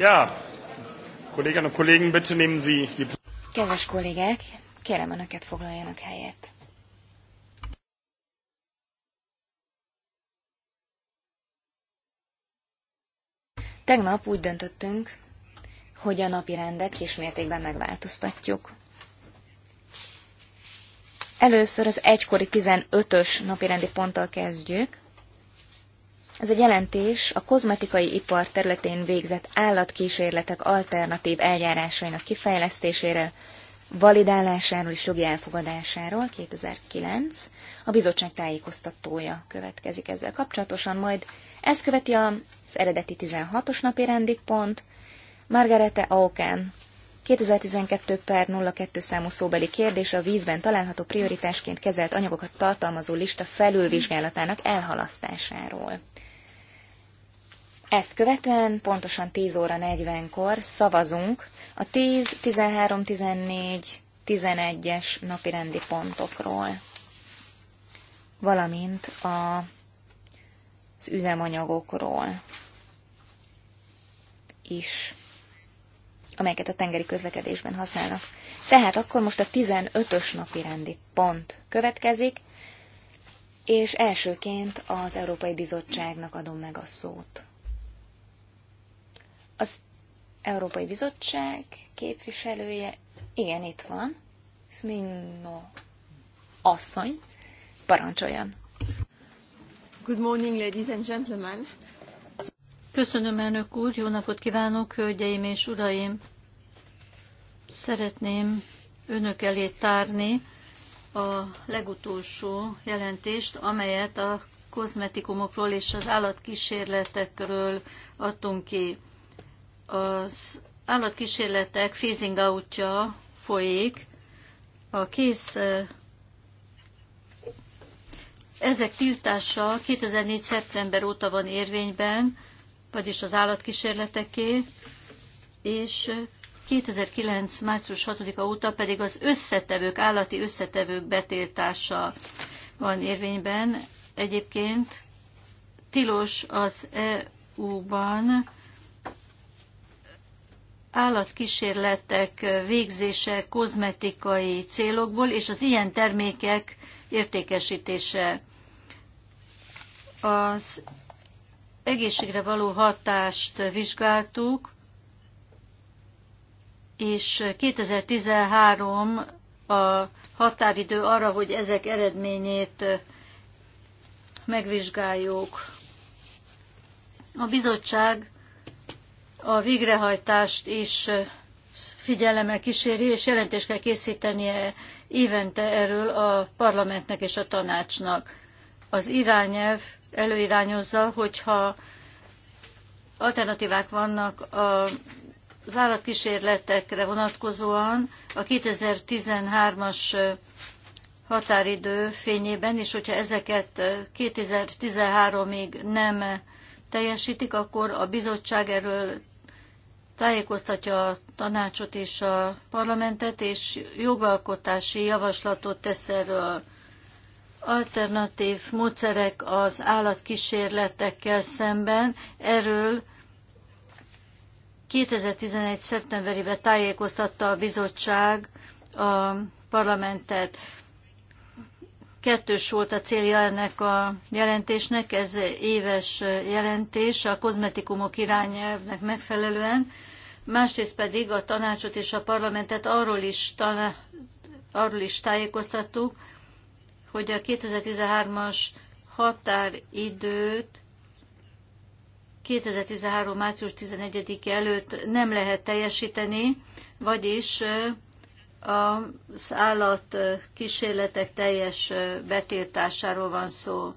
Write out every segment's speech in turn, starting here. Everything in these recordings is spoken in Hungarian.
Ja, und Kollegen, bitte nehmen Sie die... Kedves kollégák, kérem Önöket foglaljanak helyet. Tegnap úgy döntöttünk, hogy a napi rendet kismértékben megváltoztatjuk. Először az egykori 15-ös napirendi ponttal kezdjük, ez egy jelentés a kozmetikai ipar területén végzett állatkísérletek alternatív eljárásainak kifejlesztésére, validálásáról és jogi elfogadásáról 2009. A bizottság tájékoztatója következik ezzel kapcsolatosan, majd ezt követi az eredeti 16-os napi rendi pont, Margarete Auken 2012 per 02 számú szóbeli kérdés a vízben található prioritásként kezelt anyagokat tartalmazó lista felülvizsgálatának elhalasztásáról. Ezt követően pontosan 10 óra 40-kor szavazunk a 10, 13, 14, 11-es napi rendi pontokról, valamint a, az üzemanyagokról is, amelyeket a tengeri közlekedésben használnak. Tehát akkor most a 15-ös napi rendi pont következik, és elsőként az Európai Bizottságnak adom meg a szót. Európai Bizottság képviselője, igen, itt van, Smino asszony, parancsoljon. Good morning, ladies and gentlemen. Köszönöm, elnök úr, jó napot kívánok, hölgyeim és uraim! Szeretném önök elé tárni a legutolsó jelentést, amelyet a kozmetikumokról és az állatkísérletekről adtunk ki. Az állatkísérletek phasing outja folyik. A kész ezek tiltása 2004. szeptember óta van érvényben, vagyis az állatkísérleteké, és 2009. március 6-a óta pedig az összetevők, állati összetevők betiltása van érvényben. Egyébként tilos az EU-ban állatkísérletek végzése kozmetikai célokból, és az ilyen termékek értékesítése. Az egészségre való hatást vizsgáltuk, és 2013 a határidő arra, hogy ezek eredményét megvizsgáljuk. A bizottság a végrehajtást is figyelemmel kíséri, és jelentést kell készítenie évente erről a parlamentnek és a tanácsnak. Az irányelv előirányozza, hogyha alternatívák vannak a az állatkísérletekre vonatkozóan a 2013-as határidő fényében, és hogyha ezeket 2013-ig nem teljesítik, akkor a bizottság erről tájékoztatja a tanácsot és a parlamentet, és jogalkotási javaslatot tesz erről. Alternatív módszerek az állatkísérletekkel szemben, erről 2011. szeptemberében tájékoztatta a bizottság a parlamentet. Kettős volt a célja ennek a jelentésnek, ez éves jelentés a kozmetikumok irányelvnek megfelelően másrészt pedig a tanácsot és a parlamentet arról is, talá, arról is tájékoztattuk, hogy a 2013-as határidőt 2013. március 11 -e előtt nem lehet teljesíteni, vagyis az állat kísérletek teljes betiltásáról van szó.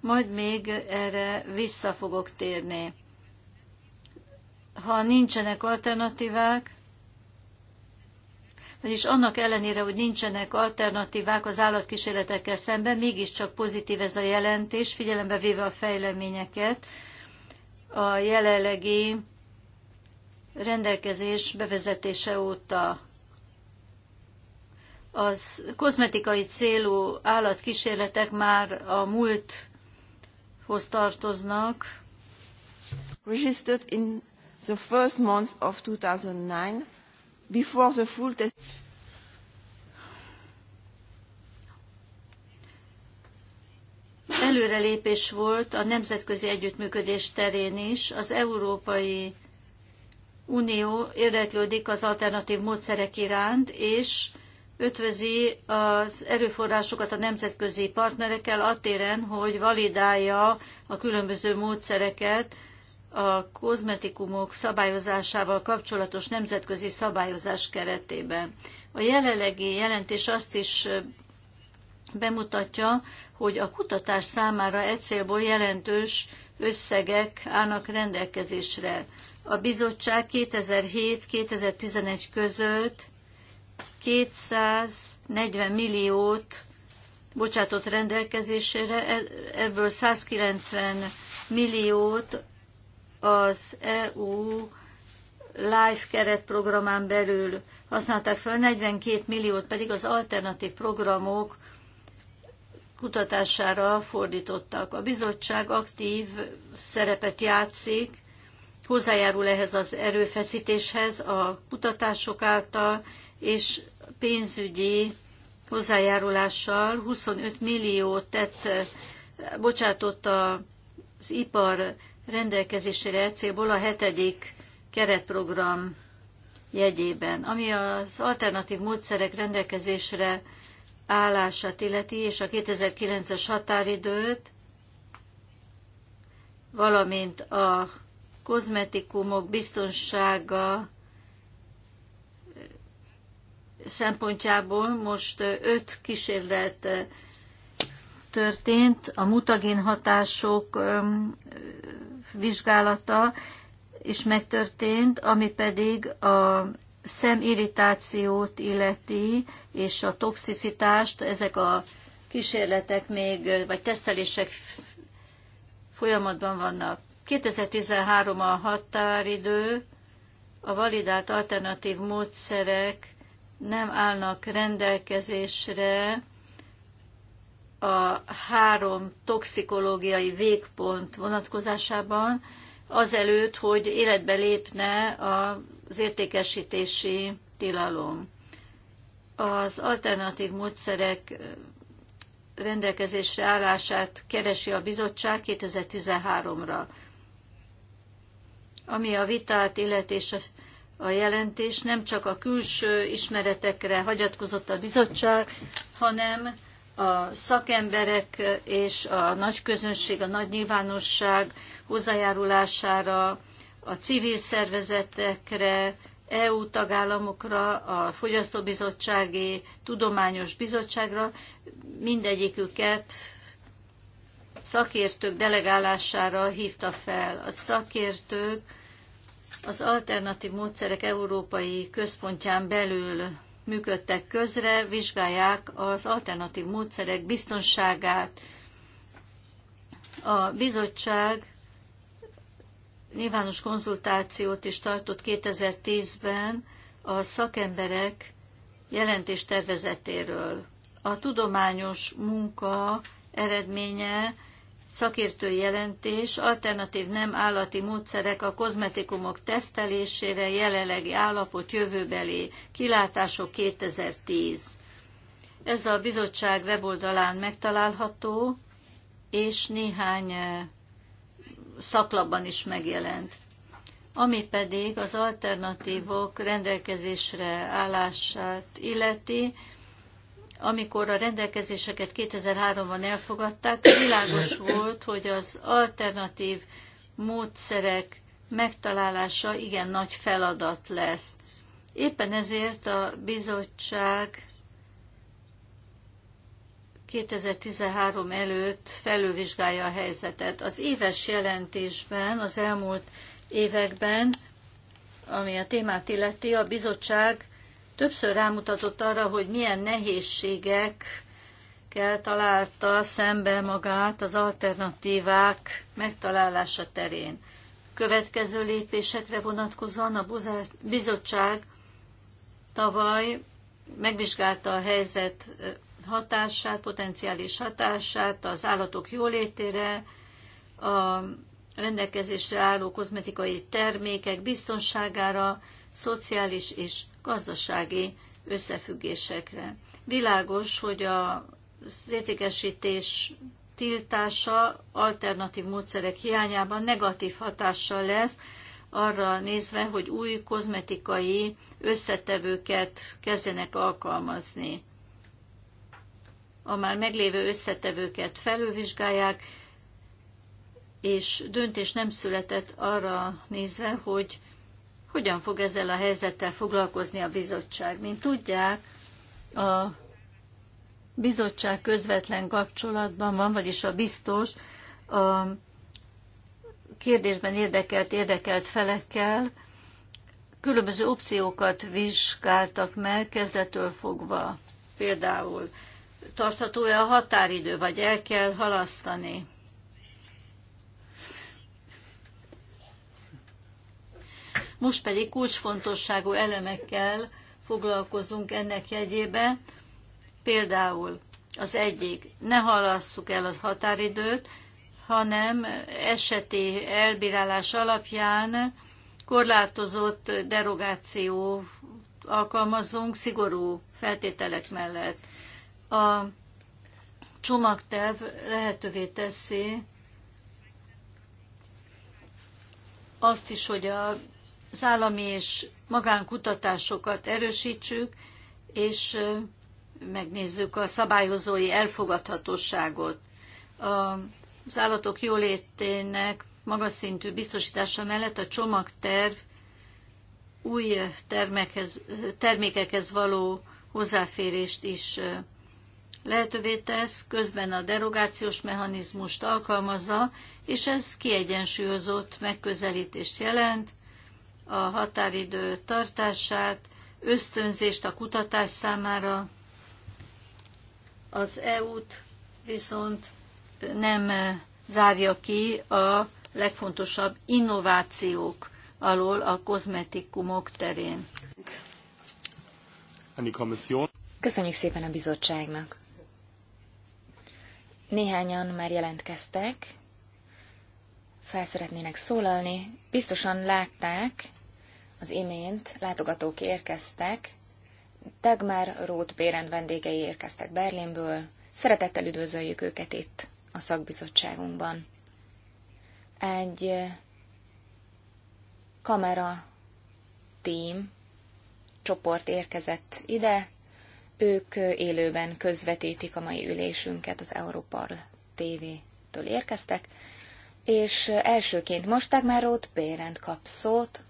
Majd még erre vissza fogok térni ha nincsenek alternatívák, vagyis annak ellenére, hogy nincsenek alternatívák az állatkísérletekkel szemben, mégiscsak pozitív ez a jelentés, figyelembe véve a fejleményeket, a jelenlegi rendelkezés bevezetése óta az kozmetikai célú állatkísérletek már a múlthoz tartoznak. Registered in the first month of 2009 before the full test. Előrelépés volt a nemzetközi együttműködés terén is. Az Európai Unió érdeklődik az alternatív módszerek iránt, és ötvözi az erőforrásokat a nemzetközi partnerekkel attéren, hogy validálja a különböző módszereket, a kozmetikumok szabályozásával kapcsolatos nemzetközi szabályozás keretében. A jelenlegi jelentés azt is bemutatja, hogy a kutatás számára egy célból jelentős összegek állnak rendelkezésre. A bizottság 2007-2011 között 240 milliót bocsátott rendelkezésére, ebből 190 milliót az EU keret programán belül használták fel, 42 milliót pedig az alternatív programok kutatására fordítottak. A bizottság aktív szerepet játszik, hozzájárul ehhez az erőfeszítéshez a kutatások által, és pénzügyi hozzájárulással 25 milliót tett, bocsátott az ipar rendelkezésére célból a hetedik keretprogram jegyében, ami az alternatív módszerek rendelkezésre állását illeti, és a 2009-es határidőt, valamint a kozmetikumok biztonsága szempontjából most öt kísérlet történt, a mutagén hatások vizsgálata is megtörtént, ami pedig a szemirritációt illeti, és a toxicitást, ezek a kísérletek még, vagy tesztelések folyamatban vannak. 2013 a határidő, a validált alternatív módszerek nem állnak rendelkezésre a három toxikológiai végpont vonatkozásában, azelőtt, hogy életbe lépne az értékesítési tilalom. Az alternatív módszerek rendelkezésre állását keresi a bizottság 2013-ra. Ami a vitát illet és a jelentés nem csak a külső ismeretekre hagyatkozott a bizottság, hanem a szakemberek és a nagy közönség, a nagy nyilvánosság hozzájárulására, a civil szervezetekre, EU tagállamokra, a Fogyasztóbizottsági Tudományos Bizottságra, mindegyiküket szakértők delegálására hívta fel. A szakértők az alternatív módszerek európai központján belül működtek közre, vizsgálják az alternatív módszerek biztonságát. A bizottság nyilvános konzultációt is tartott 2010-ben a szakemberek jelentéstervezetéről. A tudományos munka eredménye szakértő jelentés alternatív nem állati módszerek a kozmetikumok tesztelésére, jelenlegi állapot, jövőbeli kilátások 2010. Ez a bizottság weboldalán megtalálható, és néhány eh, szaklapban is megjelent. Ami pedig az alternatívok rendelkezésre állását illeti, amikor a rendelkezéseket 2003-ban elfogadták, világos volt, hogy az alternatív módszerek megtalálása igen nagy feladat lesz. Éppen ezért a bizottság 2013 előtt felülvizsgálja a helyzetet. Az éves jelentésben az elmúlt években, ami a témát illeti, a bizottság többször rámutatott arra, hogy milyen nehézségekkel találta szembe magát az alternatívák megtalálása terén. Következő lépésekre vonatkozóan a bizottság tavaly megvizsgálta a helyzet hatását, potenciális hatását az állatok jólétére, a rendelkezésre álló kozmetikai termékek biztonságára, szociális és gazdasági összefüggésekre. Világos, hogy az értékesítés tiltása alternatív módszerek hiányában negatív hatással lesz, arra nézve, hogy új kozmetikai összetevőket kezdenek alkalmazni. A már meglévő összetevőket felülvizsgálják, és döntés nem született arra nézve, hogy hogyan fog ezzel a helyzettel foglalkozni a bizottság? Mint tudják, a bizottság közvetlen kapcsolatban van, vagyis a biztos a kérdésben érdekelt, érdekelt felekkel különböző opciókat vizsgáltak meg kezdetől fogva. Például tartható-e a határidő, vagy el kell halasztani? Most pedig kulcsfontosságú elemekkel foglalkozunk ennek jegyébe. Például az egyik, ne halasszuk el a határidőt, hanem eseti elbírálás alapján korlátozott derogáció alkalmazunk szigorú feltételek mellett. A csomagterv lehetővé teszi azt is, hogy a az állami és magánkutatásokat erősítsük, és megnézzük a szabályozói elfogadhatóságot. Az állatok jólétének magas szintű biztosítása mellett a csomagterv új termekhez, termékekhez való hozzáférést is lehetővé tesz, közben a derogációs mechanizmust alkalmazza, és ez kiegyensúlyozott megközelítést jelent, a határidő tartását, ösztönzést a kutatás számára. Az EU-t viszont nem zárja ki a legfontosabb innovációk alól a kozmetikumok terén. Köszönjük szépen a bizottságnak! Néhányan már jelentkeztek, fel szeretnének szólalni. Biztosan látták, az imént látogatók érkeztek, Dagmar Roth Bérend vendégei érkeztek Berlinből. Szeretettel üdvözöljük őket itt a szakbizottságunkban. Egy kamera team csoport érkezett ide, ők élőben közvetítik a mai ülésünket az Európar TV-től érkeztek, és elsőként most már Roth Bérend kap szót,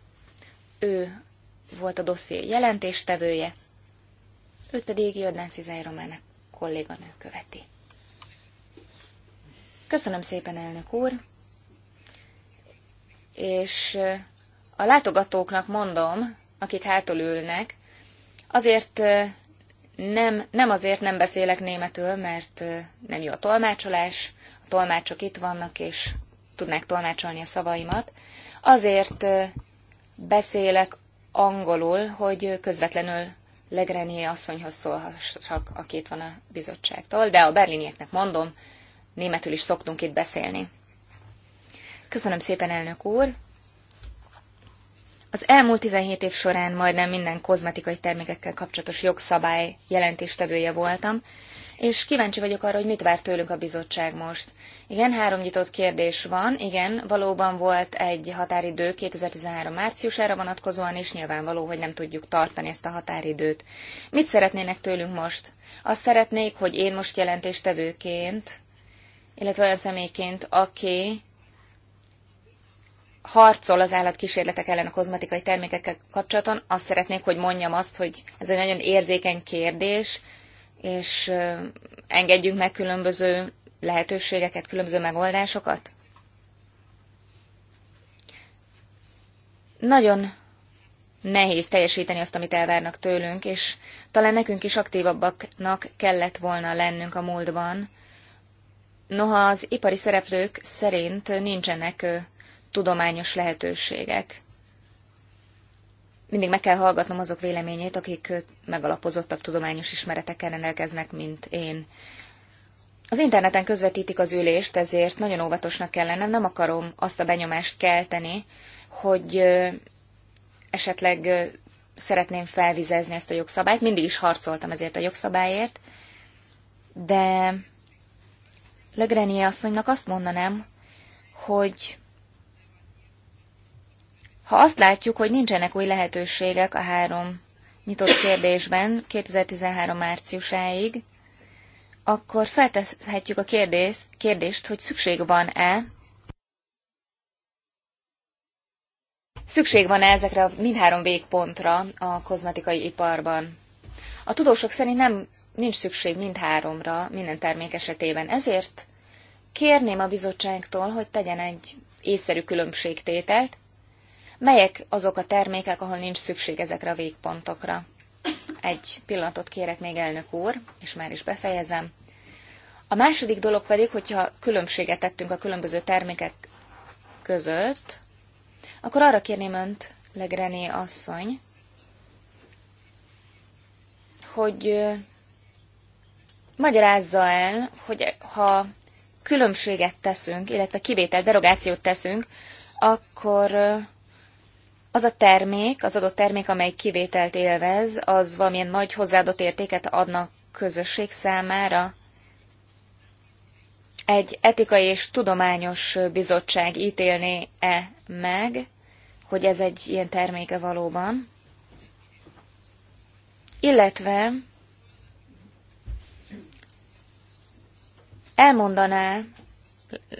ő volt a dosszié jelentéstevője, őt pedig Jordan Cizai Romának kolléganő követi. Köszönöm szépen, elnök úr! És a látogatóknak mondom, akik hátul ülnek, azért nem, nem azért nem beszélek németül, mert nem jó a tolmácsolás, a tolmácsok itt vannak, és tudnák tolmácsolni a szavaimat. Azért beszélek angolul, hogy közvetlenül Legrenié asszonyhoz szólhassak, aki itt van a bizottságtól, de a berlinieknek mondom, németül is szoktunk itt beszélni. Köszönöm szépen, elnök úr! Az elmúlt 17 év során majdnem minden kozmetikai termékekkel kapcsolatos jogszabály jelentéstevője voltam, és kíváncsi vagyok arra, hogy mit vár tőlünk a bizottság most. Igen, három nyitott kérdés van. Igen, valóban volt egy határidő 2013 márciusára vonatkozóan, és nyilvánvaló, hogy nem tudjuk tartani ezt a határidőt. Mit szeretnének tőlünk most? Azt szeretnék, hogy én most jelentéstevőként, illetve olyan személyként, aki harcol az állatkísérletek ellen a kozmetikai termékekkel kapcsolatban, azt szeretnék, hogy mondjam azt, hogy ez egy nagyon érzékeny kérdés, és engedjünk meg különböző lehetőségeket, különböző megoldásokat? Nagyon nehéz teljesíteni azt, amit elvárnak tőlünk, és talán nekünk is aktívabbaknak kellett volna lennünk a múltban. Noha az ipari szereplők szerint nincsenek tudományos lehetőségek mindig meg kell hallgatnom azok véleményét, akik megalapozottabb tudományos ismeretekkel rendelkeznek, mint én. Az interneten közvetítik az ülést, ezért nagyon óvatosnak kell lennem, nem akarom azt a benyomást kelteni, hogy esetleg szeretném felvizezni ezt a jogszabályt. Mindig is harcoltam ezért a jogszabályért, de Legrenie asszonynak azt mondanám, hogy ha azt látjuk, hogy nincsenek új lehetőségek a három nyitott kérdésben 2013 márciusáig, akkor feltehetjük a kérdést, kérdést hogy szükség van-e Szükség van-e ezekre a mindhárom végpontra a kozmetikai iparban? A tudósok szerint nem nincs szükség mindháromra minden termék esetében. Ezért kérném a bizottságtól, hogy tegyen egy észszerű különbségtételt, Melyek azok a termékek, ahol nincs szükség ezekre a végpontokra? Egy pillanatot kérek még, elnök úr, és már is befejezem. A második dolog pedig, hogyha különbséget tettünk a különböző termékek között, akkor arra kérném önt, Legrené asszony, hogy magyarázza el, hogy ha különbséget teszünk, illetve kivétel, derogációt teszünk, akkor az a termék, az adott termék, amely kivételt élvez, az valamilyen nagy hozzáadott értéket adnak közösség számára. Egy etikai és tudományos bizottság ítélné-e meg, hogy ez egy ilyen terméke valóban? Illetve elmondaná,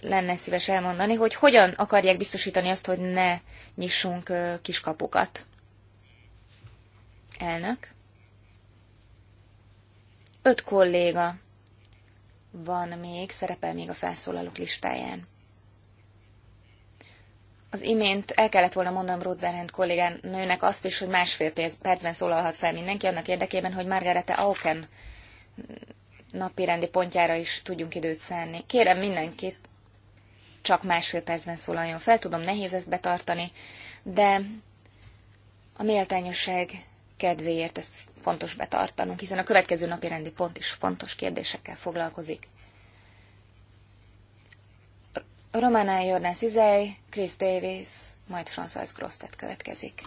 lenne szíves elmondani, hogy hogyan akarják biztosítani azt, hogy ne nyissunk kiskapukat. Elnök. Öt kolléga van még, szerepel még a felszólalók listáján. Az imént el kellett volna mondanom Ruth Berend kollégán nőnek azt is, hogy másfél percben szólalhat fel mindenki, annak érdekében, hogy Margarete Auken napi rendi pontjára is tudjunk időt szállni. Kérem mindenkit, csak másfél percben szólaljon fel. Tudom, nehéz ezt betartani, de a méltányosság kedvéért ezt fontos betartanunk, hiszen a következő napi rendi pont is fontos kérdésekkel foglalkozik. Romana Jordan Szizej, Chris Davis, majd François Grosztet következik.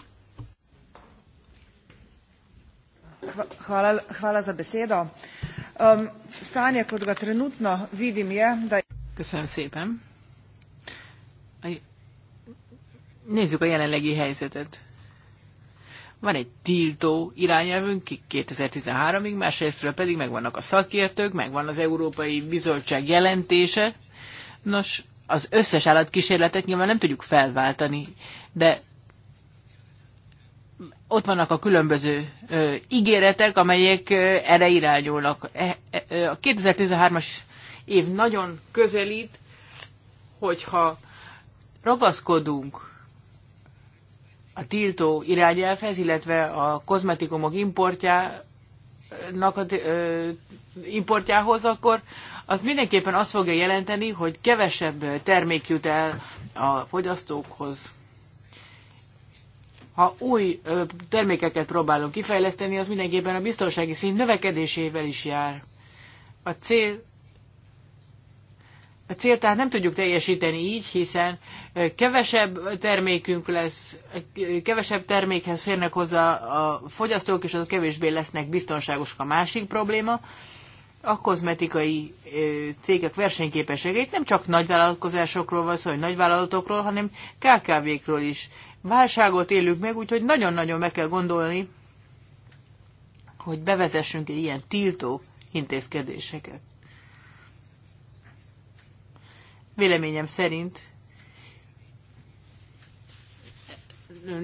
Hvala, hvala za besedo. Um, stanje, kot ga trenutno vidim, je, da... Köszönöm szépen. Nézzük a jelenlegi helyzetet. Van egy tiltó irányelvünk 2013-ig, másrésztről pedig megvannak a szakértők, megvan az Európai Bizottság jelentése. Nos, az összes állatkísérletet nyilván nem tudjuk felváltani, de ott vannak a különböző ö, ígéretek, amelyek ö, erre irányulnak. E, e, a 2013-as év nagyon közelít, hogyha ragaszkodunk a tiltó irányelvhez, illetve a kozmetikumok importjának a, ö, importjához, akkor az mindenképpen azt fogja jelenteni, hogy kevesebb termék jut el a fogyasztókhoz. Ha új ö, termékeket próbálunk kifejleszteni, az mindenképpen a biztonsági szint növekedésével is jár. A cél a tehát nem tudjuk teljesíteni így, hiszen kevesebb termékünk lesz, kevesebb termékhez férnek hozzá a fogyasztók, és azok kevésbé lesznek biztonságosak a másik probléma. A kozmetikai cégek versenyképességét nem csak nagyvállalkozásokról van szó, vagy nagyvállalatokról, hanem KKV-król is. Válságot élünk meg, úgyhogy nagyon-nagyon meg kell gondolni, hogy bevezessünk ilyen tiltó intézkedéseket. Véleményem szerint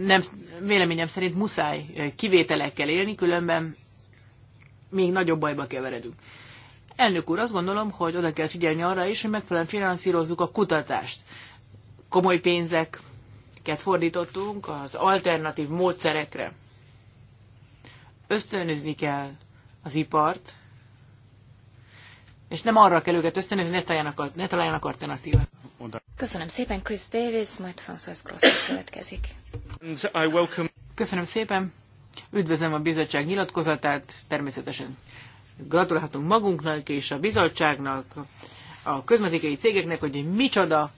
nem, véleményem szerint muszáj kivételekkel élni, különben még nagyobb bajba keveredünk. Elnök úr, azt gondolom, hogy oda kell figyelni arra is, hogy megfelelően finanszírozzuk a kutatást. Komoly pénzeket fordítottunk az alternatív módszerekre. Ösztönözni kell az ipart, és nem arra kell őket ösztönözni, ne találjanak, ne találjanak alternatívát. Köszönöm szépen, Chris Davis, majd François Gross következik. Köszönöm szépen, üdvözlöm a bizottság nyilatkozatát, természetesen gratulálhatunk magunknak és a bizottságnak, a közmetikai cégeknek, hogy micsoda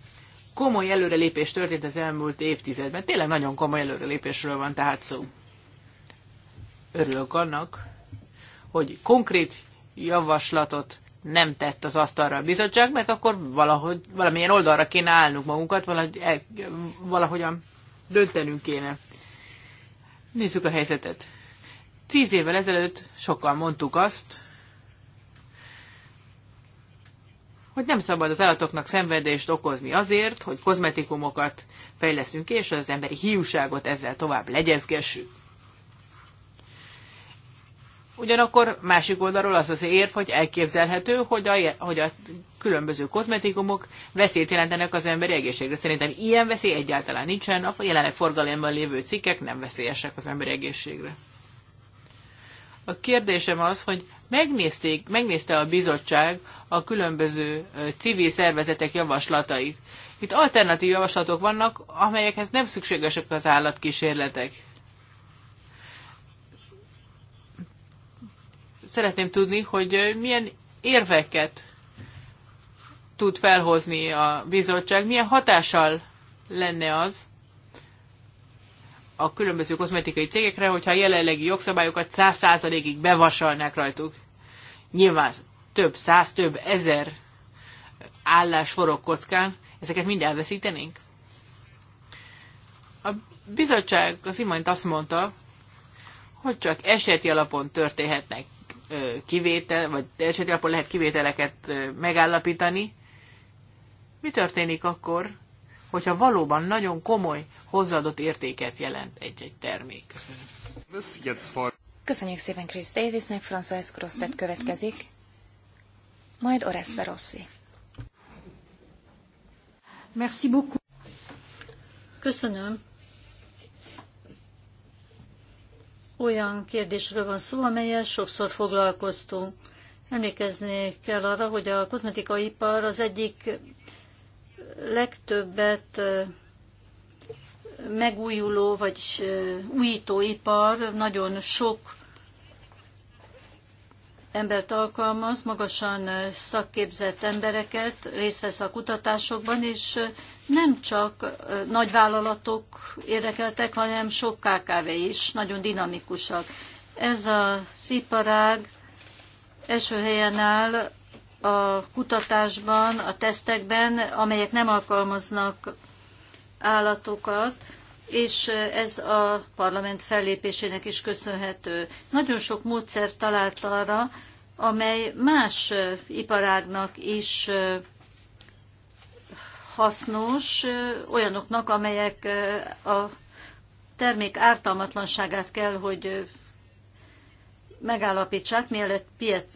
komoly előrelépés történt az elmúlt évtizedben. Tényleg nagyon komoly előrelépésről van tehát szó. Örülök annak, hogy konkrét javaslatot nem tett az asztalra a bizottság, mert akkor valahogy, valamilyen oldalra kéne állnunk magunkat, valahogy, el, valahogyan döntenünk kéne. Nézzük a helyzetet. Tíz évvel ezelőtt sokan mondtuk azt, hogy nem szabad az állatoknak szenvedést okozni azért, hogy kozmetikumokat fejleszünk ki, és az emberi hiúságot ezzel tovább legyezgessük. Ugyanakkor másik oldalról az az érv, hogy elképzelhető, hogy a, hogy a különböző kozmetikumok veszélyt jelentenek az emberi egészségre. Szerintem ilyen veszély egyáltalán nincsen, a jelenleg forgalomban lévő cikkek nem veszélyesek az emberi egészségre. A kérdésem az, hogy megnézték, megnézte a bizottság a különböző civil szervezetek javaslatait. Itt alternatív javaslatok vannak, amelyekhez nem szükségesek az állatkísérletek. szeretném tudni, hogy milyen érveket tud felhozni a bizottság, milyen hatással lenne az a különböző kozmetikai cégekre, hogyha a jelenlegi jogszabályokat száz százalékig bevasalnák rajtuk. Nyilván több száz, több ezer állás forog kockán, ezeket mind elveszítenénk. A bizottság az imént azt mondta, hogy csak eseti alapon történhetnek kivétel, vagy esetleg alapon lehet kivételeket megállapítani. Mi történik akkor, hogyha valóban nagyon komoly hozzáadott értéket jelent egy-egy termék? Köszönöm. Köszönjük szépen Chris Davisnek, François Crostet következik, majd Oreste Rossi. Merci beaucoup. Köszönöm. olyan kérdésről van szó, amelyel sokszor foglalkoztunk. Emlékezni kell arra, hogy a ipar az egyik legtöbbet megújuló vagy újító ipar. nagyon sok embert alkalmaz, magasan szakképzett embereket, részt vesz a kutatásokban, és nem csak nagy vállalatok érdekeltek, hanem sok KKV is, nagyon dinamikusak. Ez a iparág első helyen áll a kutatásban, a tesztekben, amelyek nem alkalmaznak állatokat, és ez a parlament fellépésének is köszönhető. Nagyon sok módszer talált arra, amely más iparágnak is hasznos olyanoknak, amelyek a termék ártalmatlanságát kell, hogy megállapítsák, mielőtt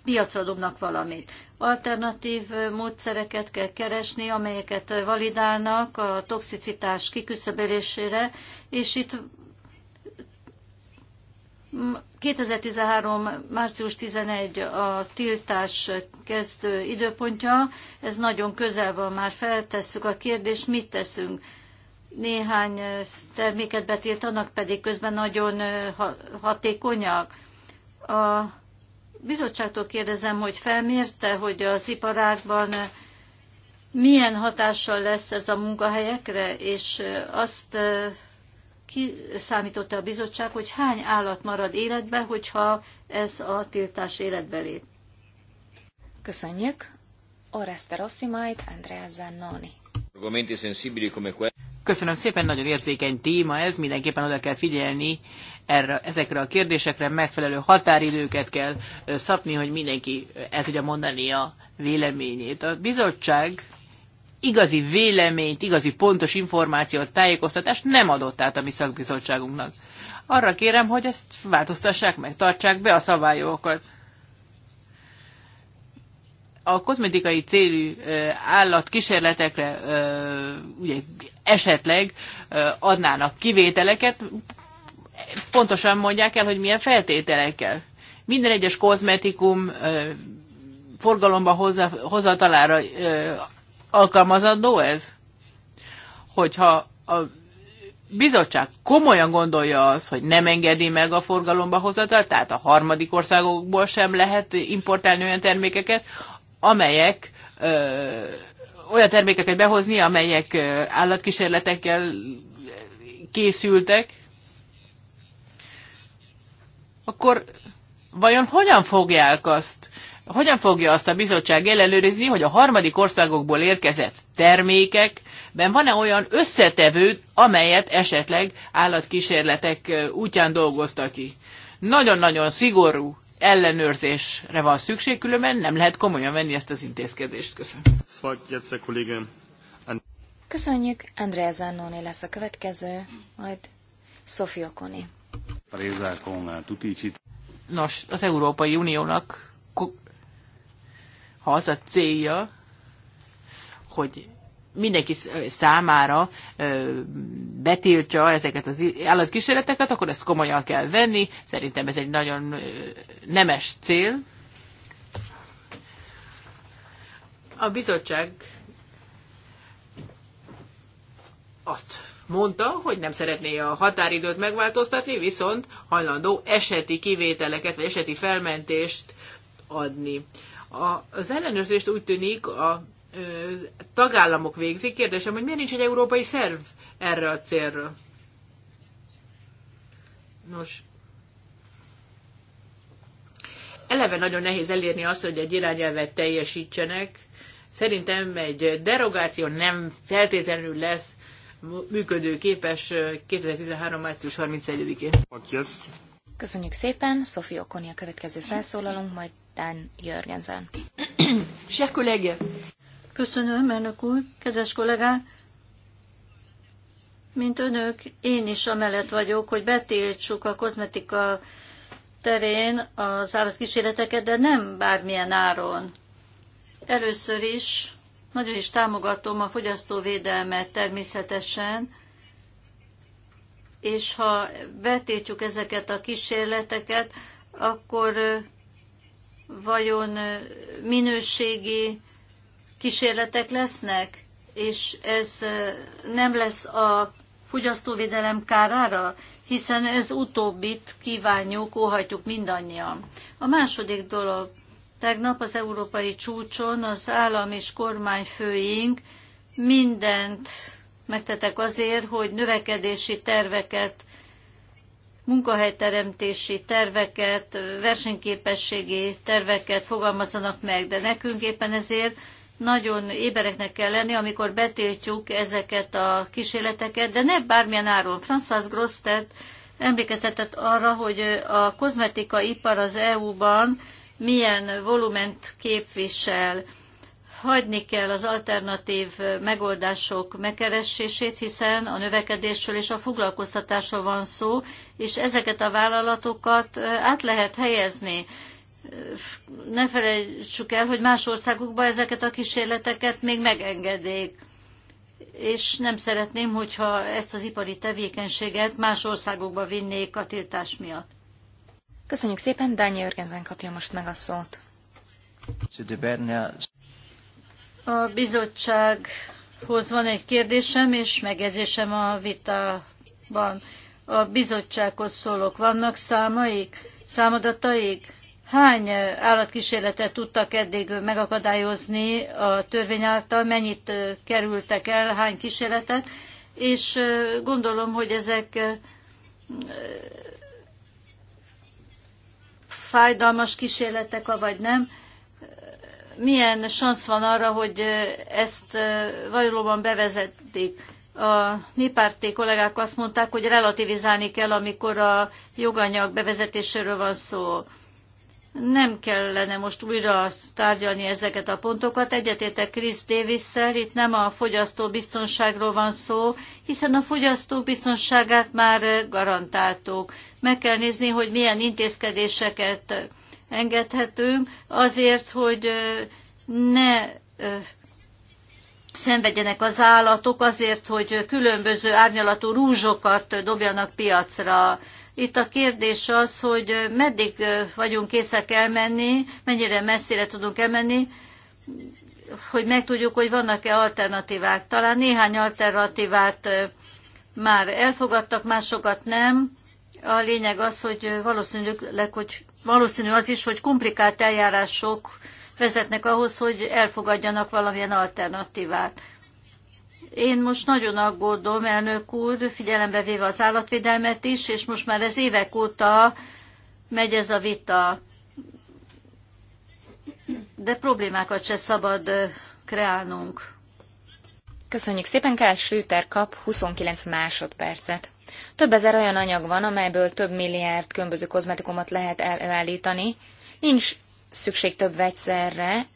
piacra dobnak valamit. Alternatív módszereket kell keresni, amelyeket validálnak a toxicitás kiküszöbölésére, és itt 2013. március 11 a tiltás kezdő időpontja, ez nagyon közel van, már feltesszük a kérdést, mit teszünk. Néhány terméket betiltanak, pedig közben nagyon hatékonyak. A bizottságtól kérdezem, hogy felmérte, hogy az iparágban milyen hatással lesz ez a munkahelyekre, és azt kiszámította a bizottság, hogy hány állat marad életbe, hogyha ez a tiltás életbe lép. Köszönjük. Oreste Rossimájt, Andrea Zannoni. Köszönöm szépen, nagyon érzékeny téma ez, mindenképpen oda kell figyelni erre, ezekre a kérdésekre, megfelelő határidőket kell szapni, hogy mindenki el tudja mondani a véleményét. A bizottság igazi véleményt, igazi pontos információt, tájékoztatást nem adott át a mi szakbizottságunknak. Arra kérem, hogy ezt változtassák meg, tartsák be a szabályokat. A kozmetikai célű állatkísérletekre ugye, esetleg adnának kivételeket, pontosan mondják el, hogy milyen feltételekkel. Minden egyes kozmetikum forgalomba hozatalára alkalmazandó ez? Hogyha a bizottság komolyan gondolja az, hogy nem engedi meg a forgalomba hozatal, tehát a harmadik országokból sem lehet importálni olyan termékeket, amelyek ö, olyan termékeket behozni, amelyek ö, állatkísérletekkel készültek, akkor vajon hogyan fogják azt hogyan fogja azt a bizottság ellenőrizni, hogy a harmadik országokból érkezett termékekben van-e olyan összetevő, amelyet esetleg állatkísérletek útján dolgoztak ki? Nagyon-nagyon szigorú ellenőrzésre van szükség, különben nem lehet komolyan venni ezt az intézkedést. Köszönöm. Köszönjük, Andrea Zannoni lesz a következő, majd Sofia Koni. Nos, az Európai Uniónak ha az a célja, hogy mindenki számára betiltsa ezeket az állatkísérleteket, akkor ezt komolyan kell venni. Szerintem ez egy nagyon nemes cél. A bizottság azt mondta, hogy nem szeretné a határidőt megváltoztatni, viszont hajlandó eseti kivételeket vagy eseti felmentést adni. A az ellenőrzést úgy tűnik a tagállamok végzik. Kérdésem, hogy miért nincs egy európai szerv erre a célra? Nos, eleve nagyon nehéz elérni azt, hogy egy irányelvet teljesítsenek. Szerintem egy derogáció nem feltétlenül lesz működőképes 2013. március 31-én. Köszönjük szépen, Szofi Okoni a következő felszólalunk, majd Dan Jörgensen. Köszönöm, elnök úr, kedves kollégák! Mint önök, én is amellett vagyok, hogy betiltsuk a kozmetika terén az állatkísérleteket, de nem bármilyen áron. Először is nagyon is támogatom a fogyasztóvédelmet természetesen, és ha betiltjuk ezeket a kísérleteket, akkor vajon minőségi kísérletek lesznek, és ez nem lesz a fogyasztóvédelem kárára, hiszen ez utóbbit kívánjuk, óhajtjuk mindannyian. A második dolog, tegnap az európai csúcson az állam és kormányfőink mindent megtetek azért, hogy növekedési terveket munkahelyteremtési terveket, versenyképességi terveket fogalmazanak meg, de nekünk éppen ezért nagyon ébereknek kell lenni, amikor betiltjuk ezeket a kísérleteket, de ne bármilyen áron. François Grosztet emlékeztetett arra, hogy a kozmetika ipar az EU-ban milyen volument képvisel hagyni kell az alternatív megoldások megkeresését, hiszen a növekedésről és a foglalkoztatásról van szó, és ezeket a vállalatokat át lehet helyezni. Ne felejtsük el, hogy más országokban ezeket a kísérleteket még megengedik. És nem szeretném, hogyha ezt az ipari tevékenységet más országokba vinnék a tiltás miatt. Köszönjük szépen, Dányi Örgenzen kapja most meg a szót. A bizottsághoz van egy kérdésem és megjegyzésem a vitában. A bizottsághoz szólok. Vannak számaik, számadataik? Hány állatkísérletet tudtak eddig megakadályozni a törvény által? Mennyit kerültek el? Hány kísérletet? És gondolom, hogy ezek fájdalmas kísérletek, vagy nem milyen szansz van arra, hogy ezt valóban bevezették. A néppárti kollégák azt mondták, hogy relativizálni kell, amikor a joganyag bevezetéséről van szó. Nem kellene most újra tárgyalni ezeket a pontokat. Egyetétek Chris davis itt nem a fogyasztó biztonságról van szó, hiszen a fogyasztó biztonságát már garantáltuk. Meg kell nézni, hogy milyen intézkedéseket engedhetünk, azért, hogy ne szenvedjenek az állatok, azért, hogy különböző árnyalatú rúzsokat dobjanak piacra. Itt a kérdés az, hogy meddig vagyunk készek elmenni, mennyire messzire tudunk elmenni, hogy megtudjuk, hogy vannak-e alternatívák. Talán néhány alternatívát már elfogadtak, másokat nem. A lényeg az, hogy valószínűleg, hogy valószínű az is, hogy komplikált eljárások vezetnek ahhoz, hogy elfogadjanak valamilyen alternatívát. Én most nagyon aggódom, elnök úr, figyelembe véve az állatvédelmet is, és most már ez évek óta megy ez a vita. De problémákat se szabad kreálnunk. Köszönjük szépen, Kárs Slüter kap 29 másodpercet. Több ezer olyan anyag van, amelyből több milliárd különböző kozmetikumot lehet előállítani. Nincs szükség több vegyszerre,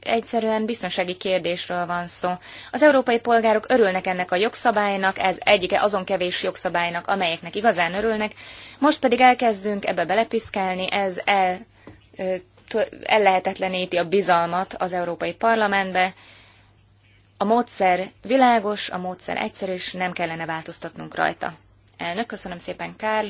egyszerűen biztonsági kérdésről van szó. Az európai polgárok örülnek ennek a jogszabálynak, ez egyike azon kevés jogszabálynak, amelyeknek igazán örülnek. Most pedig elkezdünk ebbe belepiszkálni, ez el, el lehetetleníti a bizalmat az Európai Parlamentbe. A módszer világos, a módszer egyszerű, és nem kellene változtatnunk rajta. Elnök, köszönöm szépen, Kárl.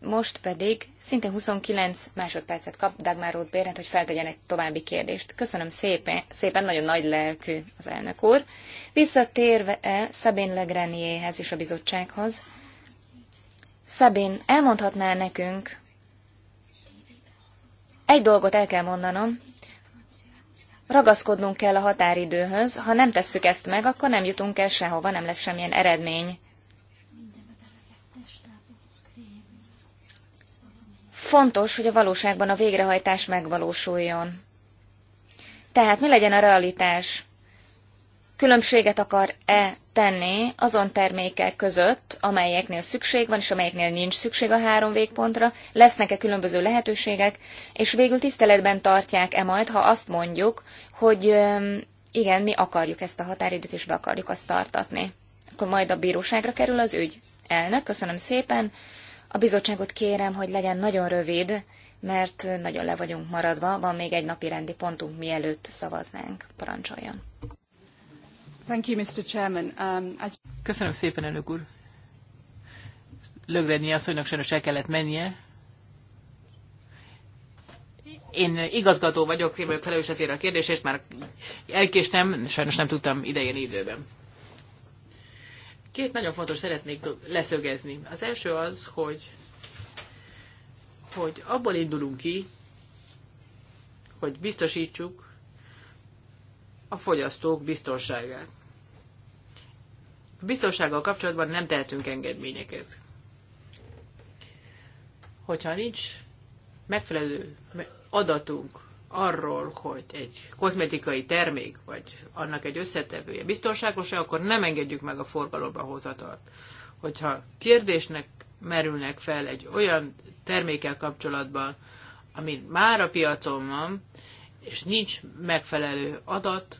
Most pedig szinte 29 másodpercet kap Dagmar Roth Bérent, hogy feltegyen egy további kérdést. Köszönöm szépen, szépen nagyon nagy lelkű az elnök úr. Visszatérve -e Szabén Legrenyéhez és a bizottsághoz, Szabén, elmondhatná nekünk, egy dolgot el kell mondanom, ragaszkodnunk kell a határidőhöz, ha nem tesszük ezt meg, akkor nem jutunk el sehova, nem lesz semmilyen eredmény. Fontos, hogy a valóságban a végrehajtás megvalósuljon. Tehát mi legyen a realitás? Különbséget akar-e tenni azon termékek között, amelyeknél szükség van, és amelyeknél nincs szükség a három végpontra, lesznek-e különböző lehetőségek, és végül tiszteletben tartják-e majd, ha azt mondjuk, hogy igen, mi akarjuk ezt a határidőt, és be akarjuk azt tartatni. Akkor majd a bíróságra kerül az ügy. Elnök, köszönöm szépen. A bizottságot kérem, hogy legyen nagyon rövid, mert nagyon le vagyunk maradva, van még egy napi rendi pontunk, mielőtt szavaznánk. Parancsoljon. Thank you, Mr. Chairman. Um, as... Köszönöm szépen, elnök úr. Lögrednyi asszonynak sajnos el kellett mennie. Én igazgató vagyok, én vagyok felelős ezért a kérdésért, már elkéstem, sajnos nem tudtam idején időben. Két nagyon fontos szeretnék leszögezni. Az első az, hogy, hogy abból indulunk ki, hogy biztosítsuk a fogyasztók biztonságát. A biztonsággal kapcsolatban nem tehetünk engedményeket. Hogyha nincs megfelelő adatunk arról, hogy egy kozmetikai termék, vagy annak egy összetevője biztonságos-e, akkor nem engedjük meg a forgalomba hozatart. Hogyha kérdésnek merülnek fel egy olyan termékkel kapcsolatban, ami már a piacon van, és nincs megfelelő adat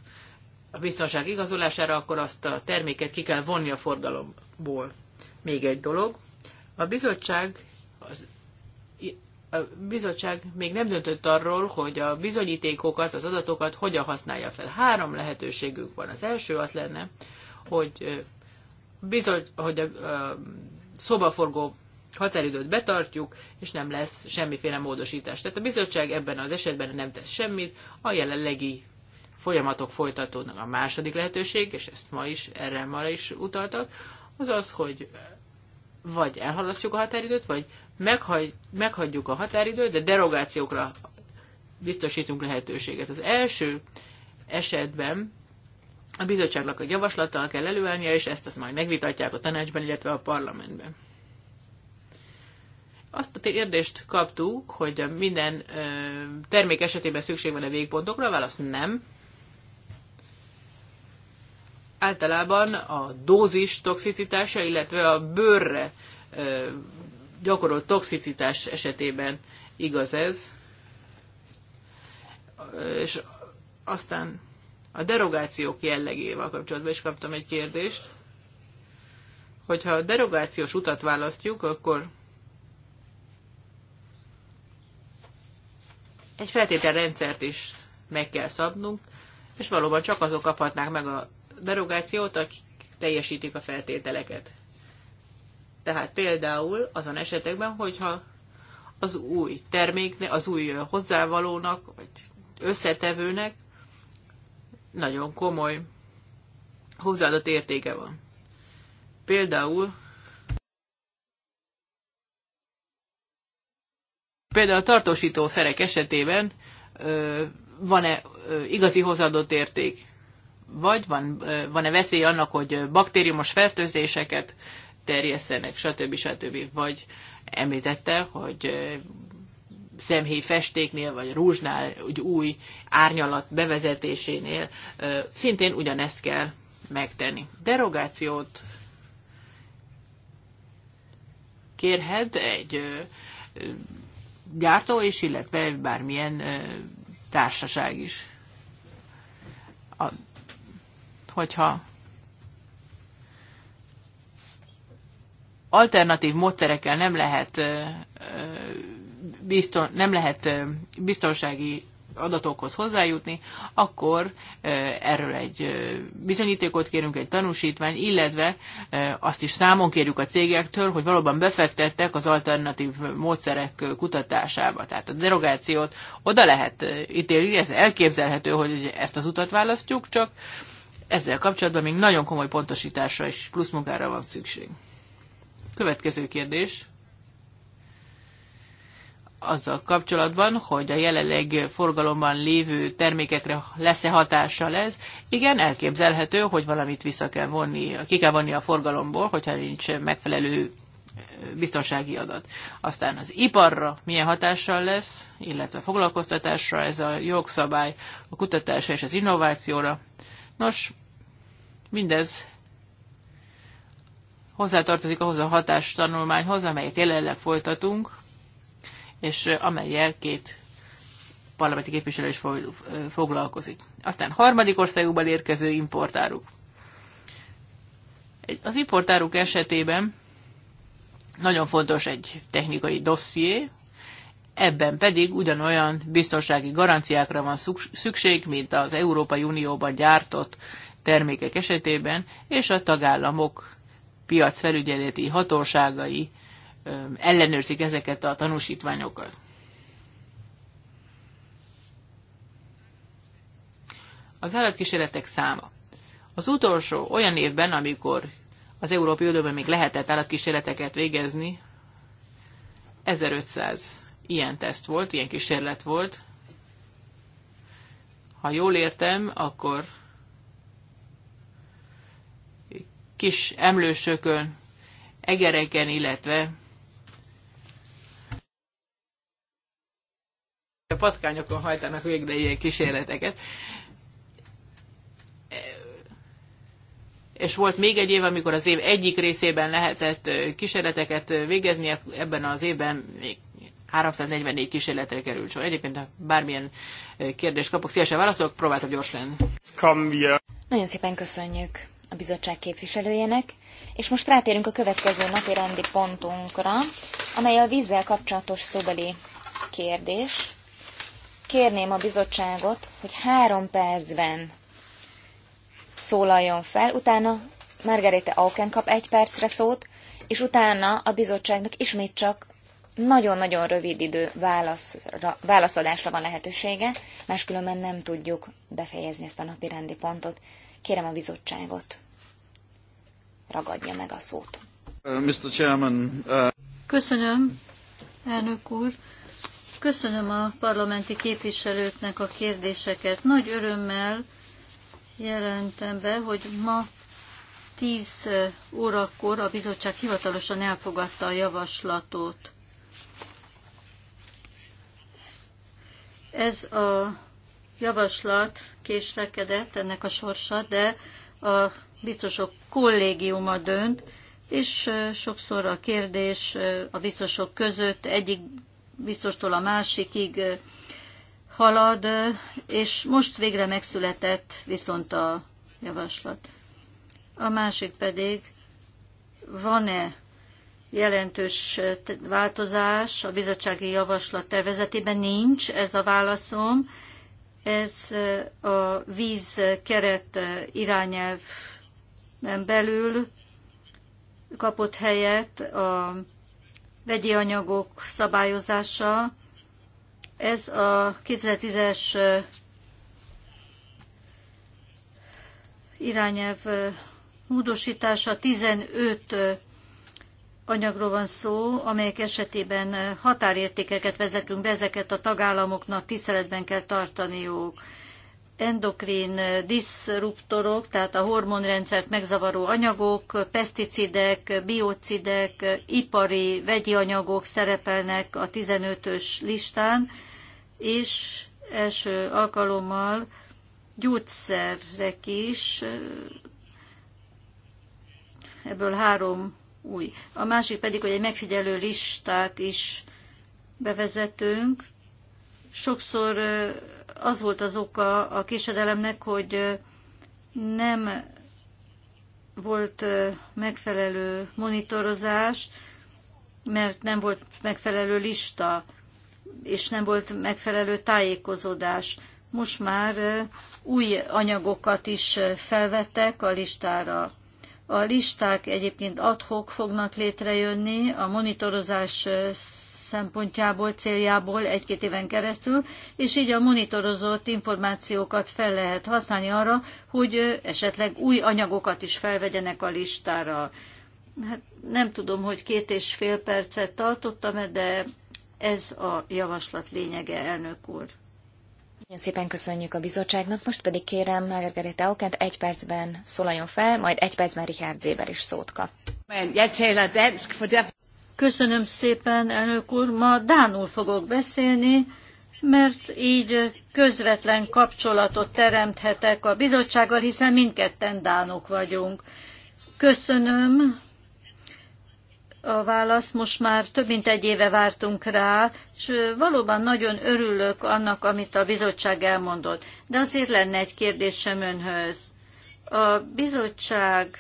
a biztonság igazolására, akkor azt a terméket ki kell vonni a forgalomból. Még egy dolog. A bizottság a bizottság még nem döntött arról, hogy a bizonyítékokat, az adatokat hogyan használja fel. Három lehetőségünk van. Az első az lenne, hogy, bizony, hogy a, a szobaforgó határidőt betartjuk, és nem lesz semmiféle módosítás. Tehát a bizottság ebben az esetben nem tesz semmit, a jelenlegi folyamatok folytatódnak. A második lehetőség, és ezt ma is, erre ma is utaltak, az az, hogy vagy elhalasztjuk a határidőt, vagy meghagy, meghagyjuk a határidőt, de derogációkra biztosítunk lehetőséget. Az első esetben a bizottságnak a javaslattal kell előállnia, és ezt azt majd megvitatják a tanácsban, illetve a parlamentben. Azt a kérdést kaptuk, hogy minden ö, termék esetében szükség van-e végpontokra, válasz nem. Általában a dózis toxicitása, illetve a bőrre ö, gyakorolt toxicitás esetében igaz ez. És aztán a derogációk jellegével kapcsolatban is kaptam egy kérdést. Hogyha a derogációs utat választjuk, akkor egy feltételrendszert is meg kell szabnunk, és valóban csak azok kaphatnák meg a derogációt, akik teljesítik a feltételeket. Tehát például azon esetekben, hogyha az új terméknek, az új hozzávalónak, vagy összetevőnek nagyon komoly hozzáadott értéke van. Például például a szerek esetében van-e igazi hozzáadott érték? Vagy van, van-e veszély annak, hogy baktériumos fertőzéseket terjesztenek, stb. stb. Vagy említette, hogy szemhéj festéknél, vagy rúzsnál, úgy új árnyalat bevezetésénél szintén ugyanezt kell megtenni. Derogációt kérhet egy gyártó és illetve bármilyen társaság is. A, hogyha alternatív módszerekkel nem lehet, bizton, nem lehet biztonsági adatokhoz hozzájutni, akkor erről egy bizonyítékot kérünk, egy tanúsítvány, illetve azt is számon kérjük a cégektől, hogy valóban befektettek az alternatív módszerek kutatásába. Tehát a derogációt oda lehet ítélni, ez elképzelhető, hogy ezt az utat választjuk, csak ezzel kapcsolatban még nagyon komoly pontosításra és plusz munkára van szükség. Következő kérdés azzal kapcsolatban, hogy a jelenleg forgalomban lévő termékekre lesz-e hatással ez. Igen, elképzelhető, hogy valamit vissza kell vonni, ki kell vonni a forgalomból, hogyha nincs megfelelő biztonsági adat. Aztán az iparra milyen hatással lesz, illetve foglalkoztatásra ez a jogszabály, a kutatásra és az innovációra. Nos, mindez hozzátartozik ahhoz a hatástanulmányhoz, amelyet jelenleg folytatunk, és amelyel két parlamenti képviselő is foglalkozik. Aztán harmadik országokban érkező importáruk. Az importáruk esetében nagyon fontos egy technikai dosszié, ebben pedig ugyanolyan biztonsági garanciákra van szükség, mint az Európai Unióban gyártott termékek esetében, és a tagállamok piacfelügyeleti hatóságai ellenőrzik ezeket a tanúsítványokat. Az állatkísérletek száma. Az utolsó olyan évben, amikor az Európai Unióban még lehetett állatkísérleteket végezni, 1500 ilyen teszt volt, ilyen kísérlet volt. Ha jól értem, akkor kis emlősökön, egereken, illetve a patkányokon hajtanak végre ilyen kísérleteket. És volt még egy év, amikor az év egyik részében lehetett kísérleteket végezni, ebben az évben még 344 kísérletre került sor. Egyébként, ha bármilyen kérdést kapok, szívesen válaszolok, próbáltam gyors lenni. Nagyon szépen köszönjük a bizottság képviselőjének, és most rátérünk a következő napi rendi pontunkra, amely a vízzel kapcsolatos szóbeli kérdés. Kérném a bizottságot, hogy három percben szólaljon fel, utána Margarete Auken kap egy percre szót, és utána a bizottságnak ismét csak nagyon-nagyon rövid idő válaszra, válaszadásra van lehetősége, máskülönben nem tudjuk befejezni ezt a napi rendi pontot. Kérem a bizottságot, ragadja meg a szót. Uh, Mr. Chairman, uh... Köszönöm, elnök úr. Köszönöm a parlamenti képviselőknek a kérdéseket. Nagy örömmel jelentem be, hogy ma 10 uh, órakor a bizottság hivatalosan elfogadta a javaslatot. Ez a javaslat késlekedett, ennek a sorsa, de a biztosok kollégiuma dönt, és sokszor a kérdés a biztosok között egyik biztostól a másikig halad, és most végre megszületett viszont a javaslat. A másik pedig, van-e jelentős változás a bizottsági javaslat tervezetében? Nincs, ez a válaszom. Ez a víz keret irányelven belül kapott helyet a vegyi anyagok szabályozása. Ez a 2010-es irányelv módosítása 15 anyagról van szó, amelyek esetében határértékeket vezetünk be, ezeket a tagállamoknak tiszteletben kell tartaniuk. Endokrin diszruptorok, tehát a hormonrendszert megzavaró anyagok, peszticidek, biocidek, ipari vegyi anyagok szerepelnek a 15-ös listán, és első alkalommal gyógyszerek is, ebből három új. A másik pedig, hogy egy megfigyelő listát is bevezetünk. Sokszor az volt az oka a késedelemnek, hogy nem volt megfelelő monitorozás, mert nem volt megfelelő lista, és nem volt megfelelő tájékozódás. Most már új anyagokat is felvettek a listára. A listák egyébként adhok fognak létrejönni a monitorozás szempontjából, céljából egy-két éven keresztül, és így a monitorozott információkat fel lehet használni arra, hogy esetleg új anyagokat is felvegyenek a listára. Hát nem tudom, hogy két és fél percet tartottam -e, de ez a javaslat lényege, elnök úr. Nagyon szépen köszönjük a bizottságnak, most pedig kérem Margarita Aukent egy percben szólaljon fel, majd egy percben Richard Zéber is szót kap. Köszönöm szépen, elnök úr. Ma Dánul fogok beszélni, mert így közvetlen kapcsolatot teremthetek a bizottsággal, hiszen mindketten Dánok vagyunk. Köszönöm a választ, most már több mint egy éve vártunk rá, és valóban nagyon örülök annak, amit a bizottság elmondott. De azért lenne egy kérdésem önhöz. A bizottság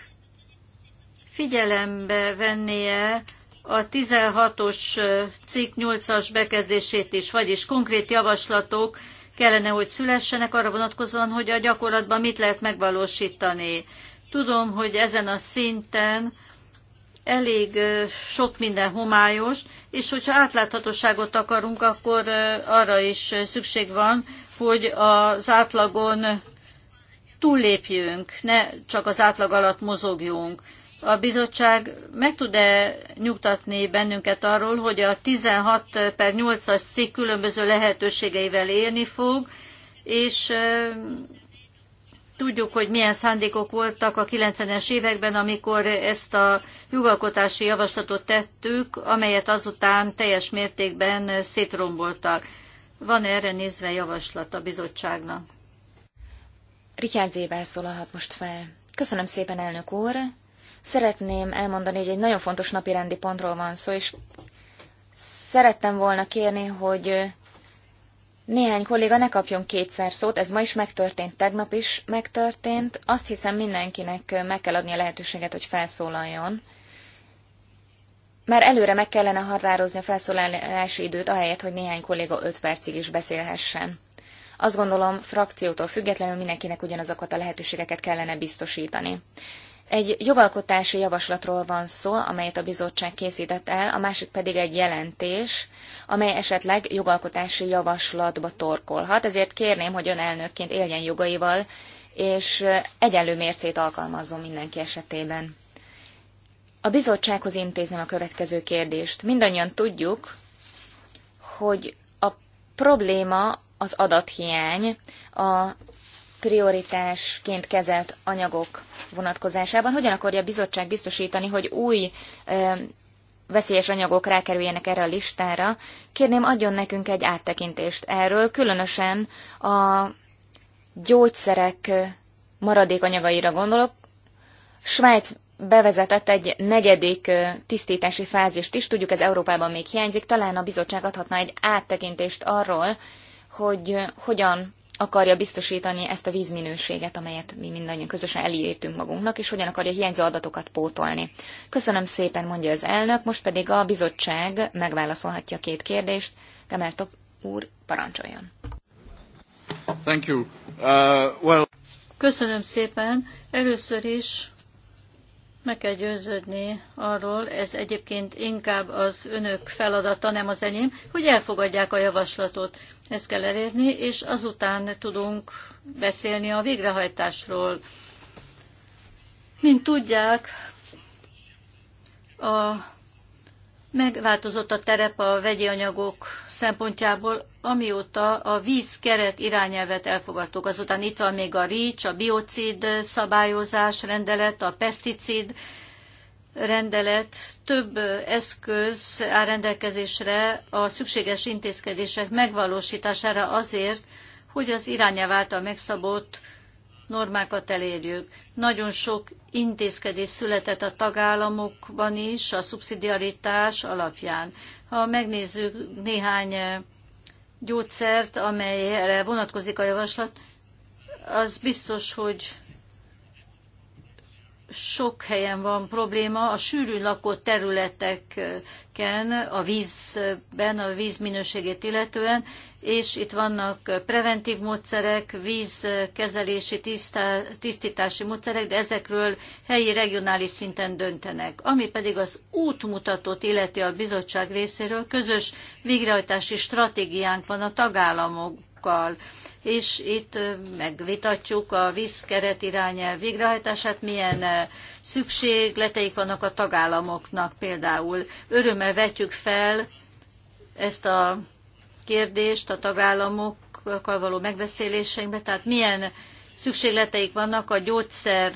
figyelembe vennie a 16-os cikk 8-as bekezdését is, vagyis konkrét javaslatok kellene, hogy szülessenek arra vonatkozóan, hogy a gyakorlatban mit lehet megvalósítani. Tudom, hogy ezen a szinten elég sok minden homályos, és hogyha átláthatóságot akarunk, akkor arra is szükség van, hogy az átlagon túllépjünk, ne csak az átlag alatt mozogjunk. A bizottság meg tud-e nyugtatni bennünket arról, hogy a 16 per 8-as cikk különböző lehetőségeivel élni fog, és Tudjuk, hogy milyen szándékok voltak a 90-es években, amikor ezt a jogalkotási javaslatot tettük, amelyet azután teljes mértékben szétromboltak. Van -e erre nézve javaslat a bizottságnak? Richard Zébel szólalhat most fel. Köszönöm szépen, elnök úr! Szeretném elmondani, hogy egy nagyon fontos napirendi pontról van szó, és szerettem volna kérni, hogy néhány kolléga ne kapjon kétszer szót, ez ma is megtörtént, tegnap is megtörtént. Azt hiszem mindenkinek meg kell adni a lehetőséget, hogy felszólaljon. Már előre meg kellene határozni a felszólalási időt, ahelyett, hogy néhány kolléga öt percig is beszélhessen. Azt gondolom, frakciótól függetlenül mindenkinek ugyanazokat a lehetőségeket kellene biztosítani. Egy jogalkotási javaslatról van szó, amelyet a bizottság készített el, a másik pedig egy jelentés, amely esetleg jogalkotási javaslatba torkolhat, ezért kérném, hogy ön elnökként éljen jogaival, és egyenlő mércét alkalmazzon mindenki esetében. A bizottsághoz intézem a következő kérdést. Mindannyian tudjuk, hogy a probléma az adathiány, a prioritásként kezelt anyagok vonatkozásában. Hogyan akarja a bizottság biztosítani, hogy új ö, veszélyes anyagok rákerüljenek erre a listára? Kérném, adjon nekünk egy áttekintést erről, különösen a gyógyszerek maradékanyagaira gondolok. Svájc bevezetett egy negyedik tisztítási fázist is, tudjuk ez Európában még hiányzik, talán a bizottság adhatna egy áttekintést arról, hogy hogyan akarja biztosítani ezt a vízminőséget, amelyet mi mindannyian közösen elírtunk magunknak, és hogyan akarja hiányzó adatokat pótolni. Köszönöm szépen, mondja az elnök, most pedig a bizottság megválaszolhatja két kérdést. Gemeltok úr, parancsoljon. Thank you. Uh, well... Köszönöm szépen. Először is meg kell győződni arról, ez egyébként inkább az önök feladata, nem az enyém, hogy elfogadják a javaslatot. Ezt kell elérni, és azután tudunk beszélni a végrehajtásról. Mint tudják, a Megváltozott a terep a vegyi anyagok szempontjából, amióta a vízkeret irányelvet elfogadtuk. Azután itt van még a REACH, a biocid szabályozás rendelet, a peszticid rendelet. Több eszköz áll rendelkezésre a szükséges intézkedések megvalósítására azért, hogy az irányelv által megszabott normákat elérjük. Nagyon sok intézkedés született a tagállamokban is a szubszidiaritás alapján. Ha megnézzük néhány eh, gyógyszert, amelyre vonatkozik a javaslat, az biztos, hogy sok helyen van probléma, a sűrűn lakott területeken, a vízben, a víz minőségét illetően, és itt vannak preventív módszerek, vízkezelési, tisztá, tisztítási módszerek, de ezekről helyi, regionális szinten döntenek. Ami pedig az útmutatót illeti a bizottság részéről, közös végrehajtási stratégiánk van a tagállamok tagállamokkal, és itt megvitatjuk a vízkeret irányel végrehajtását, milyen szükségleteik vannak a tagállamoknak például. Örömmel vetjük fel ezt a kérdést a tagállamokkal való megbeszéléseinkbe, tehát milyen szükségleteik vannak a gyógyszer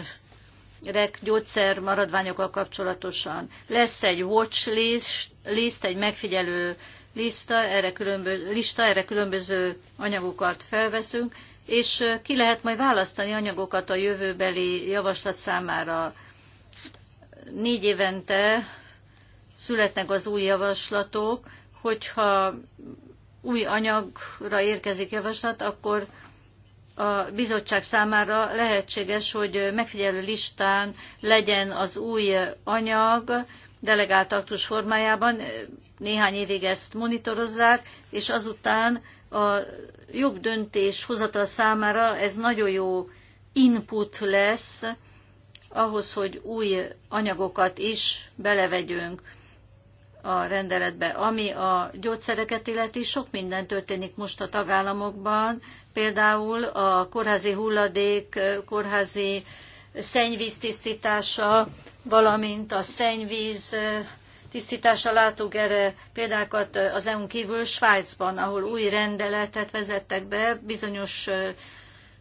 gyógyszermaradványokkal gyógyszer maradványokkal kapcsolatosan. Lesz egy watch list, list egy megfigyelő lista, erre különböző, lista, erre különböző anyagokat felveszünk, és ki lehet majd választani anyagokat a jövőbeli javaslat számára. Négy évente születnek az új javaslatok, hogyha új anyagra érkezik javaslat, akkor a bizottság számára lehetséges, hogy megfigyelő listán legyen az új anyag delegált aktus formájában néhány évig ezt monitorozzák, és azután a jobb döntés hozatal számára ez nagyon jó input lesz ahhoz, hogy új anyagokat is belevegyünk a rendeletbe. Ami a gyógyszereket illeti, sok minden történik most a tagállamokban, például a kórházi hulladék, kórházi szennyvíz tisztítása, valamint a szennyvíz tisztítása látunk erre példákat az EU-n kívül Svájcban, ahol új rendeletet vezettek be, bizonyos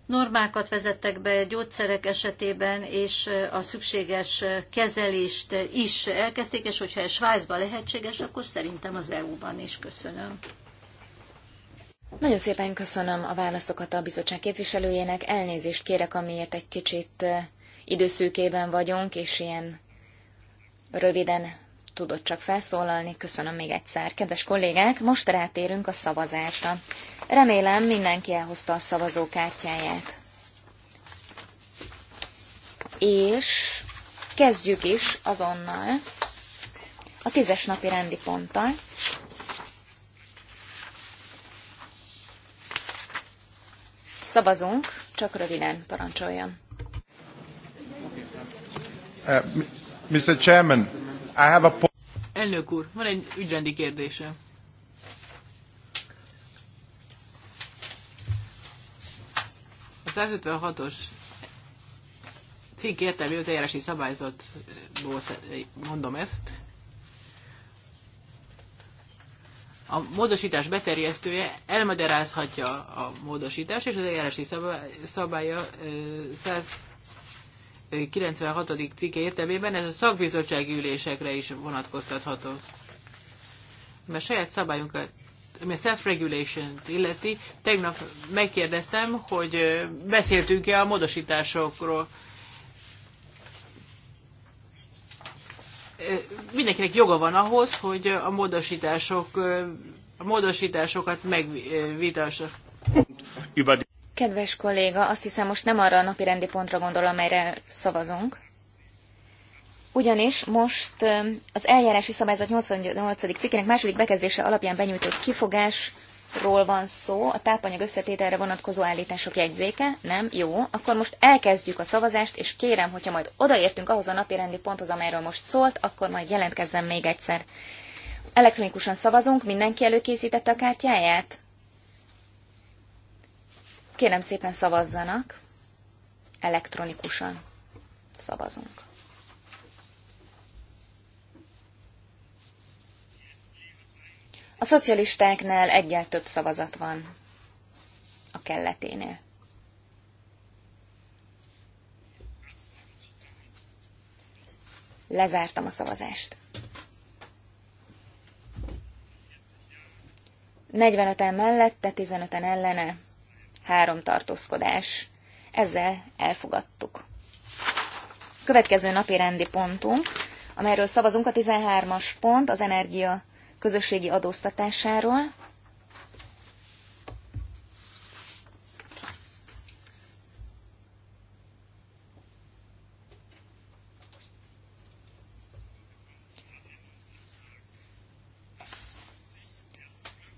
normákat vezettek be gyógyszerek esetében, és a szükséges kezelést is elkezdték, és hogyha ez Svájcban lehetséges, akkor szerintem az EU-ban is köszönöm. Nagyon szépen köszönöm a válaszokat a bizottság képviselőjének. Elnézést kérek, amiért egy kicsit időszűkében vagyunk, és ilyen röviden tudott csak felszólalni. Köszönöm még egyszer. Kedves kollégák, most rátérünk a szavazásra. Remélem mindenki elhozta a szavazókártyáját. És kezdjük is azonnal a tízes napi rendi ponttal. Szavazunk, csak röviden parancsoljon. Uh, Mr. Chairman, I have a Elnök úr, van egy ügyrendi kérdése. A 156-os cikk értelmi az eljárási szabályzatból mondom ezt. A módosítás beterjesztője elmagyarázhatja a módosítást, és az eljárási szabálya 100 96. cikke értelmében ez a szakbizottsági ülésekre is vonatkoztatható. Mert saját szabályunkat ami a self-regulation illeti, tegnap megkérdeztem, hogy beszéltünk-e a módosításokról. Mindenkinek joga van ahhoz, hogy a, módosítások, a módosításokat megvitassa. Kedves kolléga, azt hiszem most nem arra a napi rendi pontra gondol, amelyre szavazunk. Ugyanis most az eljárási szabályzat 88. cikkének második bekezdése alapján benyújtott kifogásról van szó, a tápanyag összetételre vonatkozó állítások jegyzéke, nem? Jó, akkor most elkezdjük a szavazást, és kérem, hogyha majd odaértünk ahhoz a napi rendi ponthoz, amelyről most szólt, akkor majd jelentkezzem még egyszer. Elektronikusan szavazunk, mindenki előkészítette a kártyáját? Kérem szépen szavazzanak. Elektronikusan szavazunk. A szocialistáknál egyel több szavazat van a kelleténél. Lezártam a szavazást. 45-en mellette, 15-en ellene, három tartózkodás. Ezzel elfogadtuk. Következő napi rendi pontunk, amelyről szavazunk a 13-as pont az energia közösségi adóztatásáról.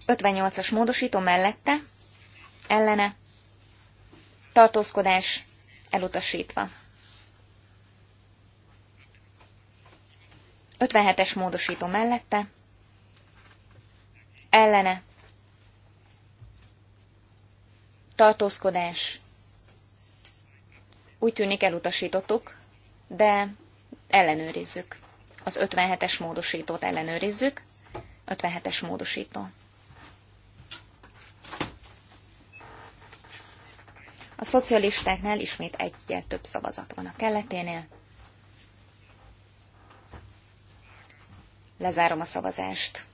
Ötvennyolcas módosító mellette ellene, tartózkodás elutasítva. 57-es módosító mellette, ellene, tartózkodás. Úgy tűnik elutasítottuk, de ellenőrizzük. Az 57-es módosítót ellenőrizzük. 57-es módosító. A szocialistáknál ismét egyel több szavazat van a kelleténél. Lezárom a szavazást.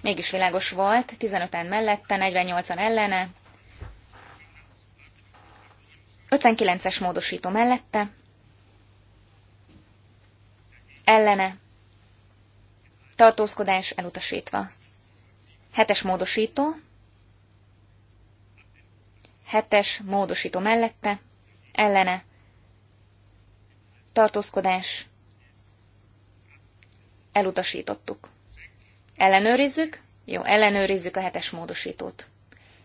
Mégis világos volt, 15-en mellette, 48-an ellene, 59-es módosító mellette, ellene, tartózkodás elutasítva. 7-es módosító hetes módosító mellette, ellene, tartózkodás, elutasítottuk. Ellenőrizzük? Jó, ellenőrizzük a hetes módosítót.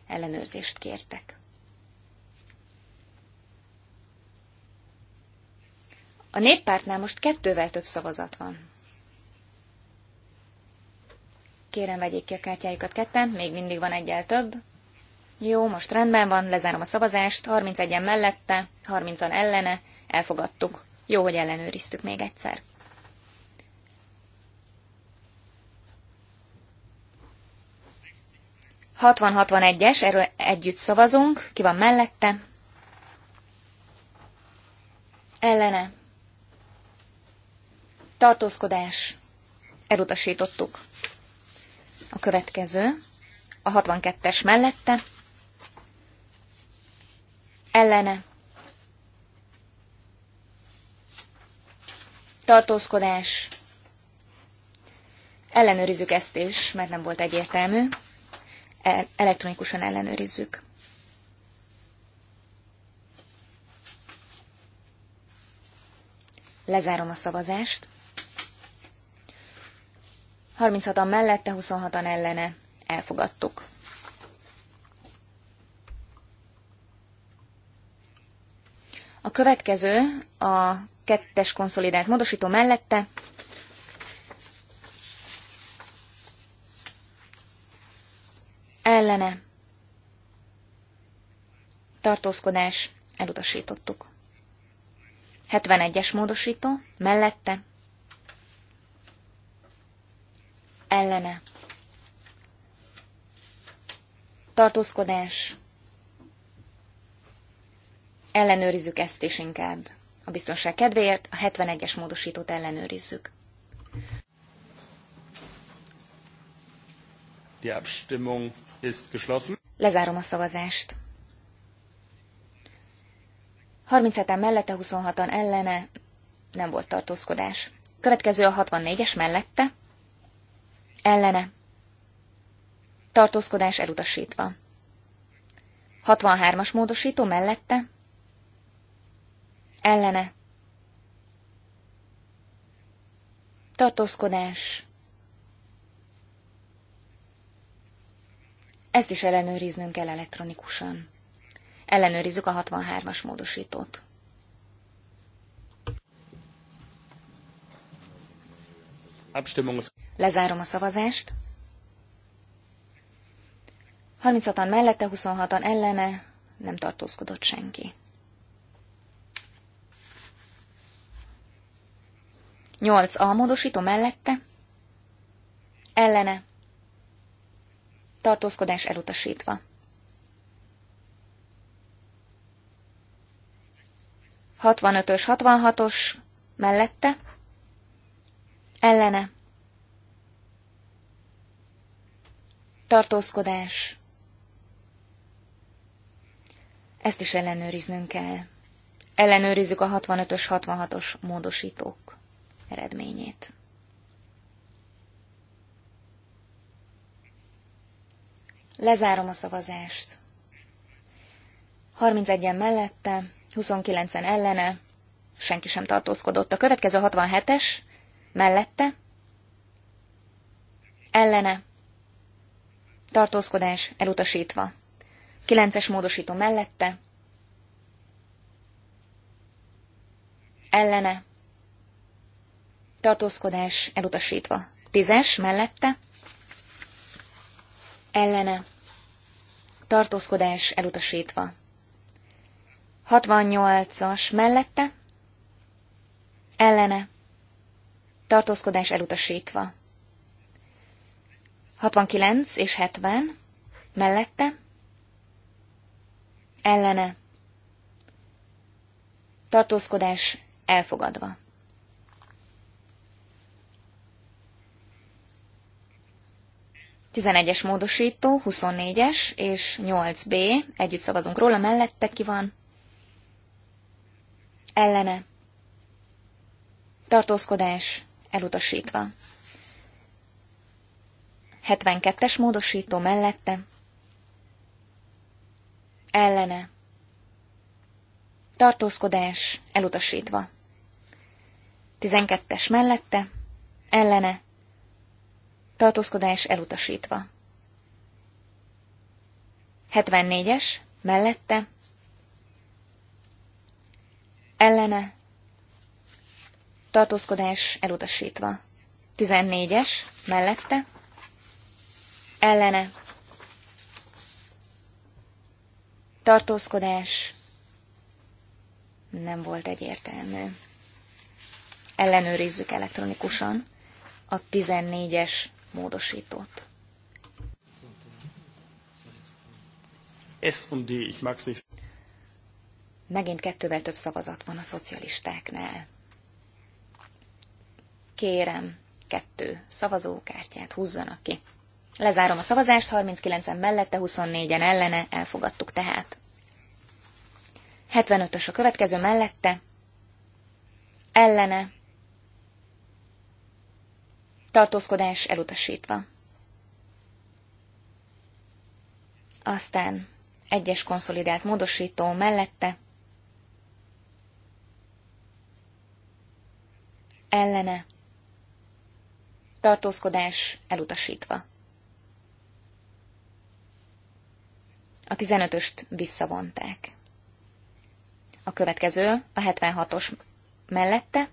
Ellenőrzést kértek. A néppártnál most kettővel több szavazat van. Kérem, vegyék ki a kártyáikat ketten, még mindig van egyel több. Jó, most rendben van, lezárom a szavazást, 31-en mellette, 30-an ellene, elfogadtuk. Jó, hogy ellenőriztük még egyszer. es erről együtt szavazunk, ki van mellette? Ellene. Tartózkodás. Elutasítottuk. A következő, a 62-es mellette, ellene tartózkodás. Ellenőrizzük ezt is, mert nem volt egyértelmű. E, elektronikusan ellenőrizzük. Lezárom a szavazást. 36-an mellette, 26-an ellene. Elfogadtuk. A következő a kettes konszolidált módosító mellette. Ellene. Tartózkodás. Elutasítottuk. 71-es módosító. Mellette. Ellene. Tartózkodás. Ellenőrizzük ezt is inkább. A biztonság kedvéért a 71-es módosítót ellenőrizzük. Die Abstimmung ist geschlossen. Lezárom a szavazást. 37-en mellette, 26-an ellene nem volt tartózkodás. Következő a 64-es mellette, ellene, tartózkodás elutasítva. 63-as módosító mellette, ellene. Tartózkodás. Ezt is ellenőriznünk kell elektronikusan. Ellenőrizzük a 63-as módosítót. Lezárom a szavazást. 36-an mellette, 26-an ellene, nem tartózkodott senki. Nyolc a módosító mellette, ellene, tartózkodás elutasítva. Hatvanötös-hatvanhatos mellette, ellene, tartózkodás. Ezt is ellenőriznünk kell. Ellenőrizzük a 65-ös, 66-os módosítók eredményét. Lezárom a szavazást. 31-en mellette, 29-en ellene, senki sem tartózkodott. A következő 67-es, mellette, ellene, tartózkodás elutasítva. 9-es módosító mellette, ellene, tartózkodás elutasítva. Tízes mellette, ellene, tartózkodás elutasítva. 68-as mellette, ellene, tartózkodás elutasítva. 69 és 70 mellette, ellene, tartózkodás elfogadva. 11-es módosító, 24-es és 8b, együtt szavazunk róla, mellette ki van, ellene, tartózkodás elutasítva. 72-es módosító mellette, ellene, tartózkodás elutasítva. 12-es mellette, ellene, tartózkodás elutasítva. 74-es, mellette, ellene, tartózkodás elutasítva. 14-es, mellette, ellene, tartózkodás nem volt egyértelmű. Ellenőrizzük elektronikusan a 14-es Módosított. S und D, ich mag's nicht. Megint kettővel több szavazat van a szocialistáknál. Kérem, kettő szavazókártyát húzzanak ki. Lezárom a szavazást, 39-en mellette, 24-en ellene, elfogadtuk tehát. 75-ös a következő mellette, ellene, tartózkodás elutasítva. Aztán egyes konszolidált módosító mellette, ellene, tartózkodás elutasítva. A 15-öst visszavonták. A következő, a 76-os mellette,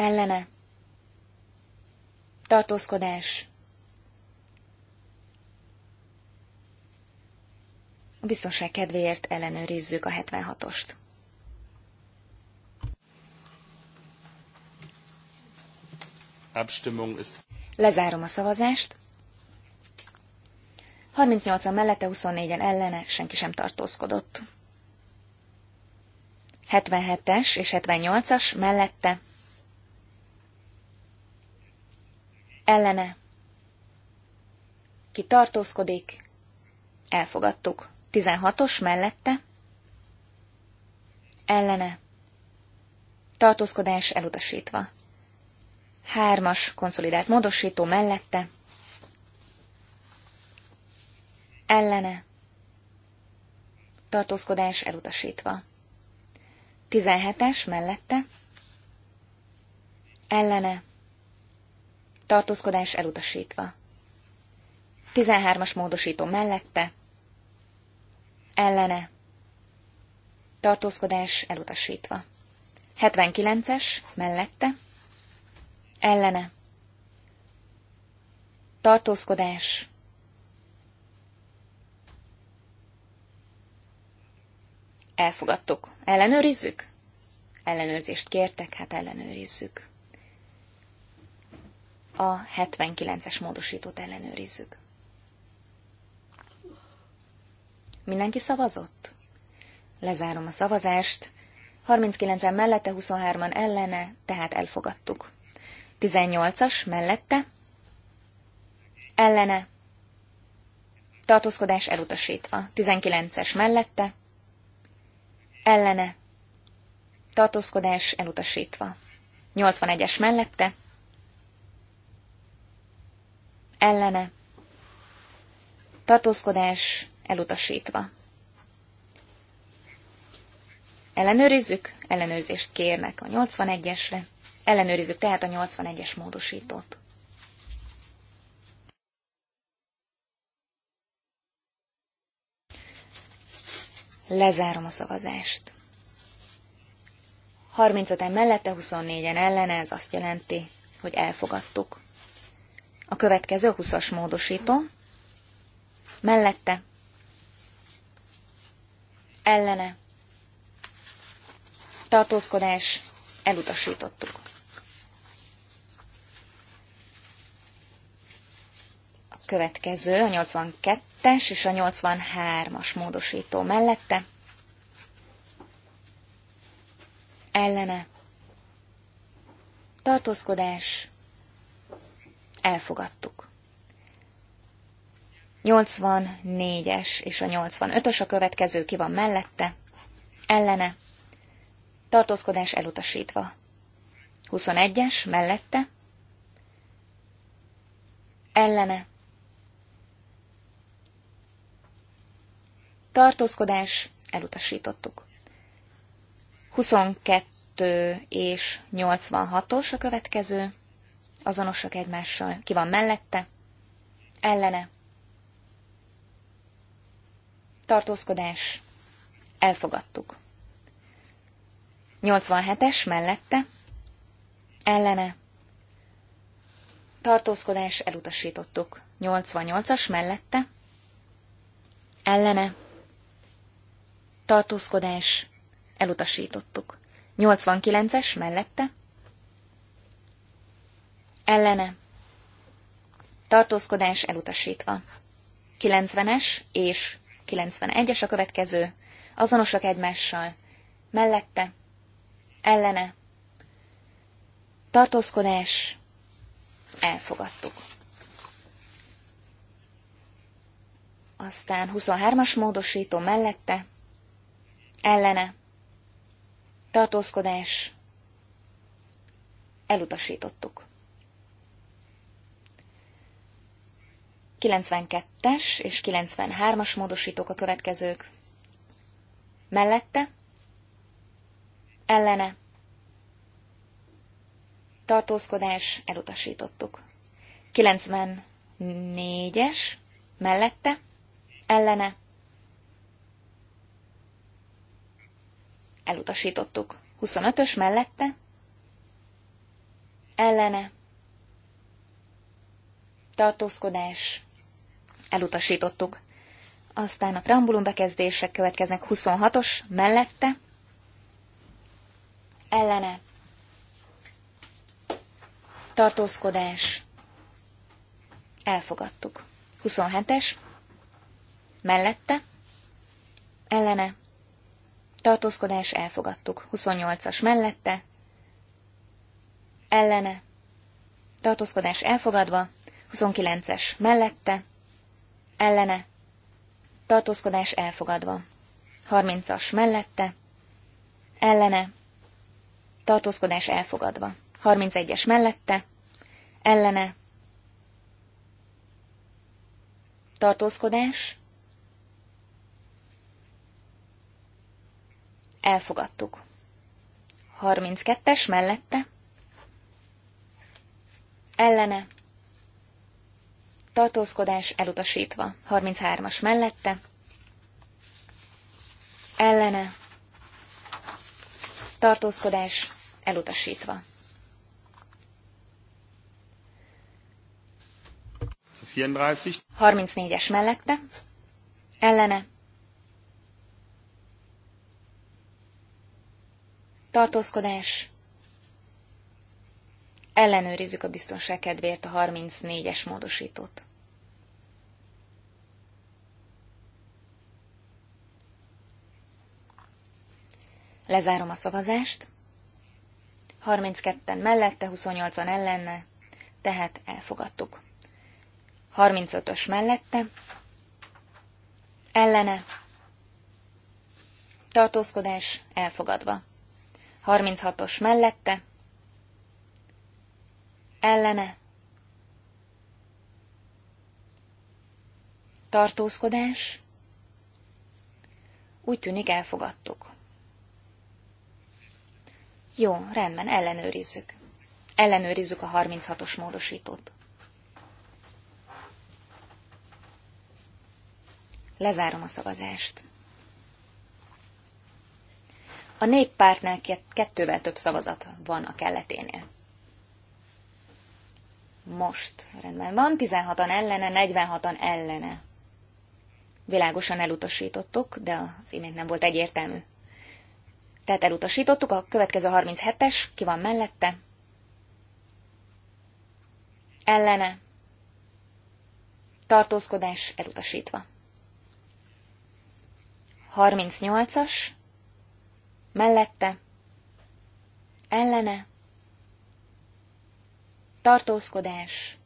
ellene, tartózkodás. A biztonság kedvéért ellenőrizzük a 76-ost. Lezárom a szavazást. 38-an mellette, 24-en ellene, senki sem tartózkodott. 77-es és 78-as mellette, ellene, ki tartózkodik, elfogadtuk. 16-os mellette, ellene, tartózkodás elutasítva. Hármas konszolidált módosító mellette, ellene, tartózkodás elutasítva. 17-es mellette, ellene, tartózkodás elutasítva. 13-as módosító mellette, ellene, tartózkodás elutasítva. 79-es mellette, ellene, tartózkodás Elfogadtuk. Ellenőrizzük? Ellenőrzést kértek, hát ellenőrizzük a 79-es módosítót ellenőrizzük. Mindenki szavazott? Lezárom a szavazást. 39-en mellette, 23-an ellene, tehát elfogadtuk. 18-as mellette, ellene, tartózkodás elutasítva. 19-es mellette, ellene, tartózkodás elutasítva. 81-es mellette, ellene, tartózkodás elutasítva. Ellenőrizzük, ellenőrzést kérnek a 81-esre, ellenőrizzük tehát a 81-es módosítót. Lezárom a szavazást. 35-en mellette, 24-en ellene, ez azt jelenti, hogy elfogadtuk. A következő a 20-as módosító. Mellette. Ellene. Tartózkodás. Elutasítottuk. A következő a 82-es és a 83-as módosító mellette. Ellene. Tartózkodás. Elfogadtuk. 84-es és a 85-ös a következő ki van mellette, ellene, tartózkodás elutasítva. 21-es mellette, ellene, tartózkodás elutasítottuk. 22 és 86-os a következő, azonosak egymással. Ki van mellette? Ellene. Tartózkodás. Elfogadtuk. 87-es mellette. Ellene. Tartózkodás elutasítottuk. 88-as mellette. Ellene. Tartózkodás elutasítottuk. 89-es mellette ellene, tartózkodás elutasítva. 90-es és 91-es a következő, azonosak egymással, mellette, ellene, tartózkodás, elfogadtuk. Aztán 23-as módosító mellette, ellene, tartózkodás, elutasítottuk. 92-es és 93-as módosítók a következők. Mellette, ellene, tartózkodás, elutasítottuk. 94-es, mellette, ellene, elutasítottuk. 25-ös mellette, ellene, tartózkodás, elutasítottuk. Aztán a preambulum bekezdések következnek 26-os mellette, ellene, tartózkodás, elfogadtuk. 27-es, mellette, ellene, tartózkodás, elfogadtuk. 28-as mellette, ellene, tartózkodás elfogadva, 29-es mellette, ellene, tartózkodás elfogadva. 30-as mellette, ellene, tartózkodás elfogadva. 31-es mellette, ellene, tartózkodás, elfogadtuk. 32-es mellette, ellene, tartózkodás elutasítva. 33-as mellette, ellene, tartózkodás elutasítva. Harminc négyes mellette, ellene, tartózkodás ellenőrizzük a biztonság kedvéért a 34-es módosítót. Lezárom a szavazást. 32-en mellette, 28-an ellenne, tehát elfogadtuk. 35-ös mellette, ellene, tartózkodás elfogadva. 36-os mellette, ellene tartózkodás, úgy tűnik elfogadtuk. Jó, rendben, ellenőrizzük. Ellenőrizzük a 36-os módosítót. Lezárom a szavazást. A néppártnál kettővel több szavazat van a kelleténél. Most rendben van, 16-an ellene, 46-an ellene. Világosan elutasítottuk, de az imént nem volt egyértelmű. Tehát elutasítottuk, a következő 37-es, ki van mellette? Ellene. Tartózkodás elutasítva. 38-as. Mellette. Ellene tartózkodás.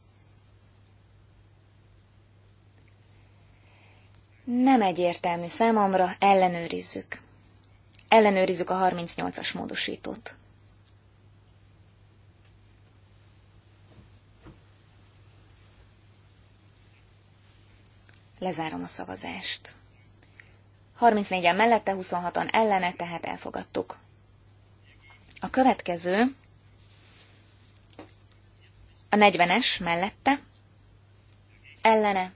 Nem egyértelmű számomra, ellenőrizzük. Ellenőrizzük a 38-as módosítót. Lezárom a szavazást. 34-en mellette, 26-an ellene, tehát elfogadtuk. A következő a 40-es mellette. Ellene.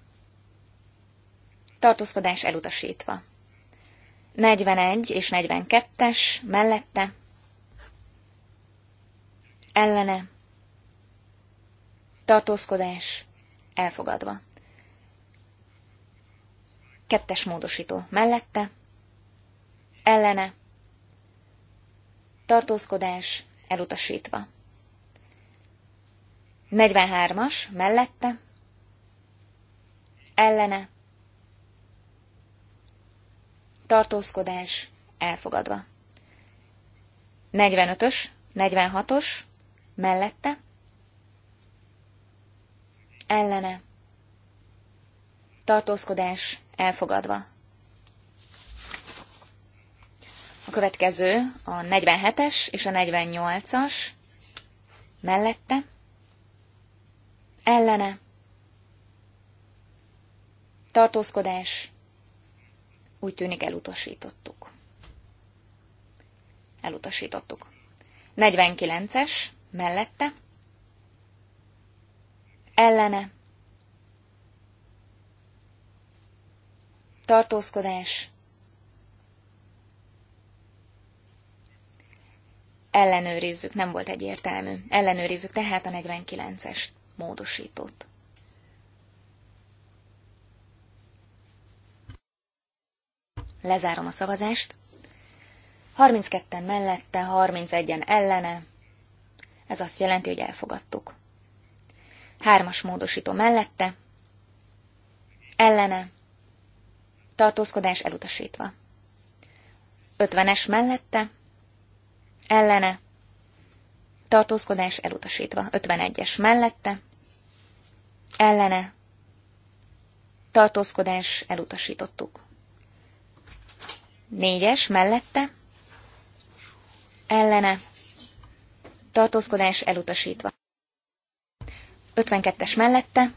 Tartózkodás elutasítva. 41 és 42-es mellette. Ellene. Tartózkodás elfogadva. Kettes módosító mellette. Ellene. Tartózkodás elutasítva. 43-as, mellette, ellene, tartózkodás, elfogadva. 45-ös, 46-os, mellette, ellene, tartózkodás, elfogadva. A következő a 47-es és a 48-as, mellette, ellene, tartózkodás, úgy tűnik elutasítottuk. Elutasítottuk. 49-es, mellette, ellene, tartózkodás, ellenőrizzük, nem volt egyértelmű. Ellenőrizzük tehát a 49-est. Módosított. Lezárom a szavazást. 32-en mellette, 31-en ellene. Ez azt jelenti, hogy elfogadtuk. Hármas módosító mellette, ellene, tartózkodás elutasítva. 50-es mellette, ellene, tartózkodás elutasítva. 51-es mellette, ellene tartózkodás elutasítottuk. Négyes mellette ellene tartózkodás elutasítva. 52-es mellette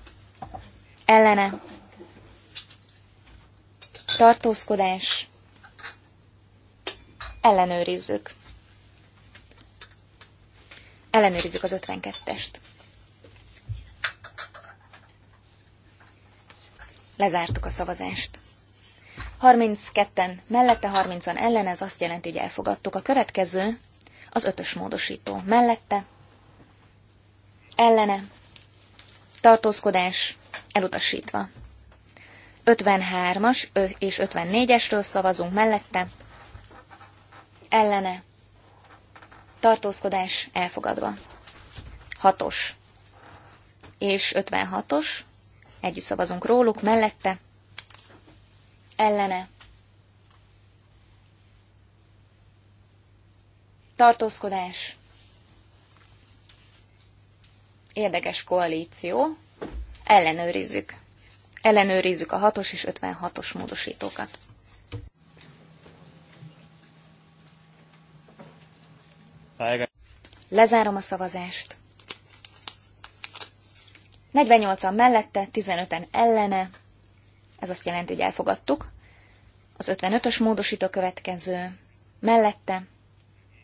ellene tartózkodás ellenőrizzük. Ellenőrizzük az 52-est. Lezártuk a szavazást. 32-en mellette, 30-an ellen, ez azt jelenti, hogy elfogadtuk. A következő az ötös módosító. Mellette, ellene, tartózkodás, elutasítva. 53-as és 54-esről szavazunk mellette, ellene, tartózkodás, elfogadva. 6-os és 56-os Együtt szavazunk róluk, mellette, ellene, tartózkodás, érdekes koalíció, ellenőrizzük. Ellenőrizzük a 6-os és 56-os módosítókat. Lezárom a szavazást. 48-an mellette, 15-en ellene, ez azt jelenti, hogy elfogadtuk. Az 55-ös módosító következő, mellette,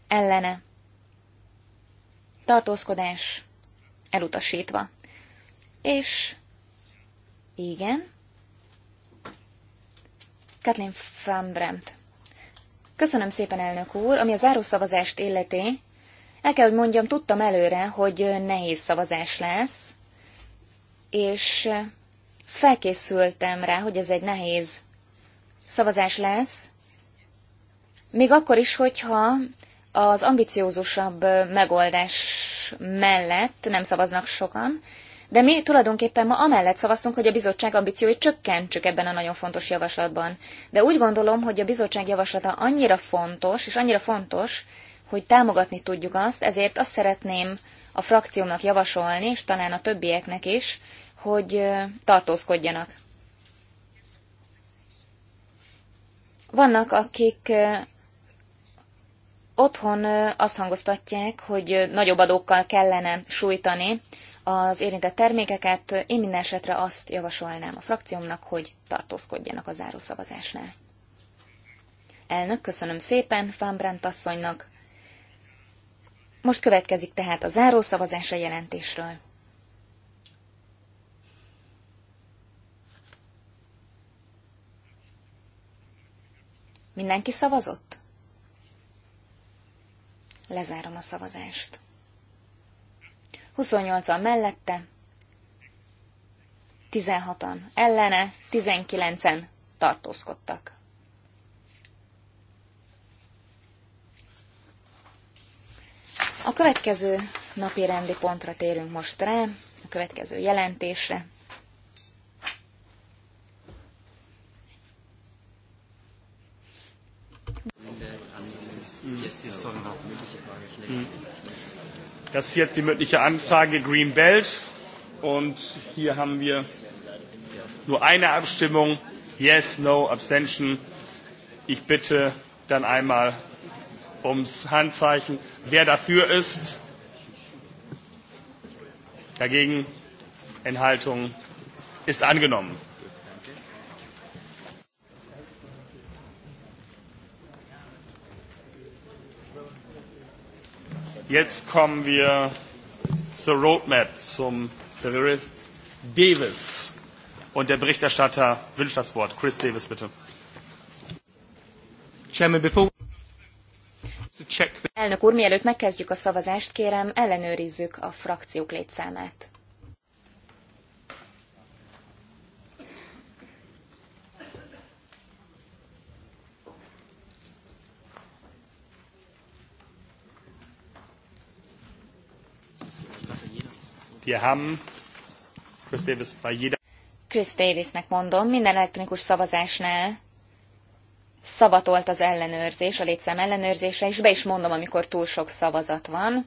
ellene, tartózkodás, elutasítva. És igen, Kathleen van Brandt. Köszönöm szépen, elnök úr, ami a zárószavazást illeti. El kell, hogy mondjam, tudtam előre, hogy nehéz szavazás lesz, és felkészültem rá, hogy ez egy nehéz szavazás lesz, még akkor is, hogyha az ambiciózusabb megoldás mellett nem szavaznak sokan, de mi tulajdonképpen ma amellett szavaztunk, hogy a bizottság ambícióit csökkentsük ebben a nagyon fontos javaslatban. De úgy gondolom, hogy a bizottság javaslata annyira fontos, és annyira fontos, hogy támogatni tudjuk azt, ezért azt szeretném a frakciómnak javasolni, és talán a többieknek is, hogy tartózkodjanak. Vannak, akik otthon azt hangoztatják, hogy nagyobb adókkal kellene sújtani az érintett termékeket. Én minden esetre azt javasolnám a frakciómnak, hogy tartózkodjanak a zárószavazásnál. Elnök, köszönöm szépen Fámbrent asszonynak. Most következik tehát a záró szavazás a jelentésről. Mindenki szavazott? Lezárom a szavazást. 28-an mellette, 16-an ellene, 19-en tartózkodtak. A következő napi rendi pontra térünk most rá, a következő jelentésre. Das ist jetzt die mündliche Anfrage Green Belt und hier haben wir nur eine Abstimmung. Yes, no, Abstention. Ich bitte dann einmal ums Handzeichen. Wer dafür ist, dagegen Enthaltung ist angenommen. Jetzt kommen wir zur Roadmap zum Bericht Davis. Und der Berichterstatter wünscht das Wort. Chris Davis, bitte. Chairman, before Elnök úr, mielőtt megkezdjük a szavazást, kérem, ellenőrizzük a frakciók létszámát. Chris Davis, bei Chris Davisnek mondom, minden elektronikus szavazásnál szavatolt az ellenőrzés, a létszám ellenőrzése, és be is mondom, amikor túl sok szavazat van.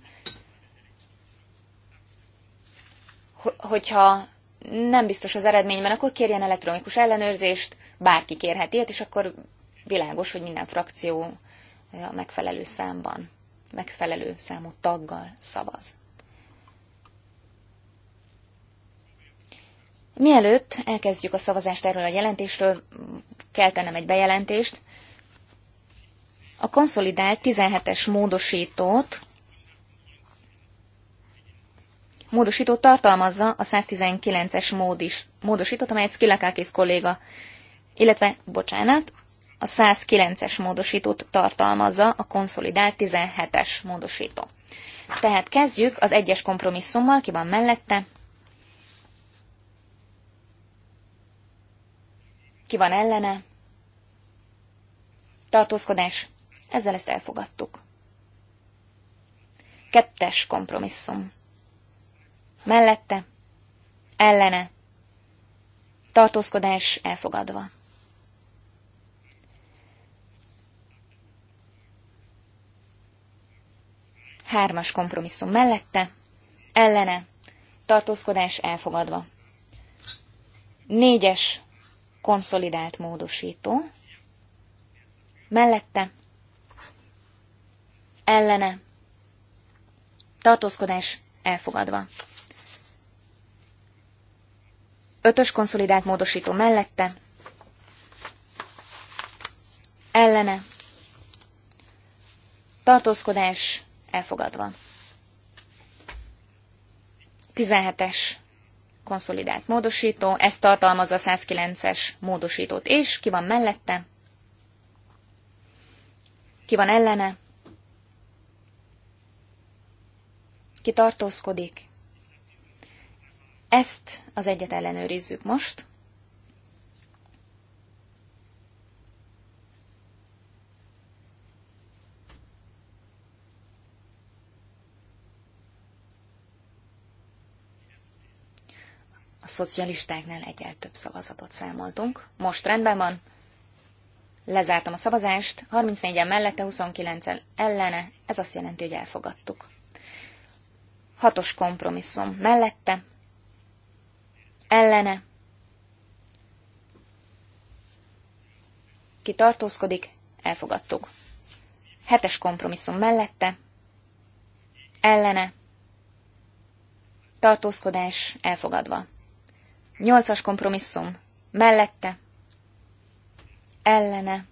Hogyha nem biztos az eredményben, akkor kérjen elektronikus ellenőrzést, bárki kérhet ilyet, és akkor világos, hogy minden frakció a megfelelő számban, megfelelő számú taggal szavaz. Mielőtt elkezdjük a szavazást erről a jelentésről, kell tennem egy bejelentést a konszolidált 17-es módosítót, módosító tartalmazza a 119-es mód is, módosítót, amelyet Skilakakis kolléga, illetve, bocsánat, a 109-es módosítót tartalmazza a konszolidált 17-es módosító. Tehát kezdjük az egyes kompromisszummal, ki van mellette, ki van ellene, tartózkodás, ezzel ezt elfogadtuk. Kettes kompromisszum. Mellette, ellene, tartózkodás elfogadva. Hármas kompromisszum mellette, ellene, tartózkodás elfogadva. Négyes konszolidált módosító, mellette, ellene, tartózkodás elfogadva. Ötös konszolidált módosító mellette, ellene, tartózkodás elfogadva. 17-es konszolidált módosító, ez tartalmazza 109-es módosítót, és ki van mellette, ki van ellene, ki tartózkodik. Ezt az egyet ellenőrizzük most. A szocialistáknál egyel több szavazatot számoltunk. Most rendben van. Lezártam a szavazást, 34-en mellette, 29-en ellene, ez azt jelenti, hogy elfogadtuk. Hatos kompromisszum mellette, ellene, ki tartózkodik, elfogadtuk. Hetes kompromisszum mellette, ellene, tartózkodás elfogadva. Nyolcas kompromisszum mellette, ellene,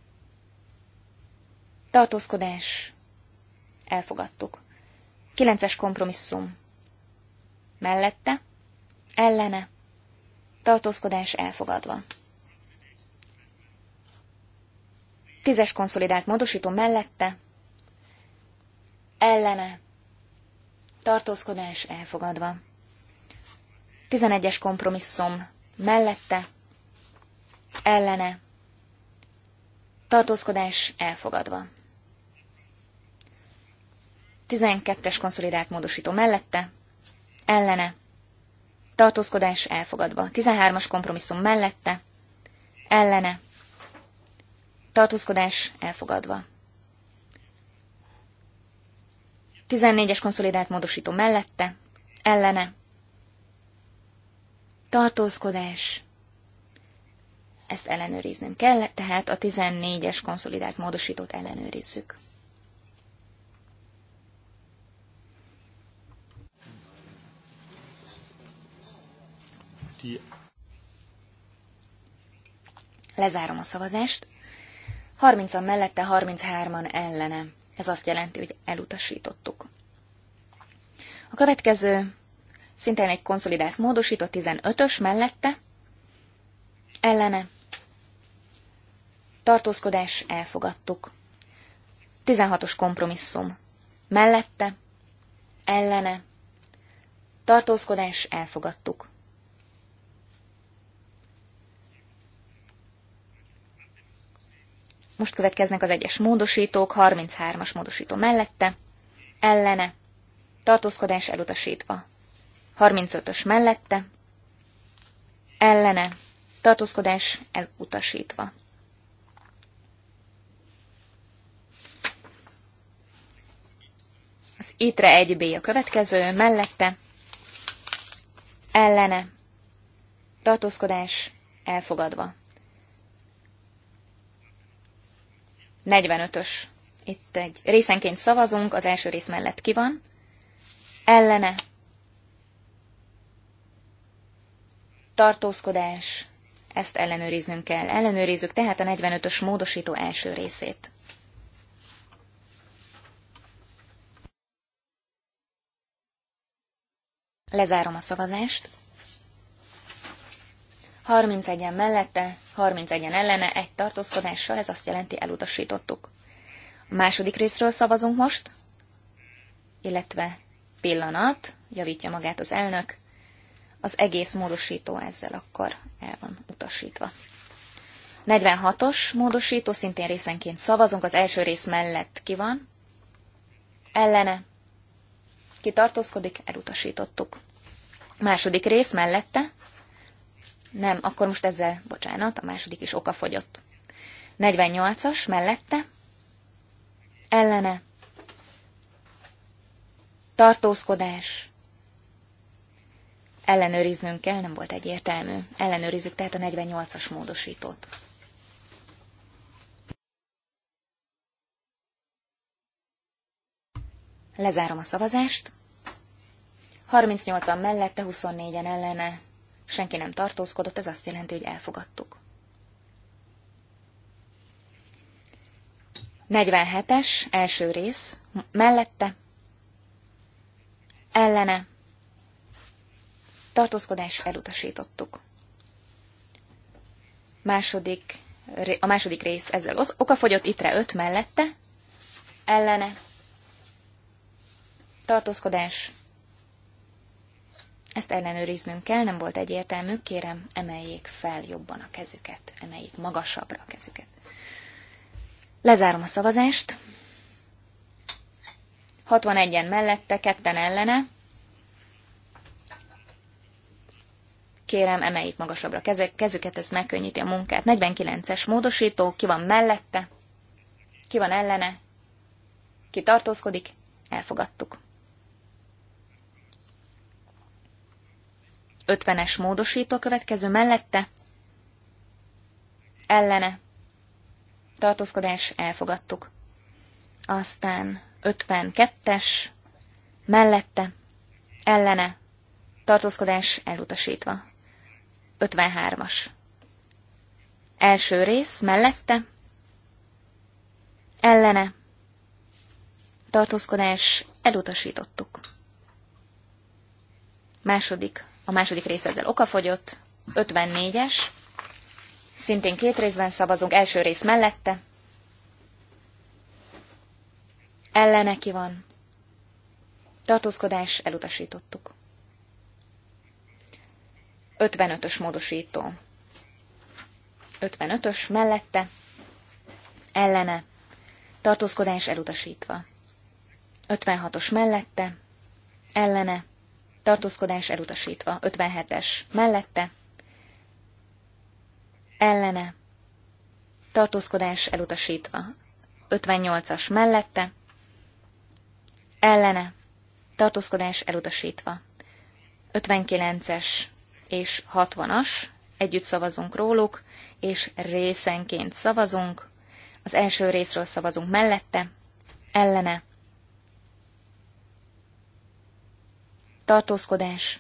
tartózkodás elfogadtuk. Kilences kompromisszum. Mellette, ellene, tartózkodás elfogadva. Tízes konszolidált módosító mellette, ellene, tartózkodás elfogadva. Tizenegyes kompromisszum mellette, ellene, tartózkodás elfogadva. 12-es konszolidált módosító mellette, ellene, tartózkodás elfogadva. 13-as kompromisszum mellette, ellene, tartózkodás elfogadva. 14-es konszolidált módosító mellette, ellene, tartózkodás, ezt ellenőriznünk kell, tehát a 14-es konszolidált módosítót ellenőrizzük. Lezárom a szavazást. 30-an mellette, 33-an ellene. Ez azt jelenti, hogy elutasítottuk. A következő szintén egy konszolidált módosító 15-ös mellette, ellene. Tartózkodás elfogadtuk. 16-os kompromisszum. Mellette, ellene. Tartózkodás elfogadtuk. Most következnek az egyes módosítók, 33-as módosító mellette, ellene, tartózkodás elutasítva. 35-ös mellette, ellene, tartózkodás elutasítva. Az ITRE 1B a következő, mellette, ellene, tartózkodás elfogadva. 45-ös. Itt egy részenként szavazunk, az első rész mellett ki van. Ellene. Tartózkodás. Ezt ellenőriznünk kell. Ellenőrizzük tehát a 45-ös módosító első részét. Lezárom a szavazást. 31-en mellette, 31-en ellene, egy tartózkodással, ez azt jelenti elutasítottuk. A második részről szavazunk most, illetve pillanat, javítja magát az elnök, az egész módosító ezzel akkor el van utasítva. 46-os módosító, szintén részenként szavazunk, az első rész mellett ki van, ellene, ki tartózkodik, elutasítottuk. Második rész mellette, nem, akkor most ezzel, bocsánat, a második is oka fogyott. 48-as, mellette, ellene, tartózkodás, ellenőriznünk kell, nem volt egyértelmű. Ellenőrizzük tehát a 48-as módosítót. Lezárom a szavazást. 38-an mellette, 24-en ellene, senki nem tartózkodott, ez azt jelenti, hogy elfogadtuk. 47-es első rész, mellette, ellene, tartózkodás elutasítottuk. Második, a második rész ezzel az okafogyott itre 5 mellette, ellene, tartózkodás ezt ellenőriznünk kell, nem volt egyértelmű, kérem, emeljék fel jobban a kezüket, emeljék magasabbra a kezüket. Lezárom a szavazást. 61-en mellette, ketten ellene. Kérem, emeljék magasabbra a kezüket, ez megkönnyíti a munkát. 49-es módosító, ki van mellette, ki van ellene, ki tartózkodik, elfogadtuk. 50-es módosító következő mellette, ellene, tartózkodás, elfogadtuk. Aztán 52-es, mellette, ellene, tartózkodás, elutasítva. 53-as. Első rész, mellette, ellene, tartózkodás, elutasítottuk. Második a második része ezzel okafogyott, 54-es, szintén két részben szavazunk, első rész mellette, ellene ki van, tartózkodás, elutasítottuk. 55-ös módosító. 55-ös mellette, ellene, tartózkodás elutasítva. 56-os mellette, ellene, tartózkodás elutasítva. 57-es mellette, ellene, tartózkodás elutasítva. 58-as mellette, ellene, tartózkodás elutasítva. 59-es és 60-as, együtt szavazunk róluk, és részenként szavazunk. Az első részről szavazunk mellette, ellene, tartózkodás.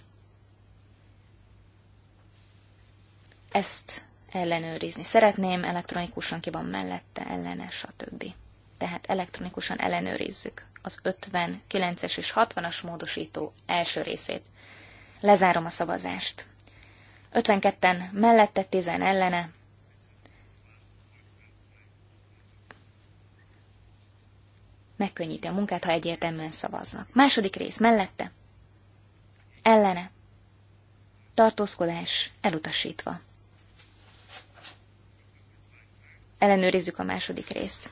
Ezt ellenőrizni szeretném, elektronikusan ki van mellette, ellene, stb. Tehát elektronikusan ellenőrizzük az 59-es és 60-as módosító első részét. Lezárom a szavazást. 52-en mellette, 10 ellene. Megkönnyíti a munkát, ha egyértelműen szavaznak. Második rész mellette ellene. Tartózkodás elutasítva. Ellenőrizzük a második részt.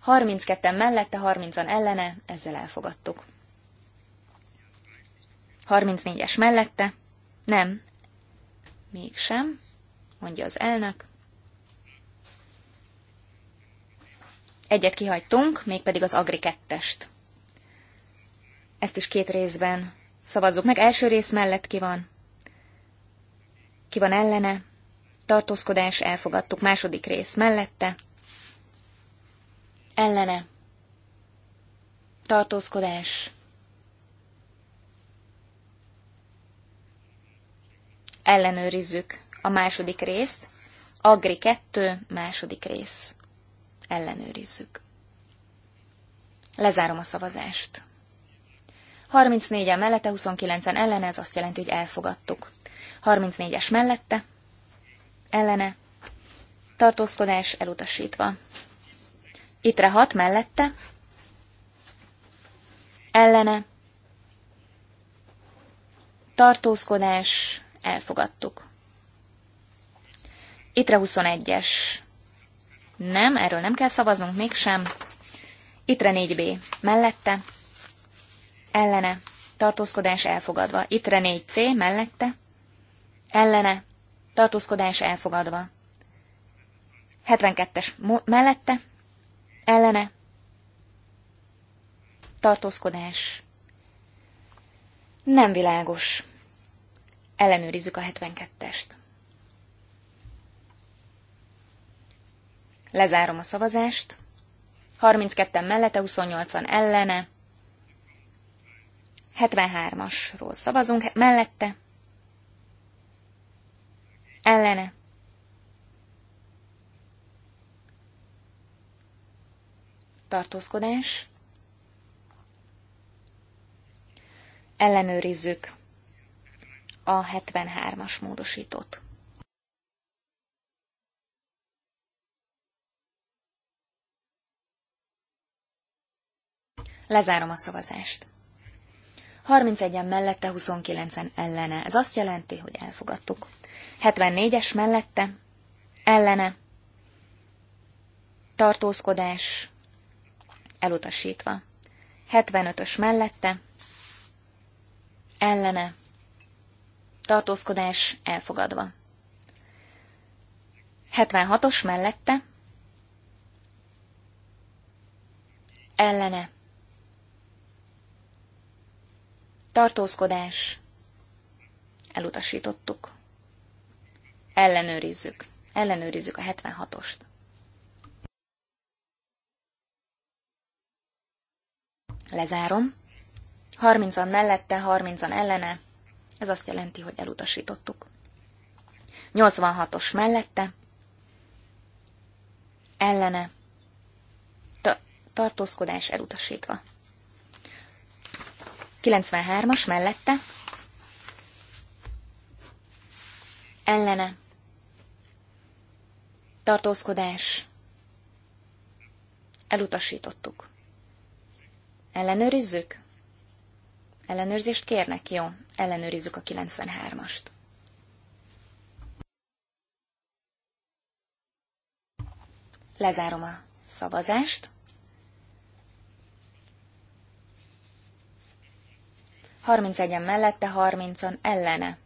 Harmincketten mellette, harmincan ellene, ezzel elfogadtuk. 34-es mellette? Nem. Mégsem, mondja az elnök. Egyet kihagytunk, mégpedig az Agri 2-est. Ezt is két részben szavazzuk meg. Első rész mellett ki van? Ki van ellene? Tartózkodás, elfogadtuk. Második rész mellette? Ellene. Tartózkodás. Ellenőrizzük a második részt. Agri 2, második rész ellenőrizzük. Lezárom a szavazást. 34-en mellette, 29-en ellene, ez azt jelenti, hogy elfogadtuk. 34-es mellette, ellene, tartózkodás elutasítva. Ittre 6 mellette, ellene, tartózkodás, elfogadtuk. Ittre 21-es nem, erről nem kell szavaznunk mégsem. Itre 4B. Mellette. Ellene. Tartózkodás elfogadva. Itre 4C. Mellette. Ellene. Tartózkodás elfogadva. 72-es. Mellette. Ellene. Tartózkodás. Nem világos. Ellenőrizzük a 72-est. Lezárom a szavazást. 32-en mellette, 28-an ellene. 73-asról szavazunk, mellette. Ellene. Tartózkodás. Ellenőrizzük a 73-as módosítót. Lezárom a szavazást. 31-en mellette, 29-en ellene. Ez azt jelenti, hogy elfogadtuk. 74-es mellette, ellene, tartózkodás, elutasítva. 75-ös mellette, ellene, tartózkodás, elfogadva. 76-os mellette, ellene, tartózkodás, elutasítottuk. Ellenőrizzük, ellenőrizzük a 76-ost. Lezárom. 30-an mellette, 30-an ellene, ez azt jelenti, hogy elutasítottuk. 86-os mellette, ellene, tartózkodás elutasítva. 93-as mellette. Ellene. Tartózkodás. Elutasítottuk. Ellenőrizzük? Ellenőrzést kérnek? Jó, ellenőrizzük a 93-ast. Lezárom a szavazást. 31-en mellette, 30-an ellene.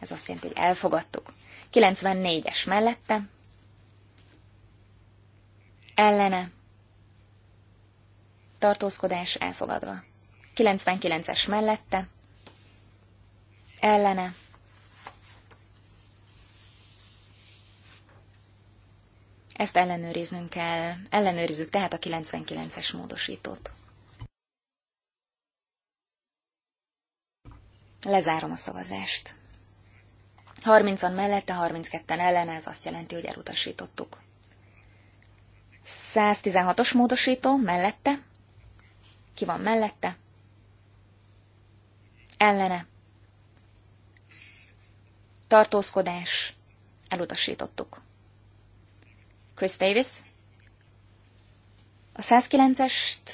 Ez azt jelenti, hogy elfogadtuk. 94-es mellette, ellene, tartózkodás elfogadva. 99-es mellette, ellene, Ezt ellenőriznünk kell. Ellenőrizzük tehát a 99-es módosítót. Lezárom a szavazást. 30-an mellette, 32-en ellene, ez azt jelenti, hogy elutasítottuk. 116-os módosító mellette. Ki van mellette? Ellene. Tartózkodás. Elutasítottuk. Chris Davis. A 109-est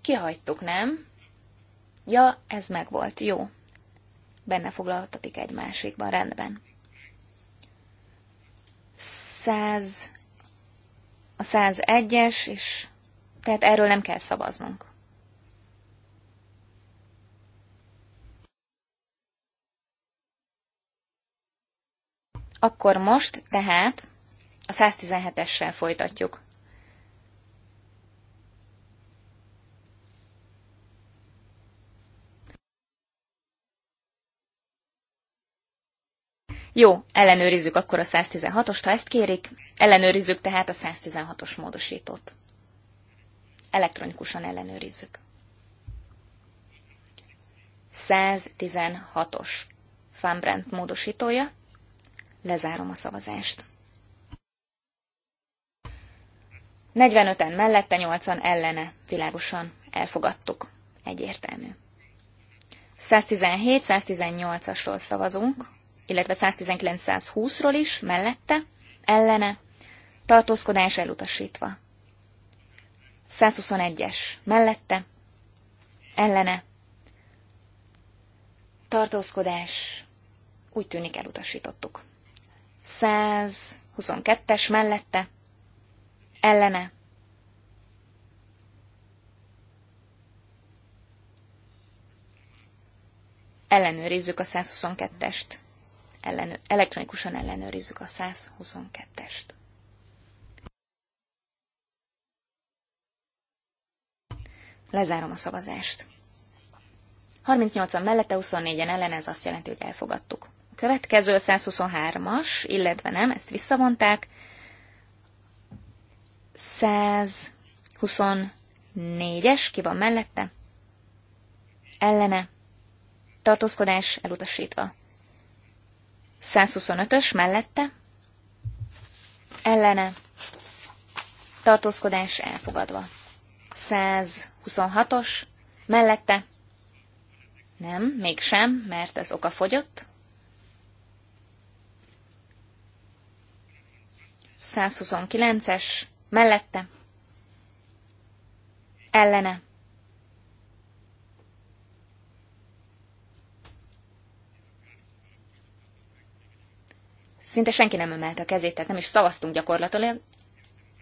kihagytuk, nem? Ja, ez megvolt. Jó benne foglaltatik egy másikban, rendben. 100, a 101-es, és tehát erről nem kell szavaznunk. Akkor most tehát a 117-essel folytatjuk. Jó, ellenőrizzük akkor a 116-ost, ha ezt kérik. Ellenőrizzük tehát a 116-os módosítót. Elektronikusan ellenőrizzük. 116-os Fanbrand módosítója. Lezárom a szavazást. 45-en mellette, 80 ellene, világosan elfogadtuk. Egyértelmű. 117-118-asról szavazunk illetve 119-120-ról is, mellette, ellene, tartózkodás elutasítva. 121-es, mellette, ellene, tartózkodás, úgy tűnik elutasítottuk. 122-es mellette, ellene, ellenőrizzük a 122-est ellenő, elektronikusan ellenőrizzük a 122-est. Lezárom a szavazást. 38-an mellette, 24-en ellen, ez azt jelenti, hogy elfogadtuk. A következő 123-as, illetve nem, ezt visszavonták. 124-es, ki van mellette? Ellene. Tartózkodás elutasítva. 125-ös mellette, ellene, tartózkodás elfogadva. 126-os mellette, nem, mégsem, mert ez oka fogyott. 129-es mellette, ellene, szinte senki nem emelte a kezét, tehát nem is szavaztunk gyakorlatilag.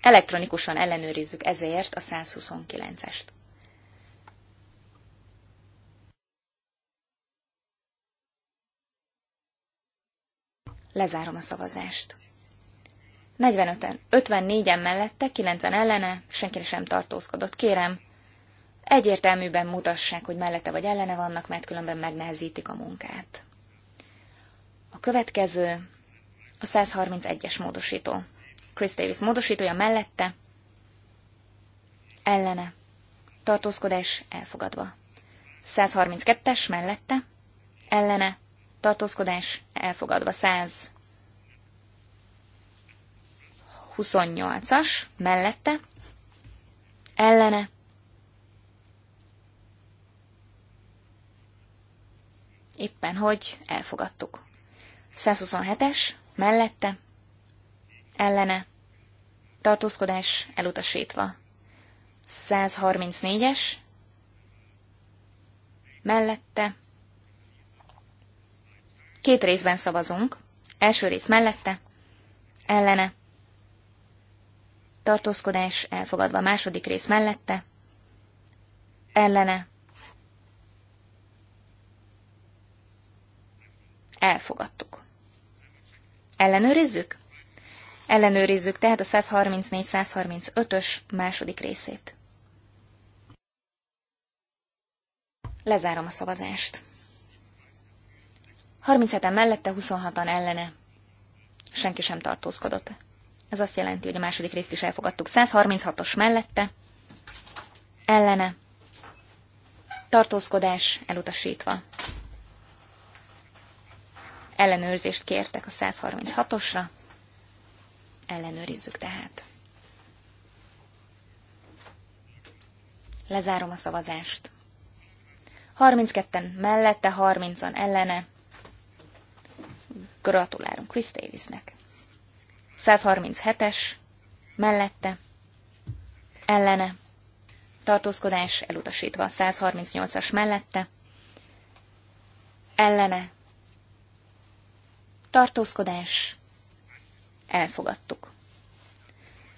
Elektronikusan ellenőrizzük ezért a 129-est. Lezárom a szavazást. 45-en, 54-en mellette, 9-en ellene, senki sem tartózkodott. Kérem, egyértelműben mutassák, hogy mellette vagy ellene vannak, mert különben megnehezítik a munkát. A következő a 131-es módosító. Chris Davis módosítója mellette, ellene, tartózkodás elfogadva. 132-es mellette, ellene, tartózkodás elfogadva. 128-as mellette, ellene, éppen hogy elfogadtuk. 127-es mellette, ellene, tartózkodás elutasítva. 134-es, mellette, két részben szavazunk, első rész mellette, ellene, tartózkodás elfogadva második rész mellette, ellene, elfogadtuk. Ellenőrizzük? Ellenőrizzük tehát a 134-135-ös második részét. Lezárom a szavazást. 37-en mellette, 26-an ellene. Senki sem tartózkodott. Ez azt jelenti, hogy a második részt is elfogadtuk. 136-os mellette, ellene, tartózkodás elutasítva. Ellenőrzést kértek a 136-osra. Ellenőrizzük tehát. Lezárom a szavazást. 32-en mellette, 30-an ellene. Gratulálunk Chris Davisnek. 137-es mellette, ellene. Tartózkodás elutasítva 138-as mellette, ellene tartózkodás, elfogadtuk.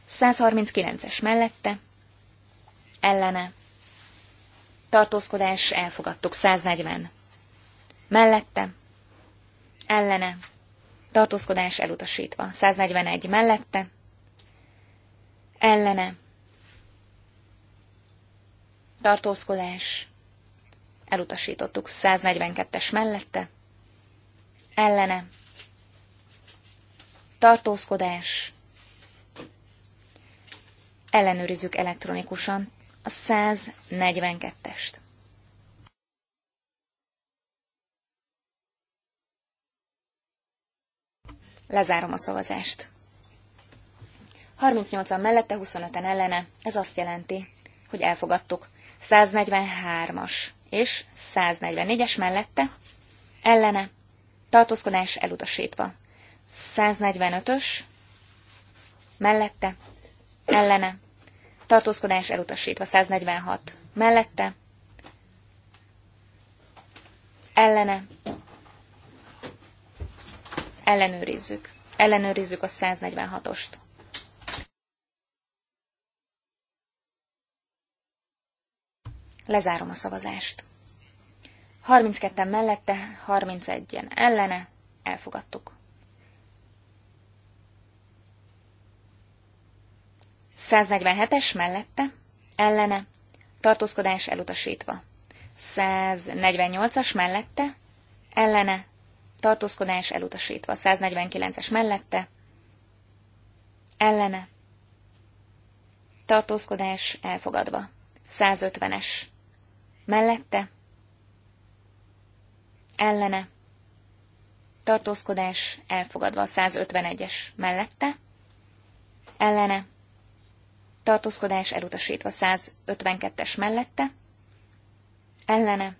139-es mellette, ellene, tartózkodás, elfogadtuk. 140 mellette, ellene, tartózkodás elutasítva. 141 mellette, ellene, tartózkodás, elutasítottuk 142-es mellette, ellene, tartózkodás. Ellenőrizzük elektronikusan a 142-est. Lezárom a szavazást. 38-an mellette, 25-en ellene, ez azt jelenti, hogy elfogadtuk. 143-as és 144-es mellette, ellene, tartózkodás elutasítva. 145-ös, mellette, ellene, tartózkodás elutasítva, 146, mellette, ellene, ellenőrizzük, ellenőrizzük a 146-ost. Lezárom a szavazást. 32-en mellette, 31-en ellene, elfogadtuk. 147-es mellette, ellene, tartózkodás elutasítva. 148-as mellette, ellene, tartózkodás elutasítva. 149-es mellette, ellene, tartózkodás elfogadva. 150-es mellette, ellene, tartózkodás elfogadva. 151-es mellette, ellene, tartózkodás elutasítva 152-es mellette, ellene,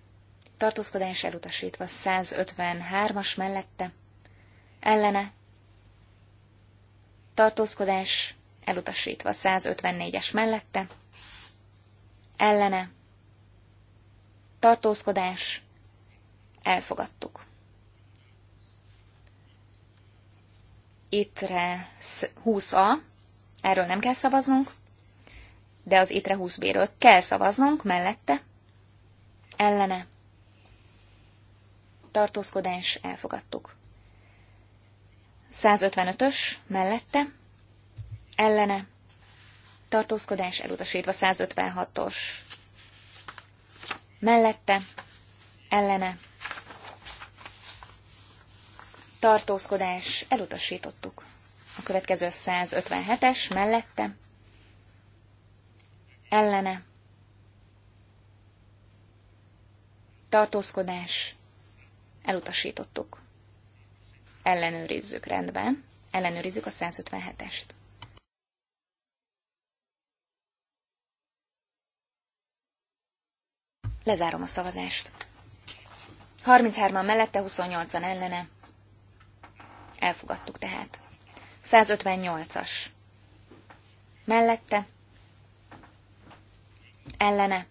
tartózkodás elutasítva 153-as mellette, ellene, tartózkodás elutasítva 154-es mellette, ellene, tartózkodás, elfogadtuk. Ittre 20A, erről nem kell szavaznunk, de az étre 20 kell szavaznunk mellette. Ellene. Tartózkodás elfogadtuk. 155-ös mellette. Ellene. Tartózkodás elutasítva 156-os. Mellette. Ellene. Tartózkodás elutasítottuk. A következő 157-es mellette ellene, tartózkodás, elutasítottuk. Ellenőrizzük, rendben, ellenőrizzük a 157-est. Lezárom a szavazást. 33-an mellette, 28-an ellene. Elfogadtuk tehát. 158-as. Mellette, ellene,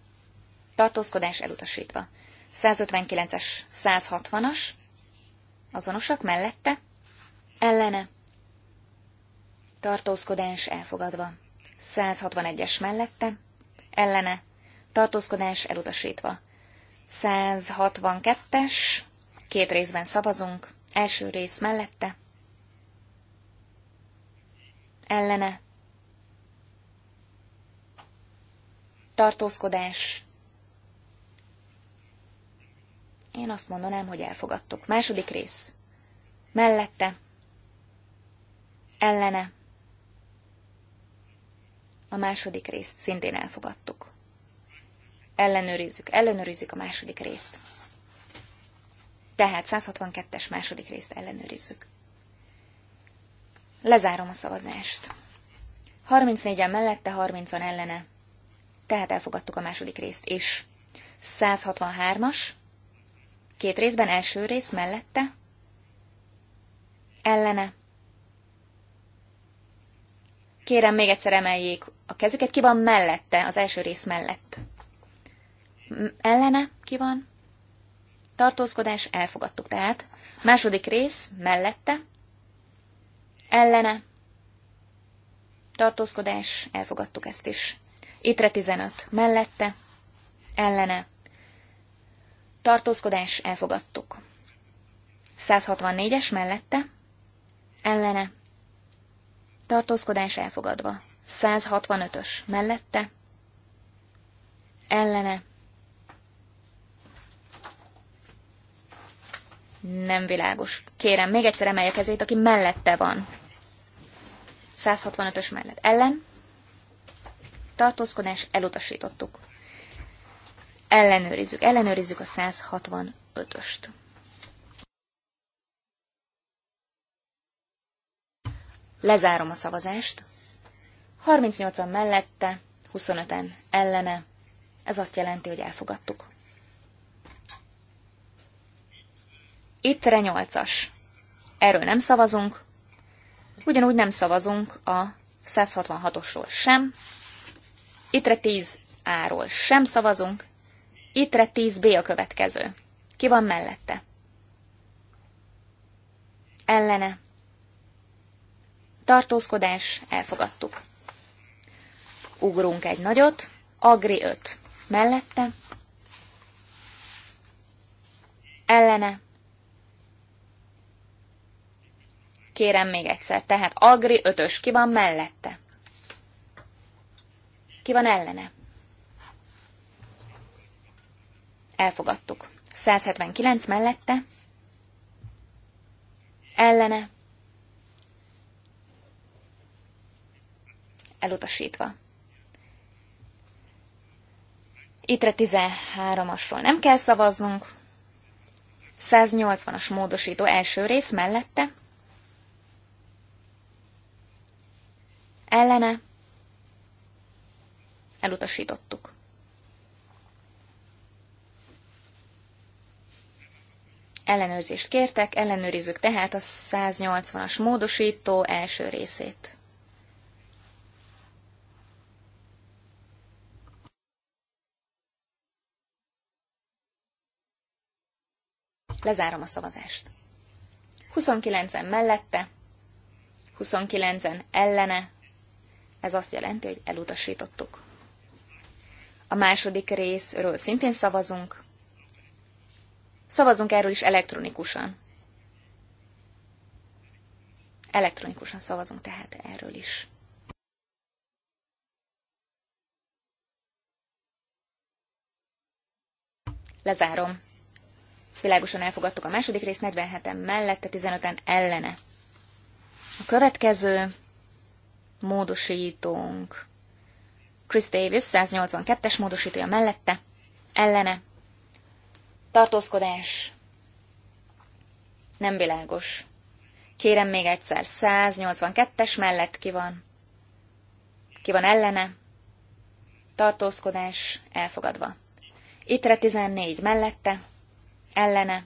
tartózkodás elutasítva. 159-es, 160-as, azonosak mellette, ellene, tartózkodás elfogadva. 161-es mellette, ellene, tartózkodás elutasítva. 162-es, két részben szavazunk, első rész mellette, ellene, tartózkodás. Én azt mondanám, hogy elfogadtuk. Második rész. Mellette. Ellene. A második részt szintén elfogadtuk. Ellenőrizzük, ellenőrizzük a második részt. Tehát 162-es második részt ellenőrizzük. Lezárom a szavazást. 34-en mellette, 30-an ellene tehát elfogadtuk a második részt is. 163-as, két részben első rész mellette, ellene. Kérem, még egyszer emeljék a kezüket, ki van mellette, az első rész mellett. ellene, ki van? Tartózkodás, elfogadtuk tehát. Második rész, mellette, ellene, tartózkodás, elfogadtuk ezt is. Étre 15. Mellette, ellene. Tartózkodás elfogadtuk. 164-es mellette, ellene. Tartózkodás elfogadva. 165-ös mellette, ellene. Nem világos. Kérem, még egyszer emelje kezét, aki mellette van. 165-ös mellett. Ellen tartózkodás, elutasítottuk. Ellenőrizzük, ellenőrizzük a 165-öst. Lezárom a szavazást. 38-an mellette, 25-en ellene. Ez azt jelenti, hogy elfogadtuk. re 8-as. Erről nem szavazunk. Ugyanúgy nem szavazunk a 166-osról sem, Itre 10A-ról sem szavazunk. Itre 10B a következő. Ki van mellette? Ellene. Tartózkodás, elfogadtuk. Ugrunk egy nagyot. Agri 5. Mellette. Ellene. Kérem még egyszer, tehát Agri 5-ös ki van mellette? Ki van ellene? Elfogadtuk. 179 mellette. Ellene. Elutasítva. Ittre 13-asról nem kell szavaznunk. 180-as módosító első rész mellette. Ellene. Elutasítottuk. Ellenőrzést kértek, ellenőrizzük tehát a 180-as módosító első részét. Lezárom a szavazást. 29-en mellette, 29-en ellene, ez azt jelenti, hogy elutasítottuk. A második részről szintén szavazunk. Szavazunk erről is elektronikusan. Elektronikusan szavazunk tehát erről is. Lezárom. Világosan elfogadtuk a második részt, 47-en mellette, 15-en ellene. A következő módosítónk Chris Davis 182-es módosítója mellette, ellene. Tartózkodás. Nem világos. Kérem még egyszer, 182-es mellett ki van? Ki van ellene? Tartózkodás elfogadva. Ittre 14 mellette, ellene.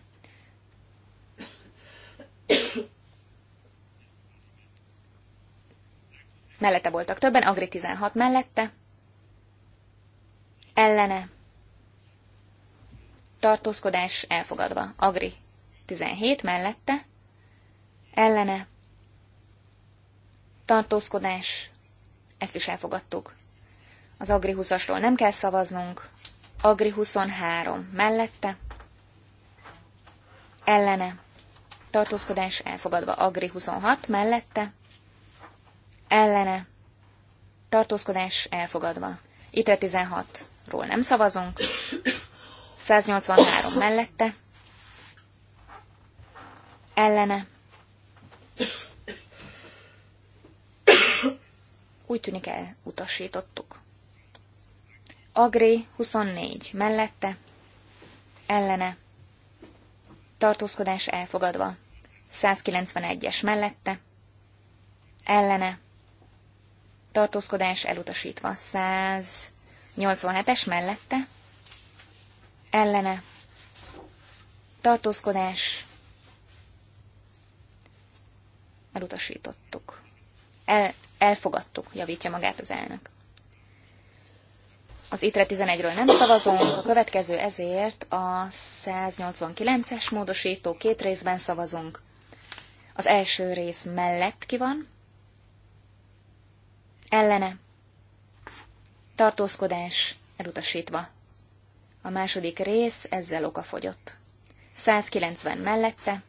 Mellette voltak többen, Agri 16 mellette, ellene, tartózkodás elfogadva. Agri 17 mellette, ellene, tartózkodás, ezt is elfogadtuk. Az Agri 20-asról nem kell szavaznunk, Agri 23 mellette, ellene, tartózkodás elfogadva. Agri 26 mellette, ellene, tartózkodás elfogadva. Itre 16 ról nem szavazunk. 183 mellette. Ellene. Úgy tűnik el, utasítottuk. Agré 24 mellette. Ellene. Tartózkodás elfogadva. 191-es mellette. Ellene. Tartózkodás elutasítva. 100 87-es mellette, ellene, tartózkodás, elutasítottuk. El, elfogadtuk, javítja magát az elnök. Az ITRE 11-ről nem szavazunk, a következő ezért a 189-es módosító két részben szavazunk. Az első rész mellett ki van, ellene, tartózkodás elutasítva. A második rész ezzel oka fogyott. 190 mellette,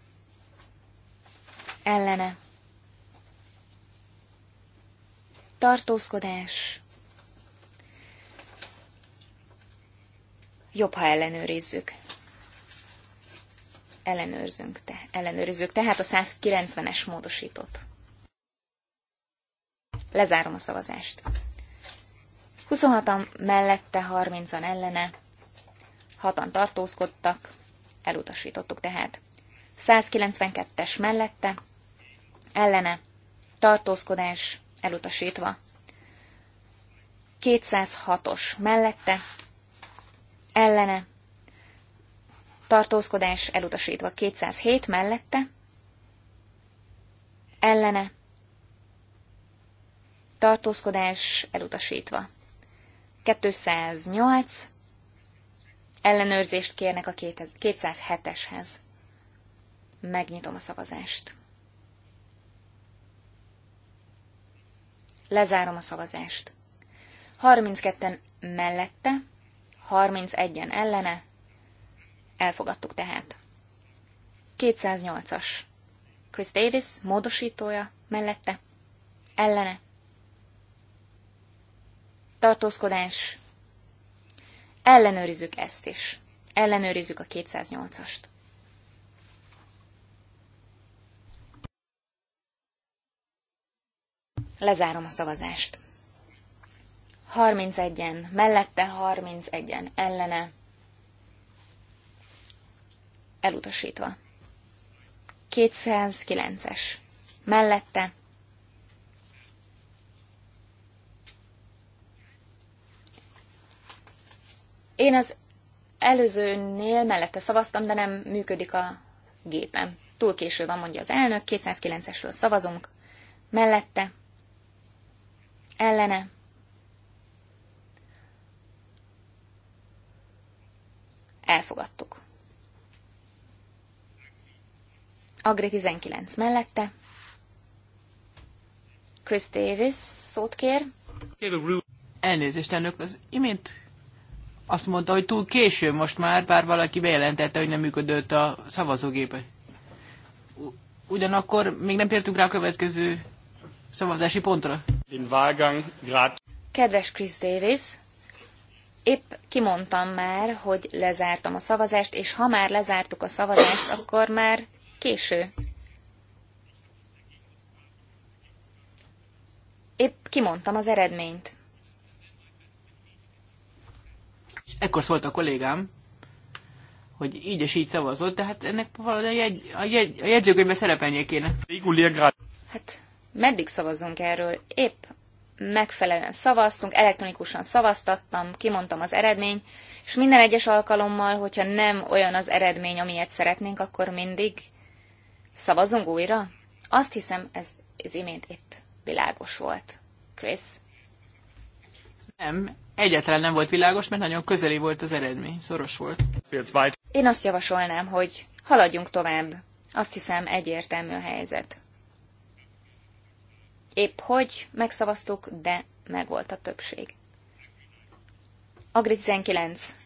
ellene, tartózkodás, jobb, ha ellenőrizzük. Ellenőrzünk, te, ellenőrizzük, tehát a 190-es módosított. Lezárom a szavazást. 26-an mellette, 30-an ellene, 6 tartózkodtak, elutasítottuk tehát. 192-es mellette, ellene, tartózkodás, elutasítva. 206-os mellette, ellene, tartózkodás, elutasítva. 207 mellette, ellene, tartózkodás, elutasítva. 208, ellenőrzést kérnek a 207-eshez. Megnyitom a szavazást. Lezárom a szavazást. 32-en mellette, 31-en ellene, elfogadtuk tehát. 208-as. Chris Davis módosítója mellette, ellene, tartózkodás. Ellenőrizzük ezt is. Ellenőrizzük a 208-ast. Lezárom a szavazást. 31-en, mellette 31-en, ellene. Elutasítva. 209-es. Mellette Én az előzőnél mellette szavaztam, de nem működik a gépem. Túl késő van, mondja az elnök, 209-esről szavazunk. Mellette. Ellene. Elfogadtuk. Agri 19 mellette. Chris Davis szót kér. Elnézést, elnök, az imént azt mondta, hogy túl késő most már, bár valaki bejelentette, hogy nem működött a szavazógépe. Ugyanakkor még nem tértünk rá a következő szavazási pontra. Kedves Chris Davis, épp kimondtam már, hogy lezártam a szavazást, és ha már lezártuk a szavazást, akkor már késő. Épp kimondtam az eredményt. Ekkor szólt a kollégám, hogy így és így szavazott, de hát ennek valahogy a, jegy, a, jegy, a jegyzőkönyvben szerepelnie kéne. Hát meddig szavazunk erről? Épp megfelelően szavaztunk, elektronikusan szavaztattam, kimondtam az eredmény, és minden egyes alkalommal, hogyha nem olyan az eredmény, amilyet szeretnénk, akkor mindig szavazunk újra? Azt hiszem, ez, ez imént épp világos volt. Chris? Nem, egyáltalán nem volt világos, mert nagyon közeli volt az eredmény, szoros volt. Én azt javasolnám, hogy haladjunk tovább. Azt hiszem egyértelmű a helyzet. Épp hogy megszavaztuk, de megvolt a többség. Agri 19.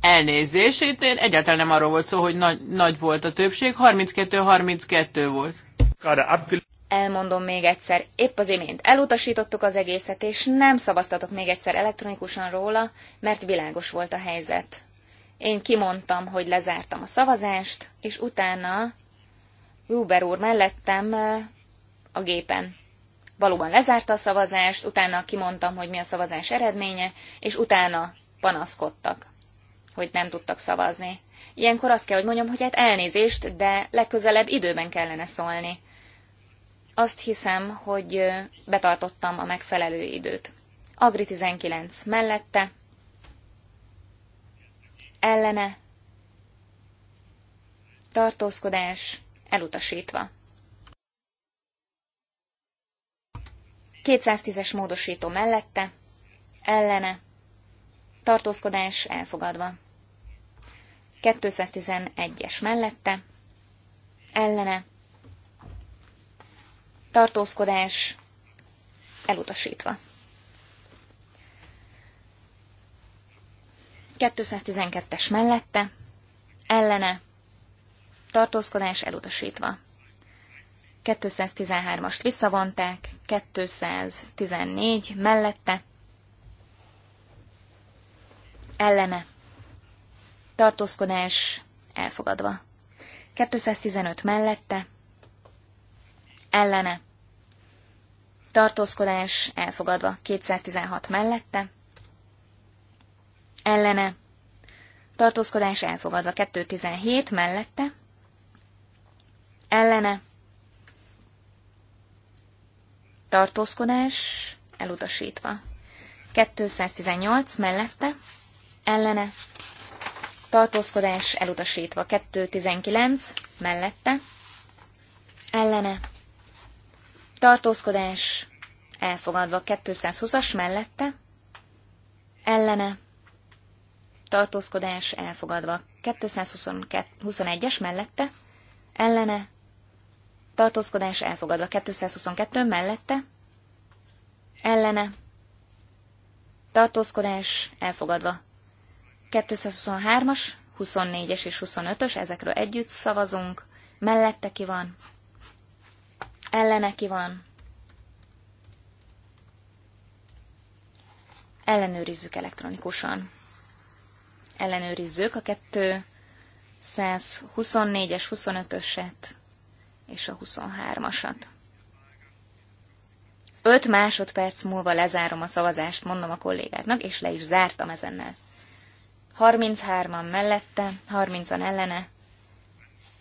Elnézés, itt én egyáltalán nem arról volt szó, hogy nagy, nagy volt a többség, 32-32 volt elmondom még egyszer, épp az imént elutasítottuk az egészet, és nem szavaztatok még egyszer elektronikusan róla, mert világos volt a helyzet. Én kimondtam, hogy lezártam a szavazást, és utána Gruber úr mellettem a gépen. Valóban lezárta a szavazást, utána kimondtam, hogy mi a szavazás eredménye, és utána panaszkodtak, hogy nem tudtak szavazni. Ilyenkor azt kell, hogy mondjam, hogy hát elnézést, de legközelebb időben kellene szólni azt hiszem, hogy betartottam a megfelelő időt. Agri 19 mellette, ellene, tartózkodás elutasítva. 210-es módosító mellette, ellene, tartózkodás elfogadva. 211-es mellette, ellene, tartózkodás elutasítva. 212-es mellette, ellene, tartózkodás elutasítva. 213-ast visszavonták, 214 mellette, ellene, tartózkodás elfogadva. 215 mellette, ellene. Tartózkodás elfogadva 216 mellette, ellene. Tartózkodás elfogadva 217 mellette, ellene. Tartózkodás elutasítva. 218 mellette, ellene, tartózkodás elutasítva, 219 mellette, ellene, tartózkodás elfogadva 220-as mellette, ellene, tartózkodás elfogadva 221-es mellette, ellene, tartózkodás elfogadva 222 mellette, ellene, tartózkodás elfogadva 223-as, 24-es és 25-ös, ezekről együtt szavazunk, mellette ki van, Ellene ki van? Ellenőrizzük elektronikusan. Ellenőrizzük a 224-es, 25-öset és a 23-asat. 5 másodperc múlva lezárom a szavazást, mondom a kollégáknak, és le is zártam ezennel. 33-an mellette, 30-an ellene.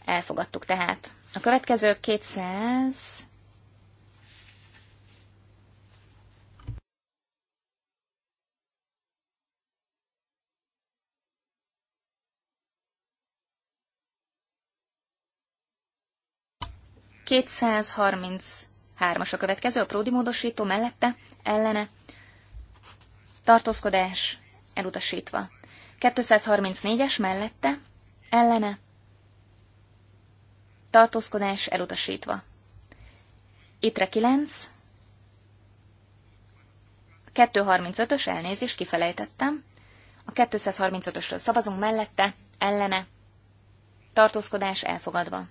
Elfogadtuk tehát. A következő 200 233 a következő, a pródi módosító mellette, ellene, tartózkodás elutasítva. 234-es mellette, ellene, tartózkodás elutasítva. Itre 9, 235-ös elnézést kifelejtettem. A 235-ösről szavazunk mellette, ellene, tartózkodás elfogadva.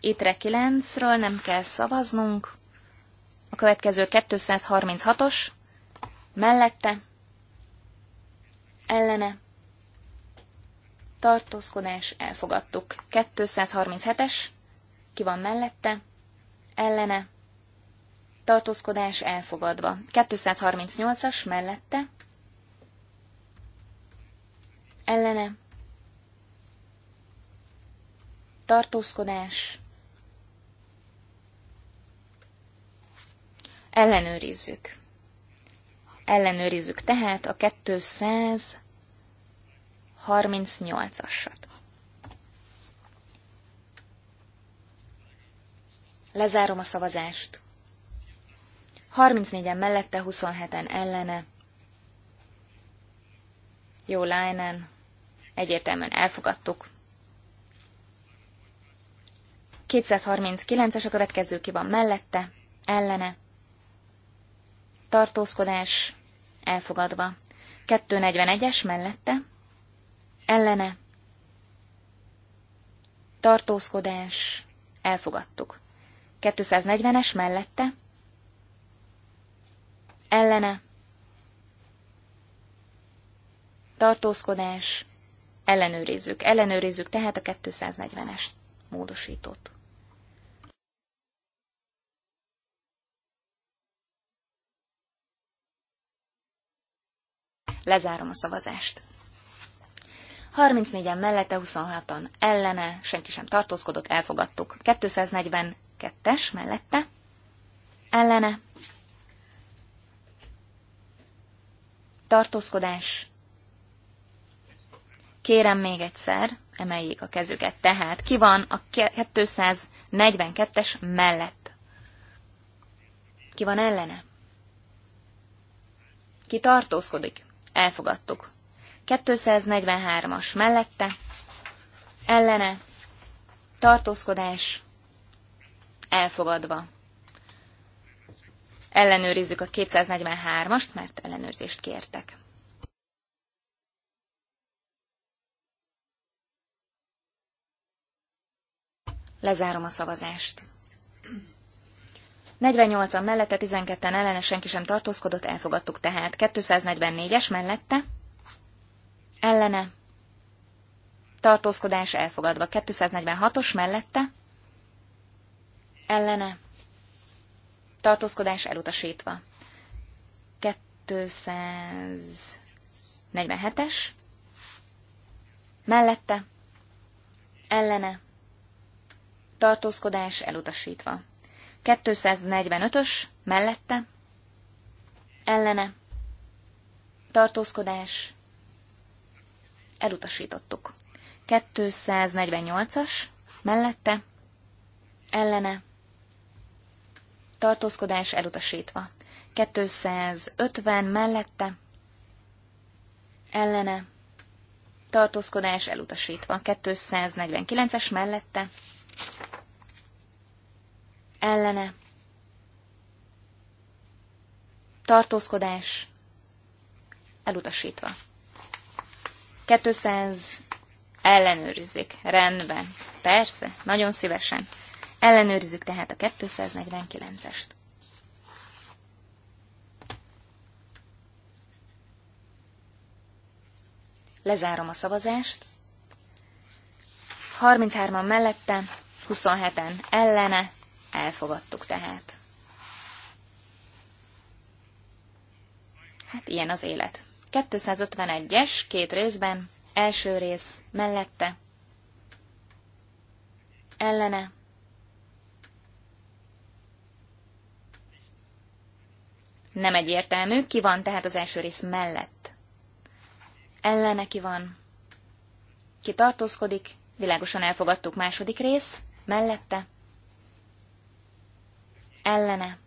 Itre 9-ről nem kell szavaznunk. A következő 236-os, mellette, ellene, tartózkodás, elfogadtuk. 237-es, ki van mellette, ellene, tartózkodás, elfogadva. 238-as, mellette, ellene, tartózkodás, ellenőrizzük. Ellenőrizzük tehát a 200 38-asat. Lezárom a szavazást. 34-en mellette, 27-en ellene. Jó lájnen. Egyértelműen elfogadtuk. 239-es a következő ki van mellette, ellene. Tartózkodás elfogadva. 241-es mellette, ellene, tartózkodás, elfogadtuk. 240-es mellette, ellene, tartózkodás, ellenőrizzük. Ellenőrizzük tehát a 240-es módosítót. Lezárom a szavazást. 34-en mellette, 26-an ellene, senki sem tartózkodott, elfogadtuk. 242-es mellette, ellene, tartózkodás. Kérem még egyszer, emeljék a kezüket. Tehát ki van a 242-es mellett? Ki van ellene? Ki tartózkodik? Elfogadtuk. 243-as mellette, ellene, tartózkodás, elfogadva. Ellenőrizzük a 243-ast, mert ellenőrzést kértek. Lezárom a szavazást. 48-an mellette, 12-en ellene senki sem tartózkodott, elfogadtuk tehát. 244-es mellette, ellene, tartózkodás elfogadva. 246-os mellette, ellene, tartózkodás elutasítva. 247-es, mellette, ellene, tartózkodás elutasítva. 245-ös, mellette, ellene, tartózkodás elutasítottuk. 248-as, mellette, ellene, tartózkodás elutasítva. 250 mellette, ellene, tartózkodás elutasítva. 249-es mellette, ellene, tartózkodás elutasítva. 200 ellenőrizzük. Rendben. Persze, nagyon szívesen. Ellenőrizzük tehát a 249-est. Lezárom a szavazást. 33-an mellette, 27-en ellene, elfogadtuk tehát. Hát ilyen az élet. 251-es, két részben, első rész, mellette, ellene, Nem egyértelmű, ki van tehát az első rész mellett. Ellene ki van. Ki tartózkodik, világosan elfogadtuk második rész, mellette. Ellene.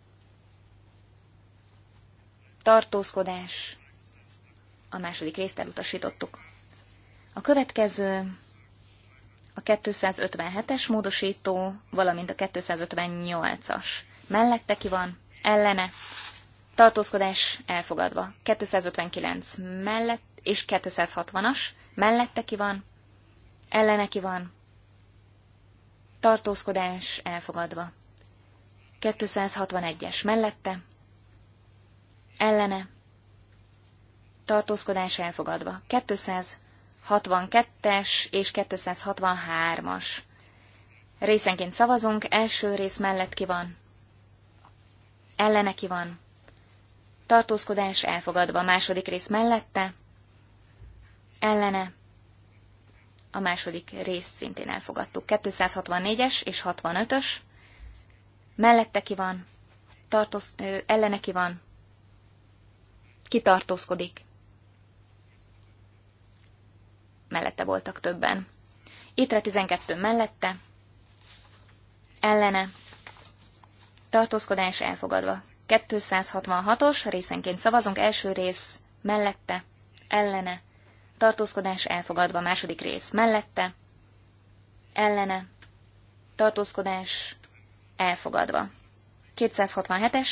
Tartózkodás a második részt elutasítottuk. A következő a 257-es módosító, valamint a 258-as. Mellette ki van, ellene, tartózkodás elfogadva. 259 mellett és 260-as, mellette ki van, ellene ki van, tartózkodás elfogadva. 261-es mellette, ellene, tartózkodás elfogadva. 262-es és 263-as. Részenként szavazunk, első rész mellett ki van. Ellene ki van. Tartózkodás elfogadva, második rész mellette. Ellene. A második rész szintén elfogadtuk. 264-es és 65-ös. Mellette ki van. Tartóz, ö, ellene ki van. Kitartózkodik mellette voltak többen. Étre 12 mellette, ellene, tartózkodás elfogadva. 266-os részenként szavazunk, első rész mellette, ellene, tartózkodás elfogadva, második rész mellette, ellene, tartózkodás elfogadva. 267-es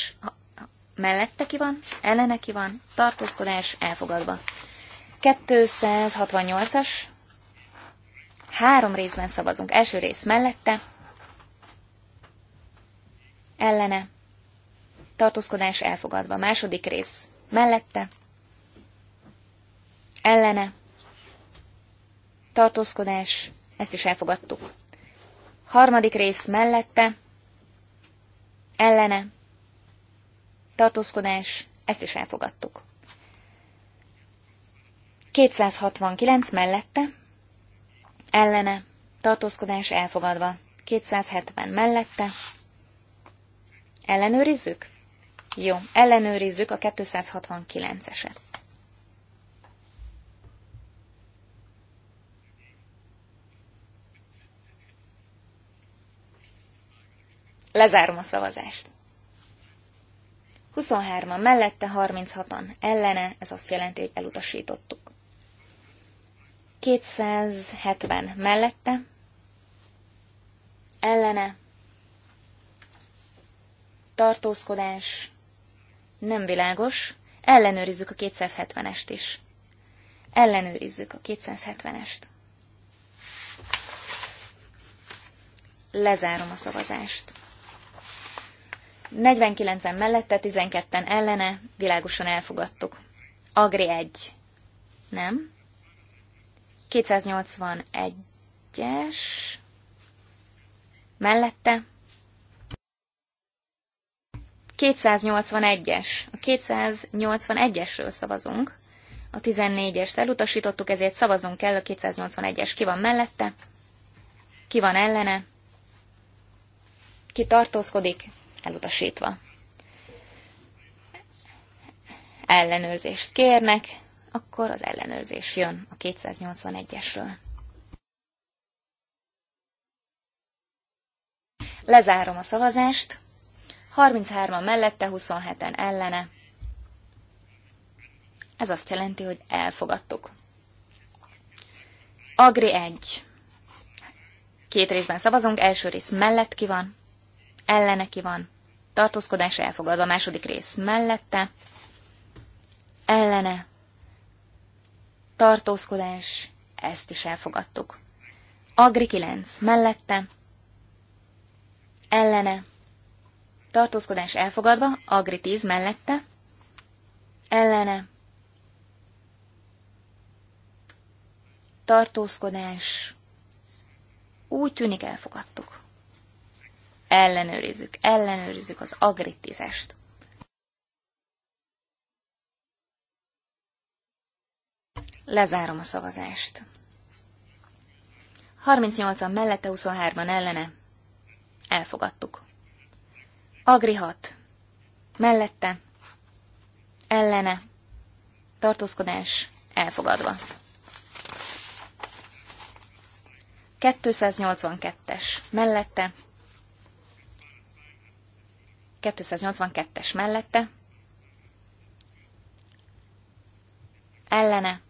mellette ki van, ellene ki van, tartózkodás elfogadva. 268-as. Három részben szavazunk. Első rész mellette. Ellene. Tartózkodás elfogadva. Második rész mellette. Ellene. Tartózkodás. Ezt is elfogadtuk. Harmadik rész mellette. Ellene. Tartózkodás. Ezt is elfogadtuk. 269 mellette, ellene, tartózkodás elfogadva. 270 mellette. Ellenőrizzük? Jó, ellenőrizzük a 269-eset. Lezárom a szavazást. 23-an mellette, 36-an ellene, ez azt jelenti, hogy elutasítottuk. 270 mellette, ellene, tartózkodás, nem világos, ellenőrizzük a 270-est is. Ellenőrizzük a 270-est. Lezárom a szavazást. 49-en mellette, 12-en ellene, világosan elfogadtuk. Agri 1. Nem? 281-es mellette. 281-es. A 281-esről szavazunk. A 14-est elutasítottuk, ezért szavazunk kell a 281-es. Ki van mellette? Ki van ellene? Ki tartózkodik? Elutasítva. Ellenőrzést kérnek, akkor az ellenőrzés jön a 281-esről. Lezárom a szavazást. 33-an mellette, 27-en ellene. Ez azt jelenti, hogy elfogadtuk. Agri 1. Két részben szavazunk, első rész mellett ki van, ellene ki van, tartózkodás elfogadva, második rész mellette, ellene, tartózkodás, ezt is elfogadtuk. Agri 9 mellette, ellene, tartózkodás elfogadva, Agri 10 mellette, ellene, tartózkodás, úgy tűnik elfogadtuk. Ellenőrizzük, ellenőrizzük az Agri 10-est. Lezárom a szavazást. 38-an mellette, 23-an ellene. Elfogadtuk. Agri 6. Mellette. Ellene. Tartózkodás. Elfogadva. 282-es. Mellette. 282-es mellette. Ellene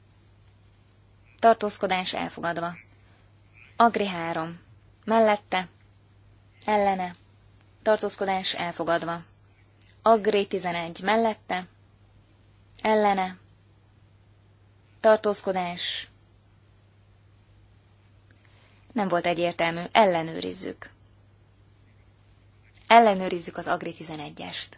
tartózkodás elfogadva. Agri 3. Mellette, ellene, tartózkodás elfogadva. Agri 11. Mellette, ellene, tartózkodás nem volt egyértelmű, ellenőrizzük. Ellenőrizzük az Agri 11-est.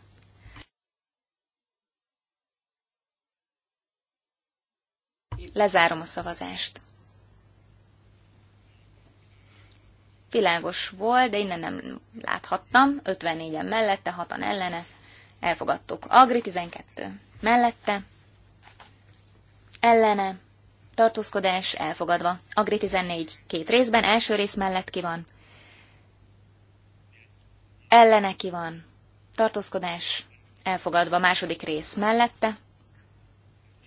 Lezárom a szavazást. Világos volt, de innen nem láthattam. 54-en mellette, 6-an ellene. Elfogadtuk. Agri 12 mellette. Ellene. Tartózkodás elfogadva. Agri 14 két részben, első rész mellett ki van. Ellene ki van. Tartózkodás elfogadva. Második rész mellette.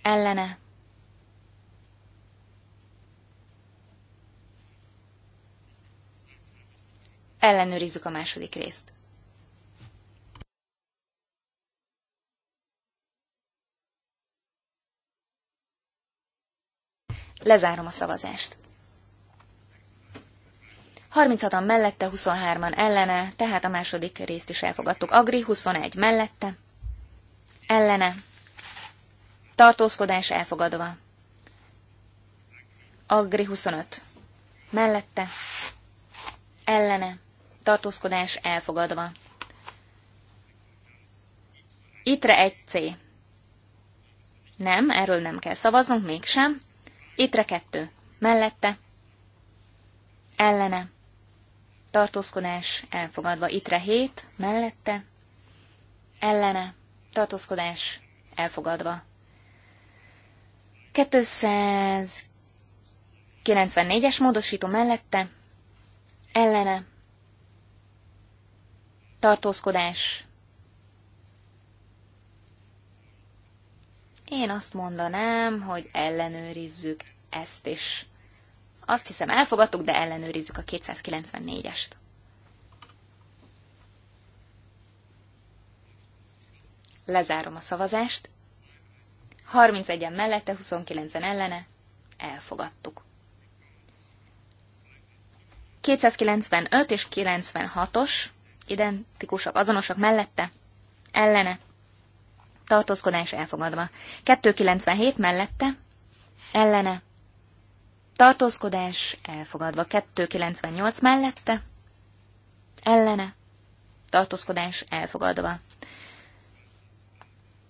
Ellene. Ellenőrizzük a második részt. Lezárom a szavazást. 36-an mellette, 23-an ellene, tehát a második részt is elfogadtuk. Agri 21 mellette, ellene, tartózkodás elfogadva. Agri 25 mellette, ellene, tartózkodás elfogadva. Itre 1C. Nem, erről nem kell szavaznunk, mégsem. Itre 2. Mellette. Ellene. Tartózkodás elfogadva. Itre 7. Mellette. Ellene. Tartózkodás elfogadva. 294-es módosító mellette. Ellene tartózkodás. Én azt mondanám, hogy ellenőrizzük ezt is. Azt hiszem elfogadtuk, de ellenőrizzük a 294-est. Lezárom a szavazást. 31-en mellette, 29-en ellene. Elfogadtuk. 295 és 96-os identikusak, azonosak mellette, ellene, tartózkodás elfogadva. 297 mellette, ellene, tartózkodás elfogadva. 298 mellette, ellene, tartózkodás elfogadva.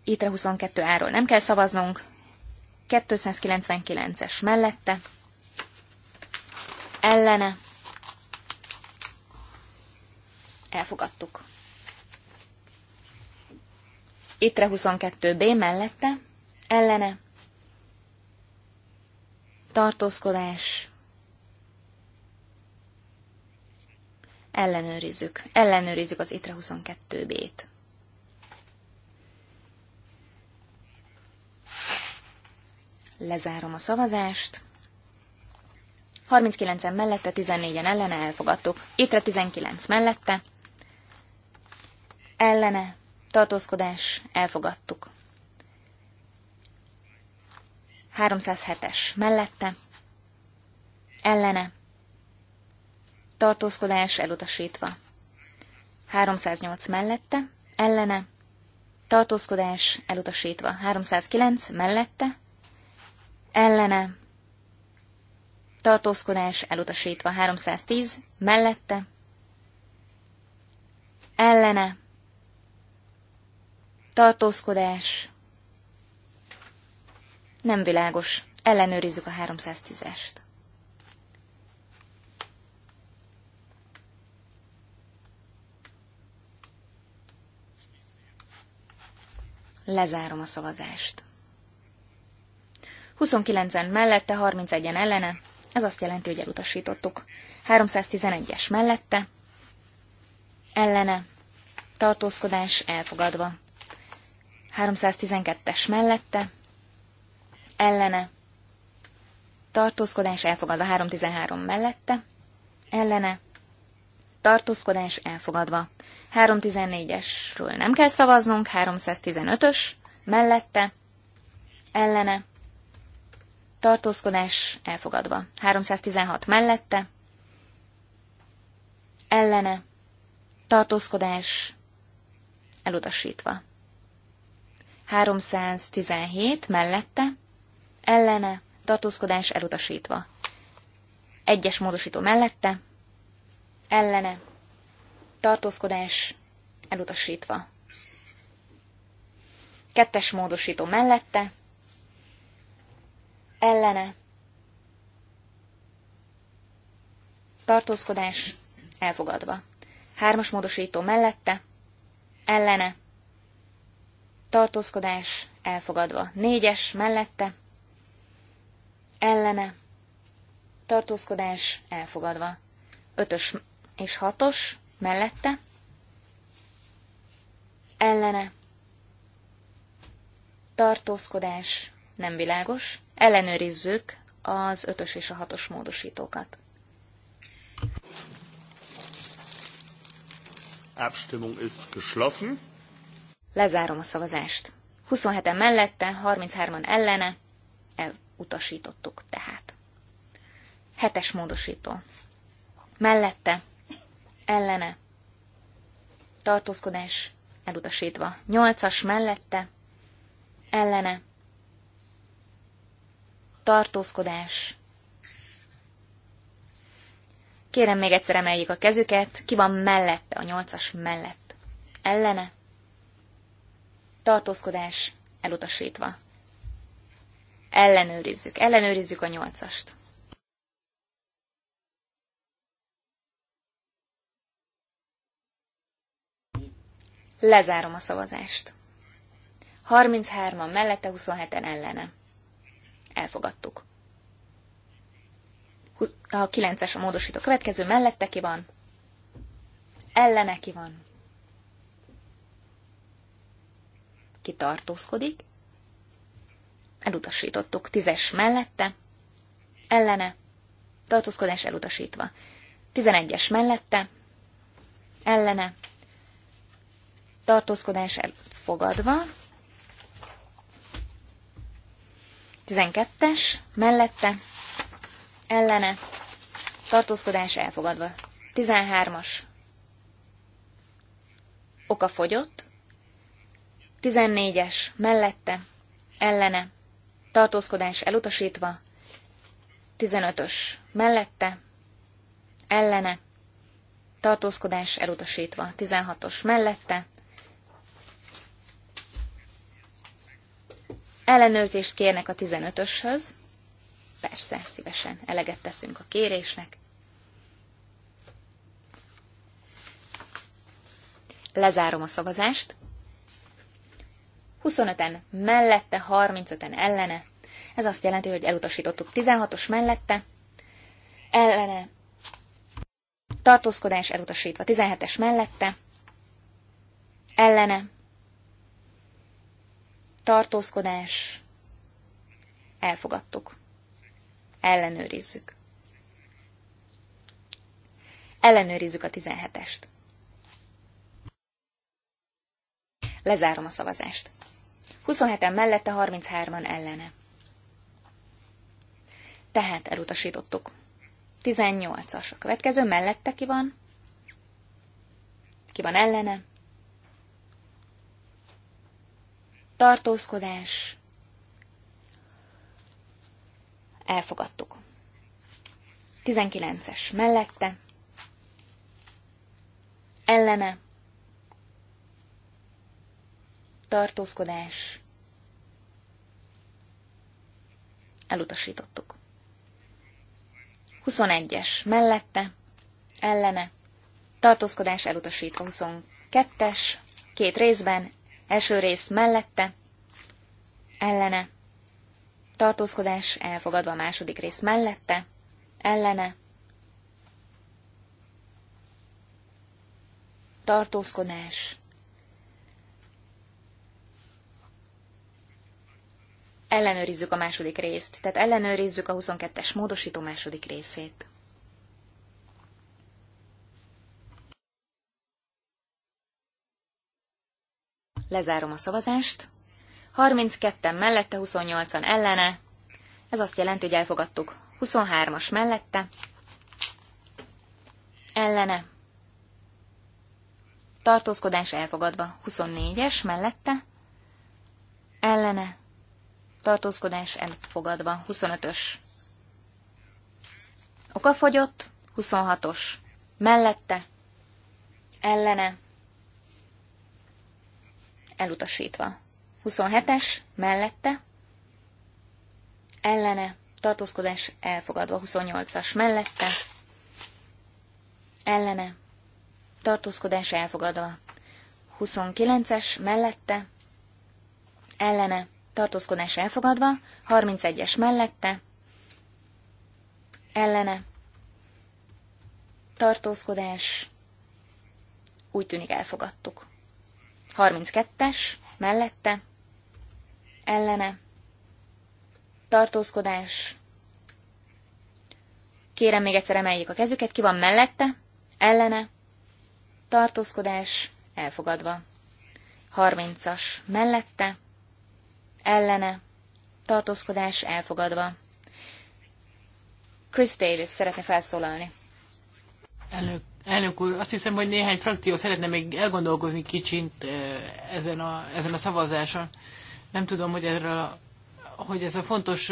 Ittre 22 áról nem kell szavaznunk, 299-es mellette, ellene, Elfogadtuk. Ittre 22b mellette, ellene, tartózkodás, ellenőrizzük, ellenőrizzük az Ittre 22B-t. Lezárom a szavazást. 39-en mellette, 14-en ellene elfogadtuk. Ittre 19 mellette, ellene, tartózkodás, elfogadtuk. 307-es mellette, ellene, tartózkodás elutasítva. 308 mellette, ellene, tartózkodás elutasítva. 309 mellette, ellene, tartózkodás elutasítva. 310 mellette, ellene, tartózkodás, nem világos, ellenőrizzük a 310-est. Lezárom a szavazást. 29-en mellette, 31-en ellene, ez azt jelenti, hogy elutasítottuk. 311-es mellette, ellene, tartózkodás elfogadva. 312-es mellette, ellene, tartózkodás elfogadva 313 mellette, ellene, tartózkodás elfogadva. 314-esről nem kell szavaznunk, 315-ös, mellette, ellene, tartózkodás elfogadva. 316 mellette, ellene, tartózkodás elutasítva. 317 mellette, ellene, tartózkodás elutasítva. Egyes módosító mellette, ellene, tartózkodás elutasítva. Kettes módosító mellette, ellene, tartózkodás elfogadva. Hármas módosító mellette, ellene, tartózkodás elfogadva. Négyes mellette, ellene, tartózkodás elfogadva. Ötös és hatos mellette, ellene, tartózkodás nem világos, ellenőrizzük az ötös és a hatos módosítókat. Abstimmung ist geschlossen. Lezárom a szavazást. 27-en mellette, 33-an ellene, elutasítottuk tehát. Hetes módosító. Mellette, ellene, tartózkodás, elutasítva. Nyolcas mellette, ellene, tartózkodás. Kérem még egyszer emeljék a kezüket, ki van mellette, a nyolcas mellett. Ellene, tartózkodás elutasítva. Ellenőrizzük, ellenőrizzük a nyolcast. Lezárom a szavazást. 33-an mellette, 27-en ellene. Elfogadtuk. A 9-es a módosító következő mellette ki van, ellene ki van kitartózkodik. Elutasítottuk. Tízes mellette, ellene, tartózkodás elutasítva. Tizenegyes mellette, ellene, tartózkodás elfogadva. Tizenkettes mellette, ellene, tartózkodás elfogadva. Tizenhármas oka fogyott, 14-es, mellette, ellene, tartózkodás elutasítva, 15-ös, mellette, ellene, tartózkodás elutasítva, 16-os, mellette, ellenőrzést kérnek a 15-öshöz, persze, szívesen eleget teszünk a kérésnek, lezárom a szavazást, 25-en mellette, 35-en ellene. Ez azt jelenti, hogy elutasítottuk 16-os mellette, ellene, tartózkodás elutasítva 17-es mellette, ellene, tartózkodás, elfogadtuk, ellenőrizzük. Ellenőrizzük a 17-est. Lezárom a szavazást. 27-en mellette, 33-an ellene. Tehát elutasítottuk. 18-as. A következő mellette ki van? Ki van ellene? Tartózkodás. Elfogadtuk. 19-es mellette. Ellene. tartózkodás, elutasítottuk. 21-es mellette, ellene, tartózkodás elutasítva 22-es, két részben, első rész mellette, ellene, tartózkodás elfogadva a második rész mellette, ellene, tartózkodás ellenőrizzük a második részt, tehát ellenőrizzük a 22-es módosító második részét. Lezárom a szavazást. 32-en mellette, 28-an ellene. Ez azt jelenti, hogy elfogadtuk. 23-as mellette. Ellene. Tartózkodás elfogadva. 24-es mellette. Ellene tartózkodás elfogadva. 25-ös. Oka fogyott, 26-os. Mellette, ellene, elutasítva. 27-es, mellette, ellene, tartózkodás elfogadva. 28-as, mellette, ellene, tartózkodás elfogadva. 29-es, mellette, ellene, tartózkodás elfogadva, 31-es mellette, ellene, tartózkodás, úgy tűnik elfogadtuk. 32-es, mellette, ellene, tartózkodás, kérem még egyszer emeljék a kezüket, ki van mellette, ellene, tartózkodás, elfogadva. 30-as, mellette, ellene, tartózkodás elfogadva. Chris Davis szeretne felszólalni. Elnök, elnök úr, azt hiszem, hogy néhány frakció szeretne még elgondolkozni kicsint ezen a, ezen a szavazáson. Nem tudom, hogy erről a hogy ez a fontos,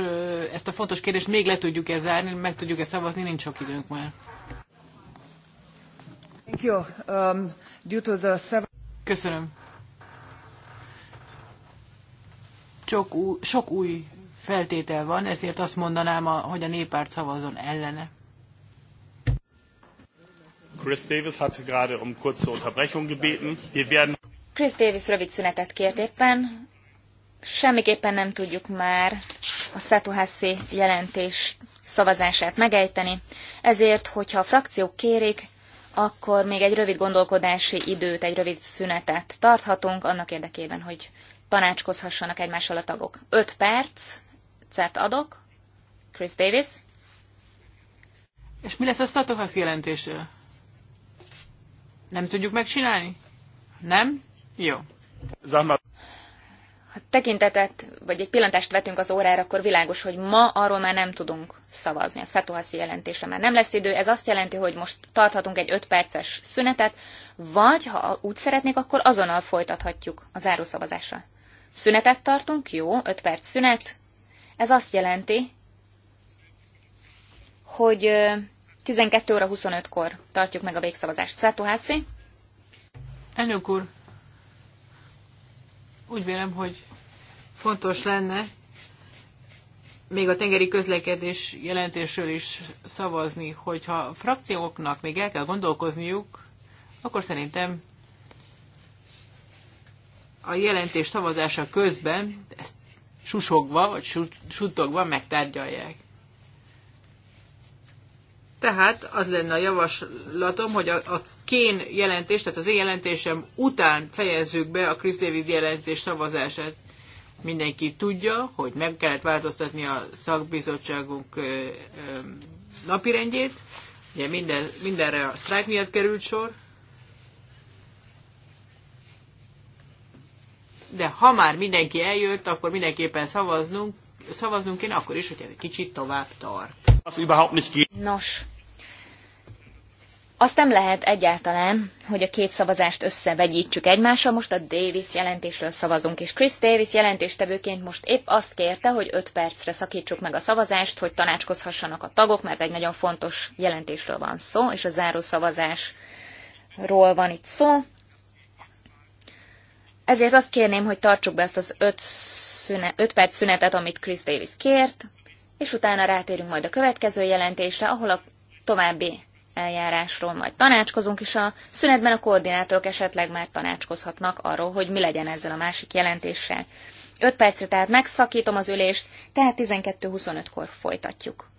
ezt a fontos kérdést még le tudjuk-e zárni, meg tudjuk-e szavazni, nincs sok időnk már. Thank you. Um, due to the seven... Köszönöm. sok új, sok új feltétel van, ezért azt mondanám, hogy a néppárt szavazon ellene. Chris Davis hat gerade um kurze Unterbrechung gebeten. Wir werden Chris Davis rövid szünetet kért éppen. Semmiképpen nem tudjuk már a Szetuhászi jelentés szavazását megejteni, ezért, hogyha a frakciók kérik, akkor még egy rövid gondolkodási időt, egy rövid szünetet tarthatunk annak érdekében, hogy tanácskozhassanak egymással a tagok. Öt percet adok. Chris Davis. És mi lesz a Szatohasz jelentésről? Nem tudjuk megcsinálni? Nem? Jó. Zammar. Ha tekintetet, vagy egy pillantást vetünk az órára, akkor világos, hogy ma arról már nem tudunk szavazni. A Szatohaszi jelentésre már nem lesz idő. Ez azt jelenti, hogy most tarthatunk egy 5 perces szünetet, vagy ha úgy szeretnék, akkor azonnal folytathatjuk a zárószavazással. Szünetet tartunk? Jó, öt perc szünet. Ez azt jelenti, hogy 12 óra 25-kor tartjuk meg a végszavazást. Hászi? Elnök úr, úgy vélem, hogy fontos lenne még a tengeri közlekedés jelentésről is szavazni, hogyha frakcióknak még el kell gondolkozniuk, akkor szerintem a jelentés szavazása közben ezt susogva vagy suttogva megtárgyalják. Tehát az lenne a javaslatom, hogy a, a kén jelentés, tehát az én jelentésem után fejezzük be a Chris David jelentés szavazását. Mindenki tudja, hogy meg kellett változtatni a szakbizottságunk ö, ö, napirendjét. Ugye minden, mindenre a sztrájk miatt került sor. de ha már mindenki eljött, akkor mindenképpen szavaznunk, szavaznunk én akkor is, hogy egy kicsit tovább tart. Nos, azt nem lehet egyáltalán, hogy a két szavazást összevegyítsük egymással. Most a Davis jelentésről szavazunk, és Chris Davis jelentéstevőként most épp azt kérte, hogy 5 percre szakítsuk meg a szavazást, hogy tanácskozhassanak a tagok, mert egy nagyon fontos jelentésről van szó, és a záró szavazásról van itt szó. Ezért azt kérném, hogy tartsuk be ezt az öt, szüne, öt perc szünetet, amit Chris Davis kért, és utána rátérünk majd a következő jelentésre, ahol a további eljárásról majd tanácskozunk, és a szünetben a koordinátorok esetleg már tanácskozhatnak arról, hogy mi legyen ezzel a másik jelentéssel. 5 percre tehát megszakítom az ülést, tehát 12.25-kor folytatjuk.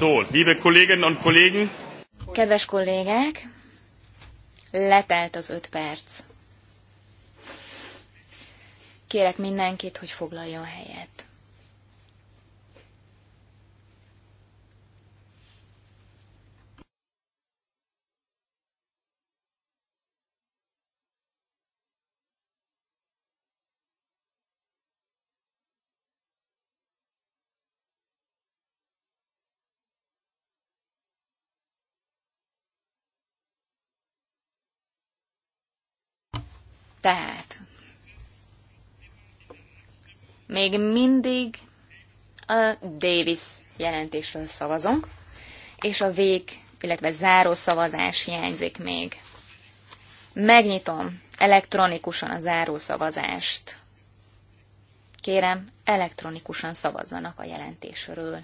So, liebe Kolleginnen und Kollegen. Kedves kollégák, letelt az öt perc. Kérek mindenkit, hogy foglaljon helyet. Tehát még mindig a Davis jelentésről szavazunk, és a vég, illetve záró szavazás hiányzik még. Megnyitom elektronikusan a záró szavazást. Kérem, elektronikusan szavazzanak a jelentésről.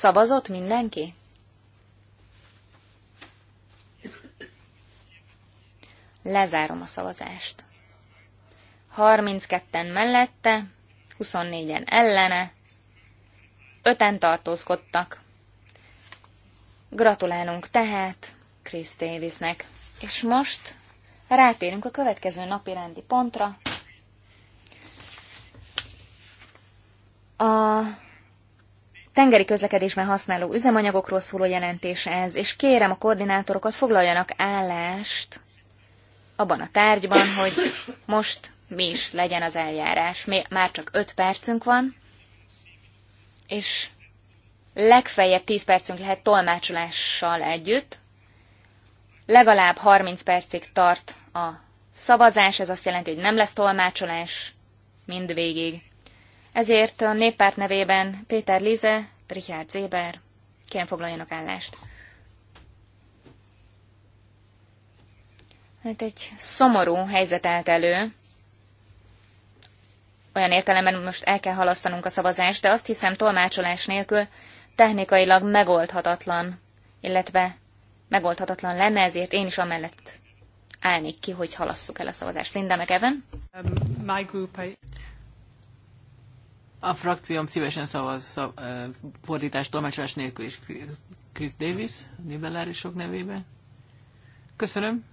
Szavazott mindenki? Lezárom a szavazást. 32-en mellette, 24-en ellene, 5-en tartózkodtak. Gratulálunk tehát Chris Davisnek. És most rátérünk a következő napi rendi pontra. A tengeri közlekedésben használó üzemanyagokról szóló jelentés ez, és kérem a koordinátorokat foglaljanak állást abban a tárgyban, hogy most mi is legyen az eljárás. Már csak 5 percünk van, és legfeljebb 10 percünk lehet tolmácsolással együtt. Legalább 30 percig tart a szavazás, ez azt jelenti, hogy nem lesz tolmácsolás mindvégig. Ezért a néppárt nevében Péter Lize, Richard Zéber, kérem foglaljanak állást. Hát egy szomorú helyzet állt elő. Olyan értelemben most el kell halasztanunk a szavazást, de azt hiszem tolmácsolás nélkül technikailag megoldhatatlan, illetve megoldhatatlan lenne, ezért én is amellett állnék ki, hogy halasszuk el a szavazást. Linda meg Um, my group, I... A frakcióm szívesen szavaz szav, fordítás tolmácsolás nélkül is Chris Davis, Nivellárisok nevében. Köszönöm.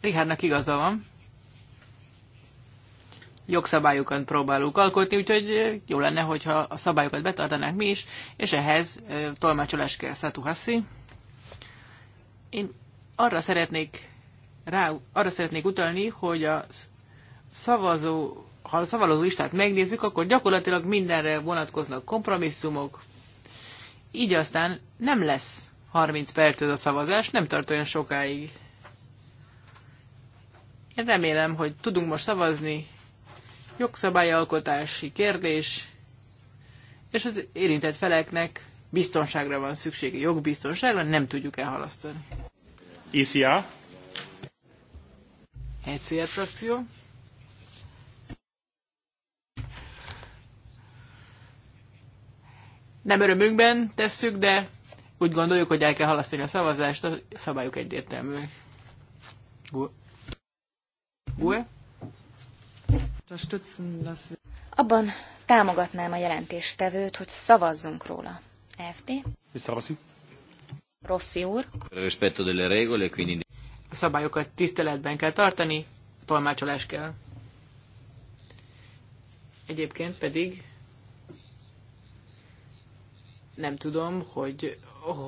Richardnak igaza van. Jogszabályokat próbálunk alkotni, úgyhogy jó lenne, hogyha a szabályokat betartanánk mi is, és ehhez tolmácsolás kell Hassi. Én arra szeretnék rá, arra szeretnék utalni, hogy a szavazó ha a szavazó listát megnézzük, akkor gyakorlatilag mindenre vonatkoznak kompromisszumok, így aztán nem lesz 30 perc ez a szavazás, nem tart olyan sokáig. Én remélem, hogy tudunk most szavazni. Jogszabályalkotási kérdés, és az érintett feleknek biztonságra van szüksége, jogbiztonságra, nem tudjuk elhalasztani. ICA? ECR frakció. nem örömünkben tesszük, de úgy gondoljuk, hogy el kell halasztani a szavazást, a szabályok egyértelműek. Abban támogatnám a jelentéstevőt, hogy szavazzunk róla. FT? Rossi? Rossi úr? Rispetto delle regole, quindi... A szabályokat tiszteletben kell tartani, tolmácsolás kell. Egyébként pedig nem tudom, hogy,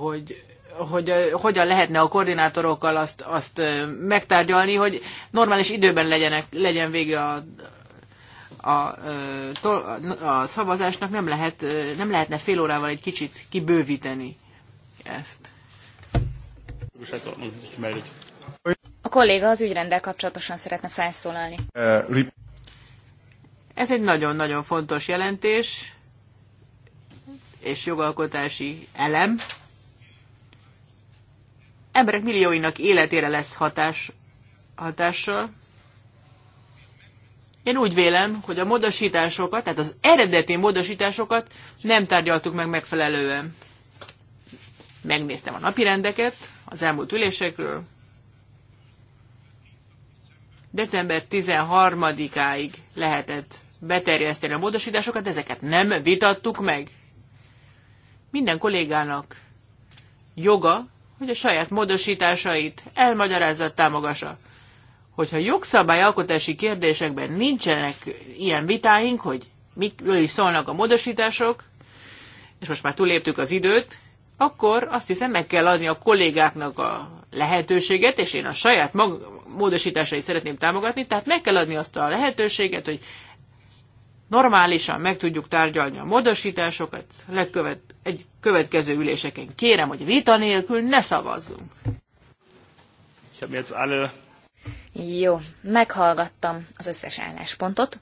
hogy hogy hogyan lehetne a koordinátorokkal azt, azt megtárgyalni, hogy normális időben legyenek, legyen vége a, a, a, a szavazásnak, nem, lehet, nem lehetne fél órával egy kicsit kibővíteni ezt. A kolléga az ügyrendel kapcsolatosan szeretne felszólalni. Eh, Ez egy nagyon-nagyon fontos jelentés és jogalkotási elem emberek millióinak életére lesz hatás, hatással. Én úgy vélem, hogy a módosításokat, tehát az eredeti módosításokat nem tárgyaltuk meg megfelelően. Megnéztem a napirendeket az elmúlt ülésekről. December 13-áig lehetett beterjeszteni a módosításokat, ezeket nem vitattuk meg. Minden kollégának joga, hogy a saját módosításait elmagyarázza, támogassa. Hogyha jogszabályalkotási kérdésekben nincsenek ilyen vitáink, hogy mikről is szólnak a módosítások, és most már túléptük az időt, akkor azt hiszem meg kell adni a kollégáknak a lehetőséget, és én a saját mag- módosításait szeretném támogatni, tehát meg kell adni azt a lehetőséget, hogy normálisan meg tudjuk tárgyalni a módosításokat, legkövet, egy következő üléseken kérem, hogy vita nélkül ne szavazzunk. Jó, meghallgattam az összes álláspontot,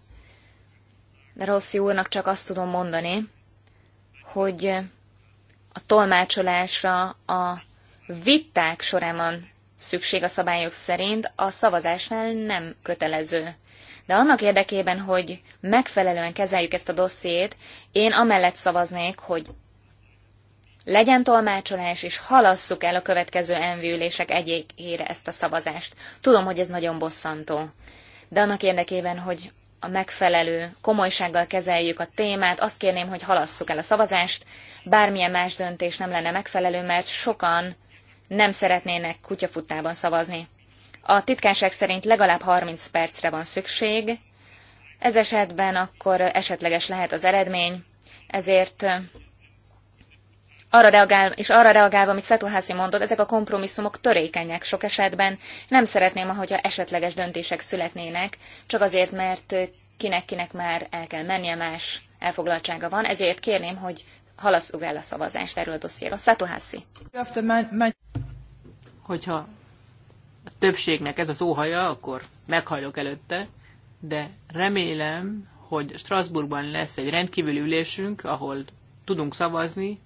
de Rossi úrnak csak azt tudom mondani, hogy a tolmácsolásra a viták során van szükség a szabályok szerint, a szavazásnál nem kötelező de annak érdekében, hogy megfelelően kezeljük ezt a dossziét, én amellett szavaznék, hogy legyen tolmácsolás, és halasszuk el a következő envülések egyikére ezt a szavazást. Tudom, hogy ez nagyon bosszantó, de annak érdekében, hogy a megfelelő komolysággal kezeljük a témát, azt kérném, hogy halasszuk el a szavazást, bármilyen más döntés nem lenne megfelelő, mert sokan nem szeretnének kutyafutában szavazni. A titkárság szerint legalább 30 percre van szükség, ez esetben akkor esetleges lehet az eredmény, ezért arra reagál, és arra reagálva, amit Szatuházi mondott, ezek a kompromisszumok törékenyek sok esetben. Nem szeretném, ahogyha esetleges döntések születnének, csak azért, mert kinek-kinek már el kell mennie, más elfoglaltsága van, ezért kérném, hogy halasszuk el a szavazást erről a dossziéről. Szatuházi. Hogyha többségnek ez az óhaja, akkor meghajlok előtte, de remélem, hogy Strasbourgban lesz egy rendkívüli ülésünk, ahol tudunk szavazni,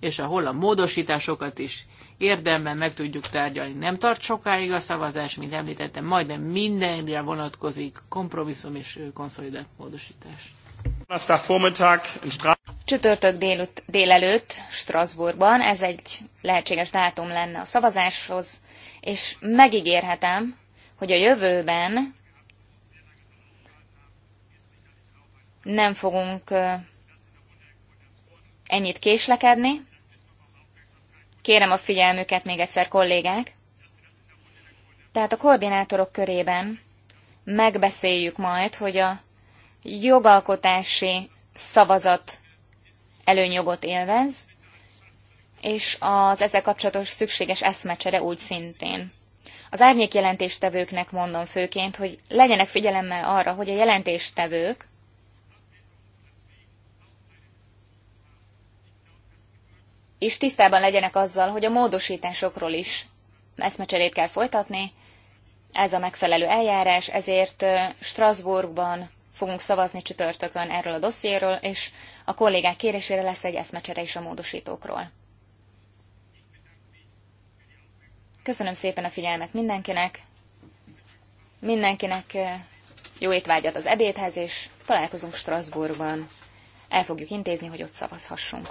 és ahol a módosításokat is érdemben meg tudjuk tárgyalni. Nem tart sokáig a szavazás, mint említettem, majdnem mindenre vonatkozik kompromisszum és konszolidált módosítás. Csütörtök délut, délelőtt Strasbourgban, ez egy lehetséges dátum lenne a szavazáshoz, és megígérhetem, hogy a jövőben nem fogunk ennyit késlekedni. Kérem a figyelmüket még egyszer, kollégák. Tehát a koordinátorok körében megbeszéljük majd, hogy a jogalkotási szavazat előnyogot élvez, és az ezzel kapcsolatos szükséges eszmecsere úgy szintén. Az árnyék jelentéstevőknek mondom főként, hogy legyenek figyelemmel arra, hogy a jelentéstevők és tisztában legyenek azzal, hogy a módosításokról is eszmecserét kell folytatni. Ez a megfelelő eljárás, ezért Strasbourgban fogunk szavazni csütörtökön erről a dossziéről, és a kollégák kérésére lesz egy eszmecsere is a módosítókról. Köszönöm szépen a figyelmet mindenkinek. Mindenkinek eh, jó étvágyat az ebédhez, és találkozunk Strasbourgban. El fogjuk intézni, hogy ott szavazhassunk.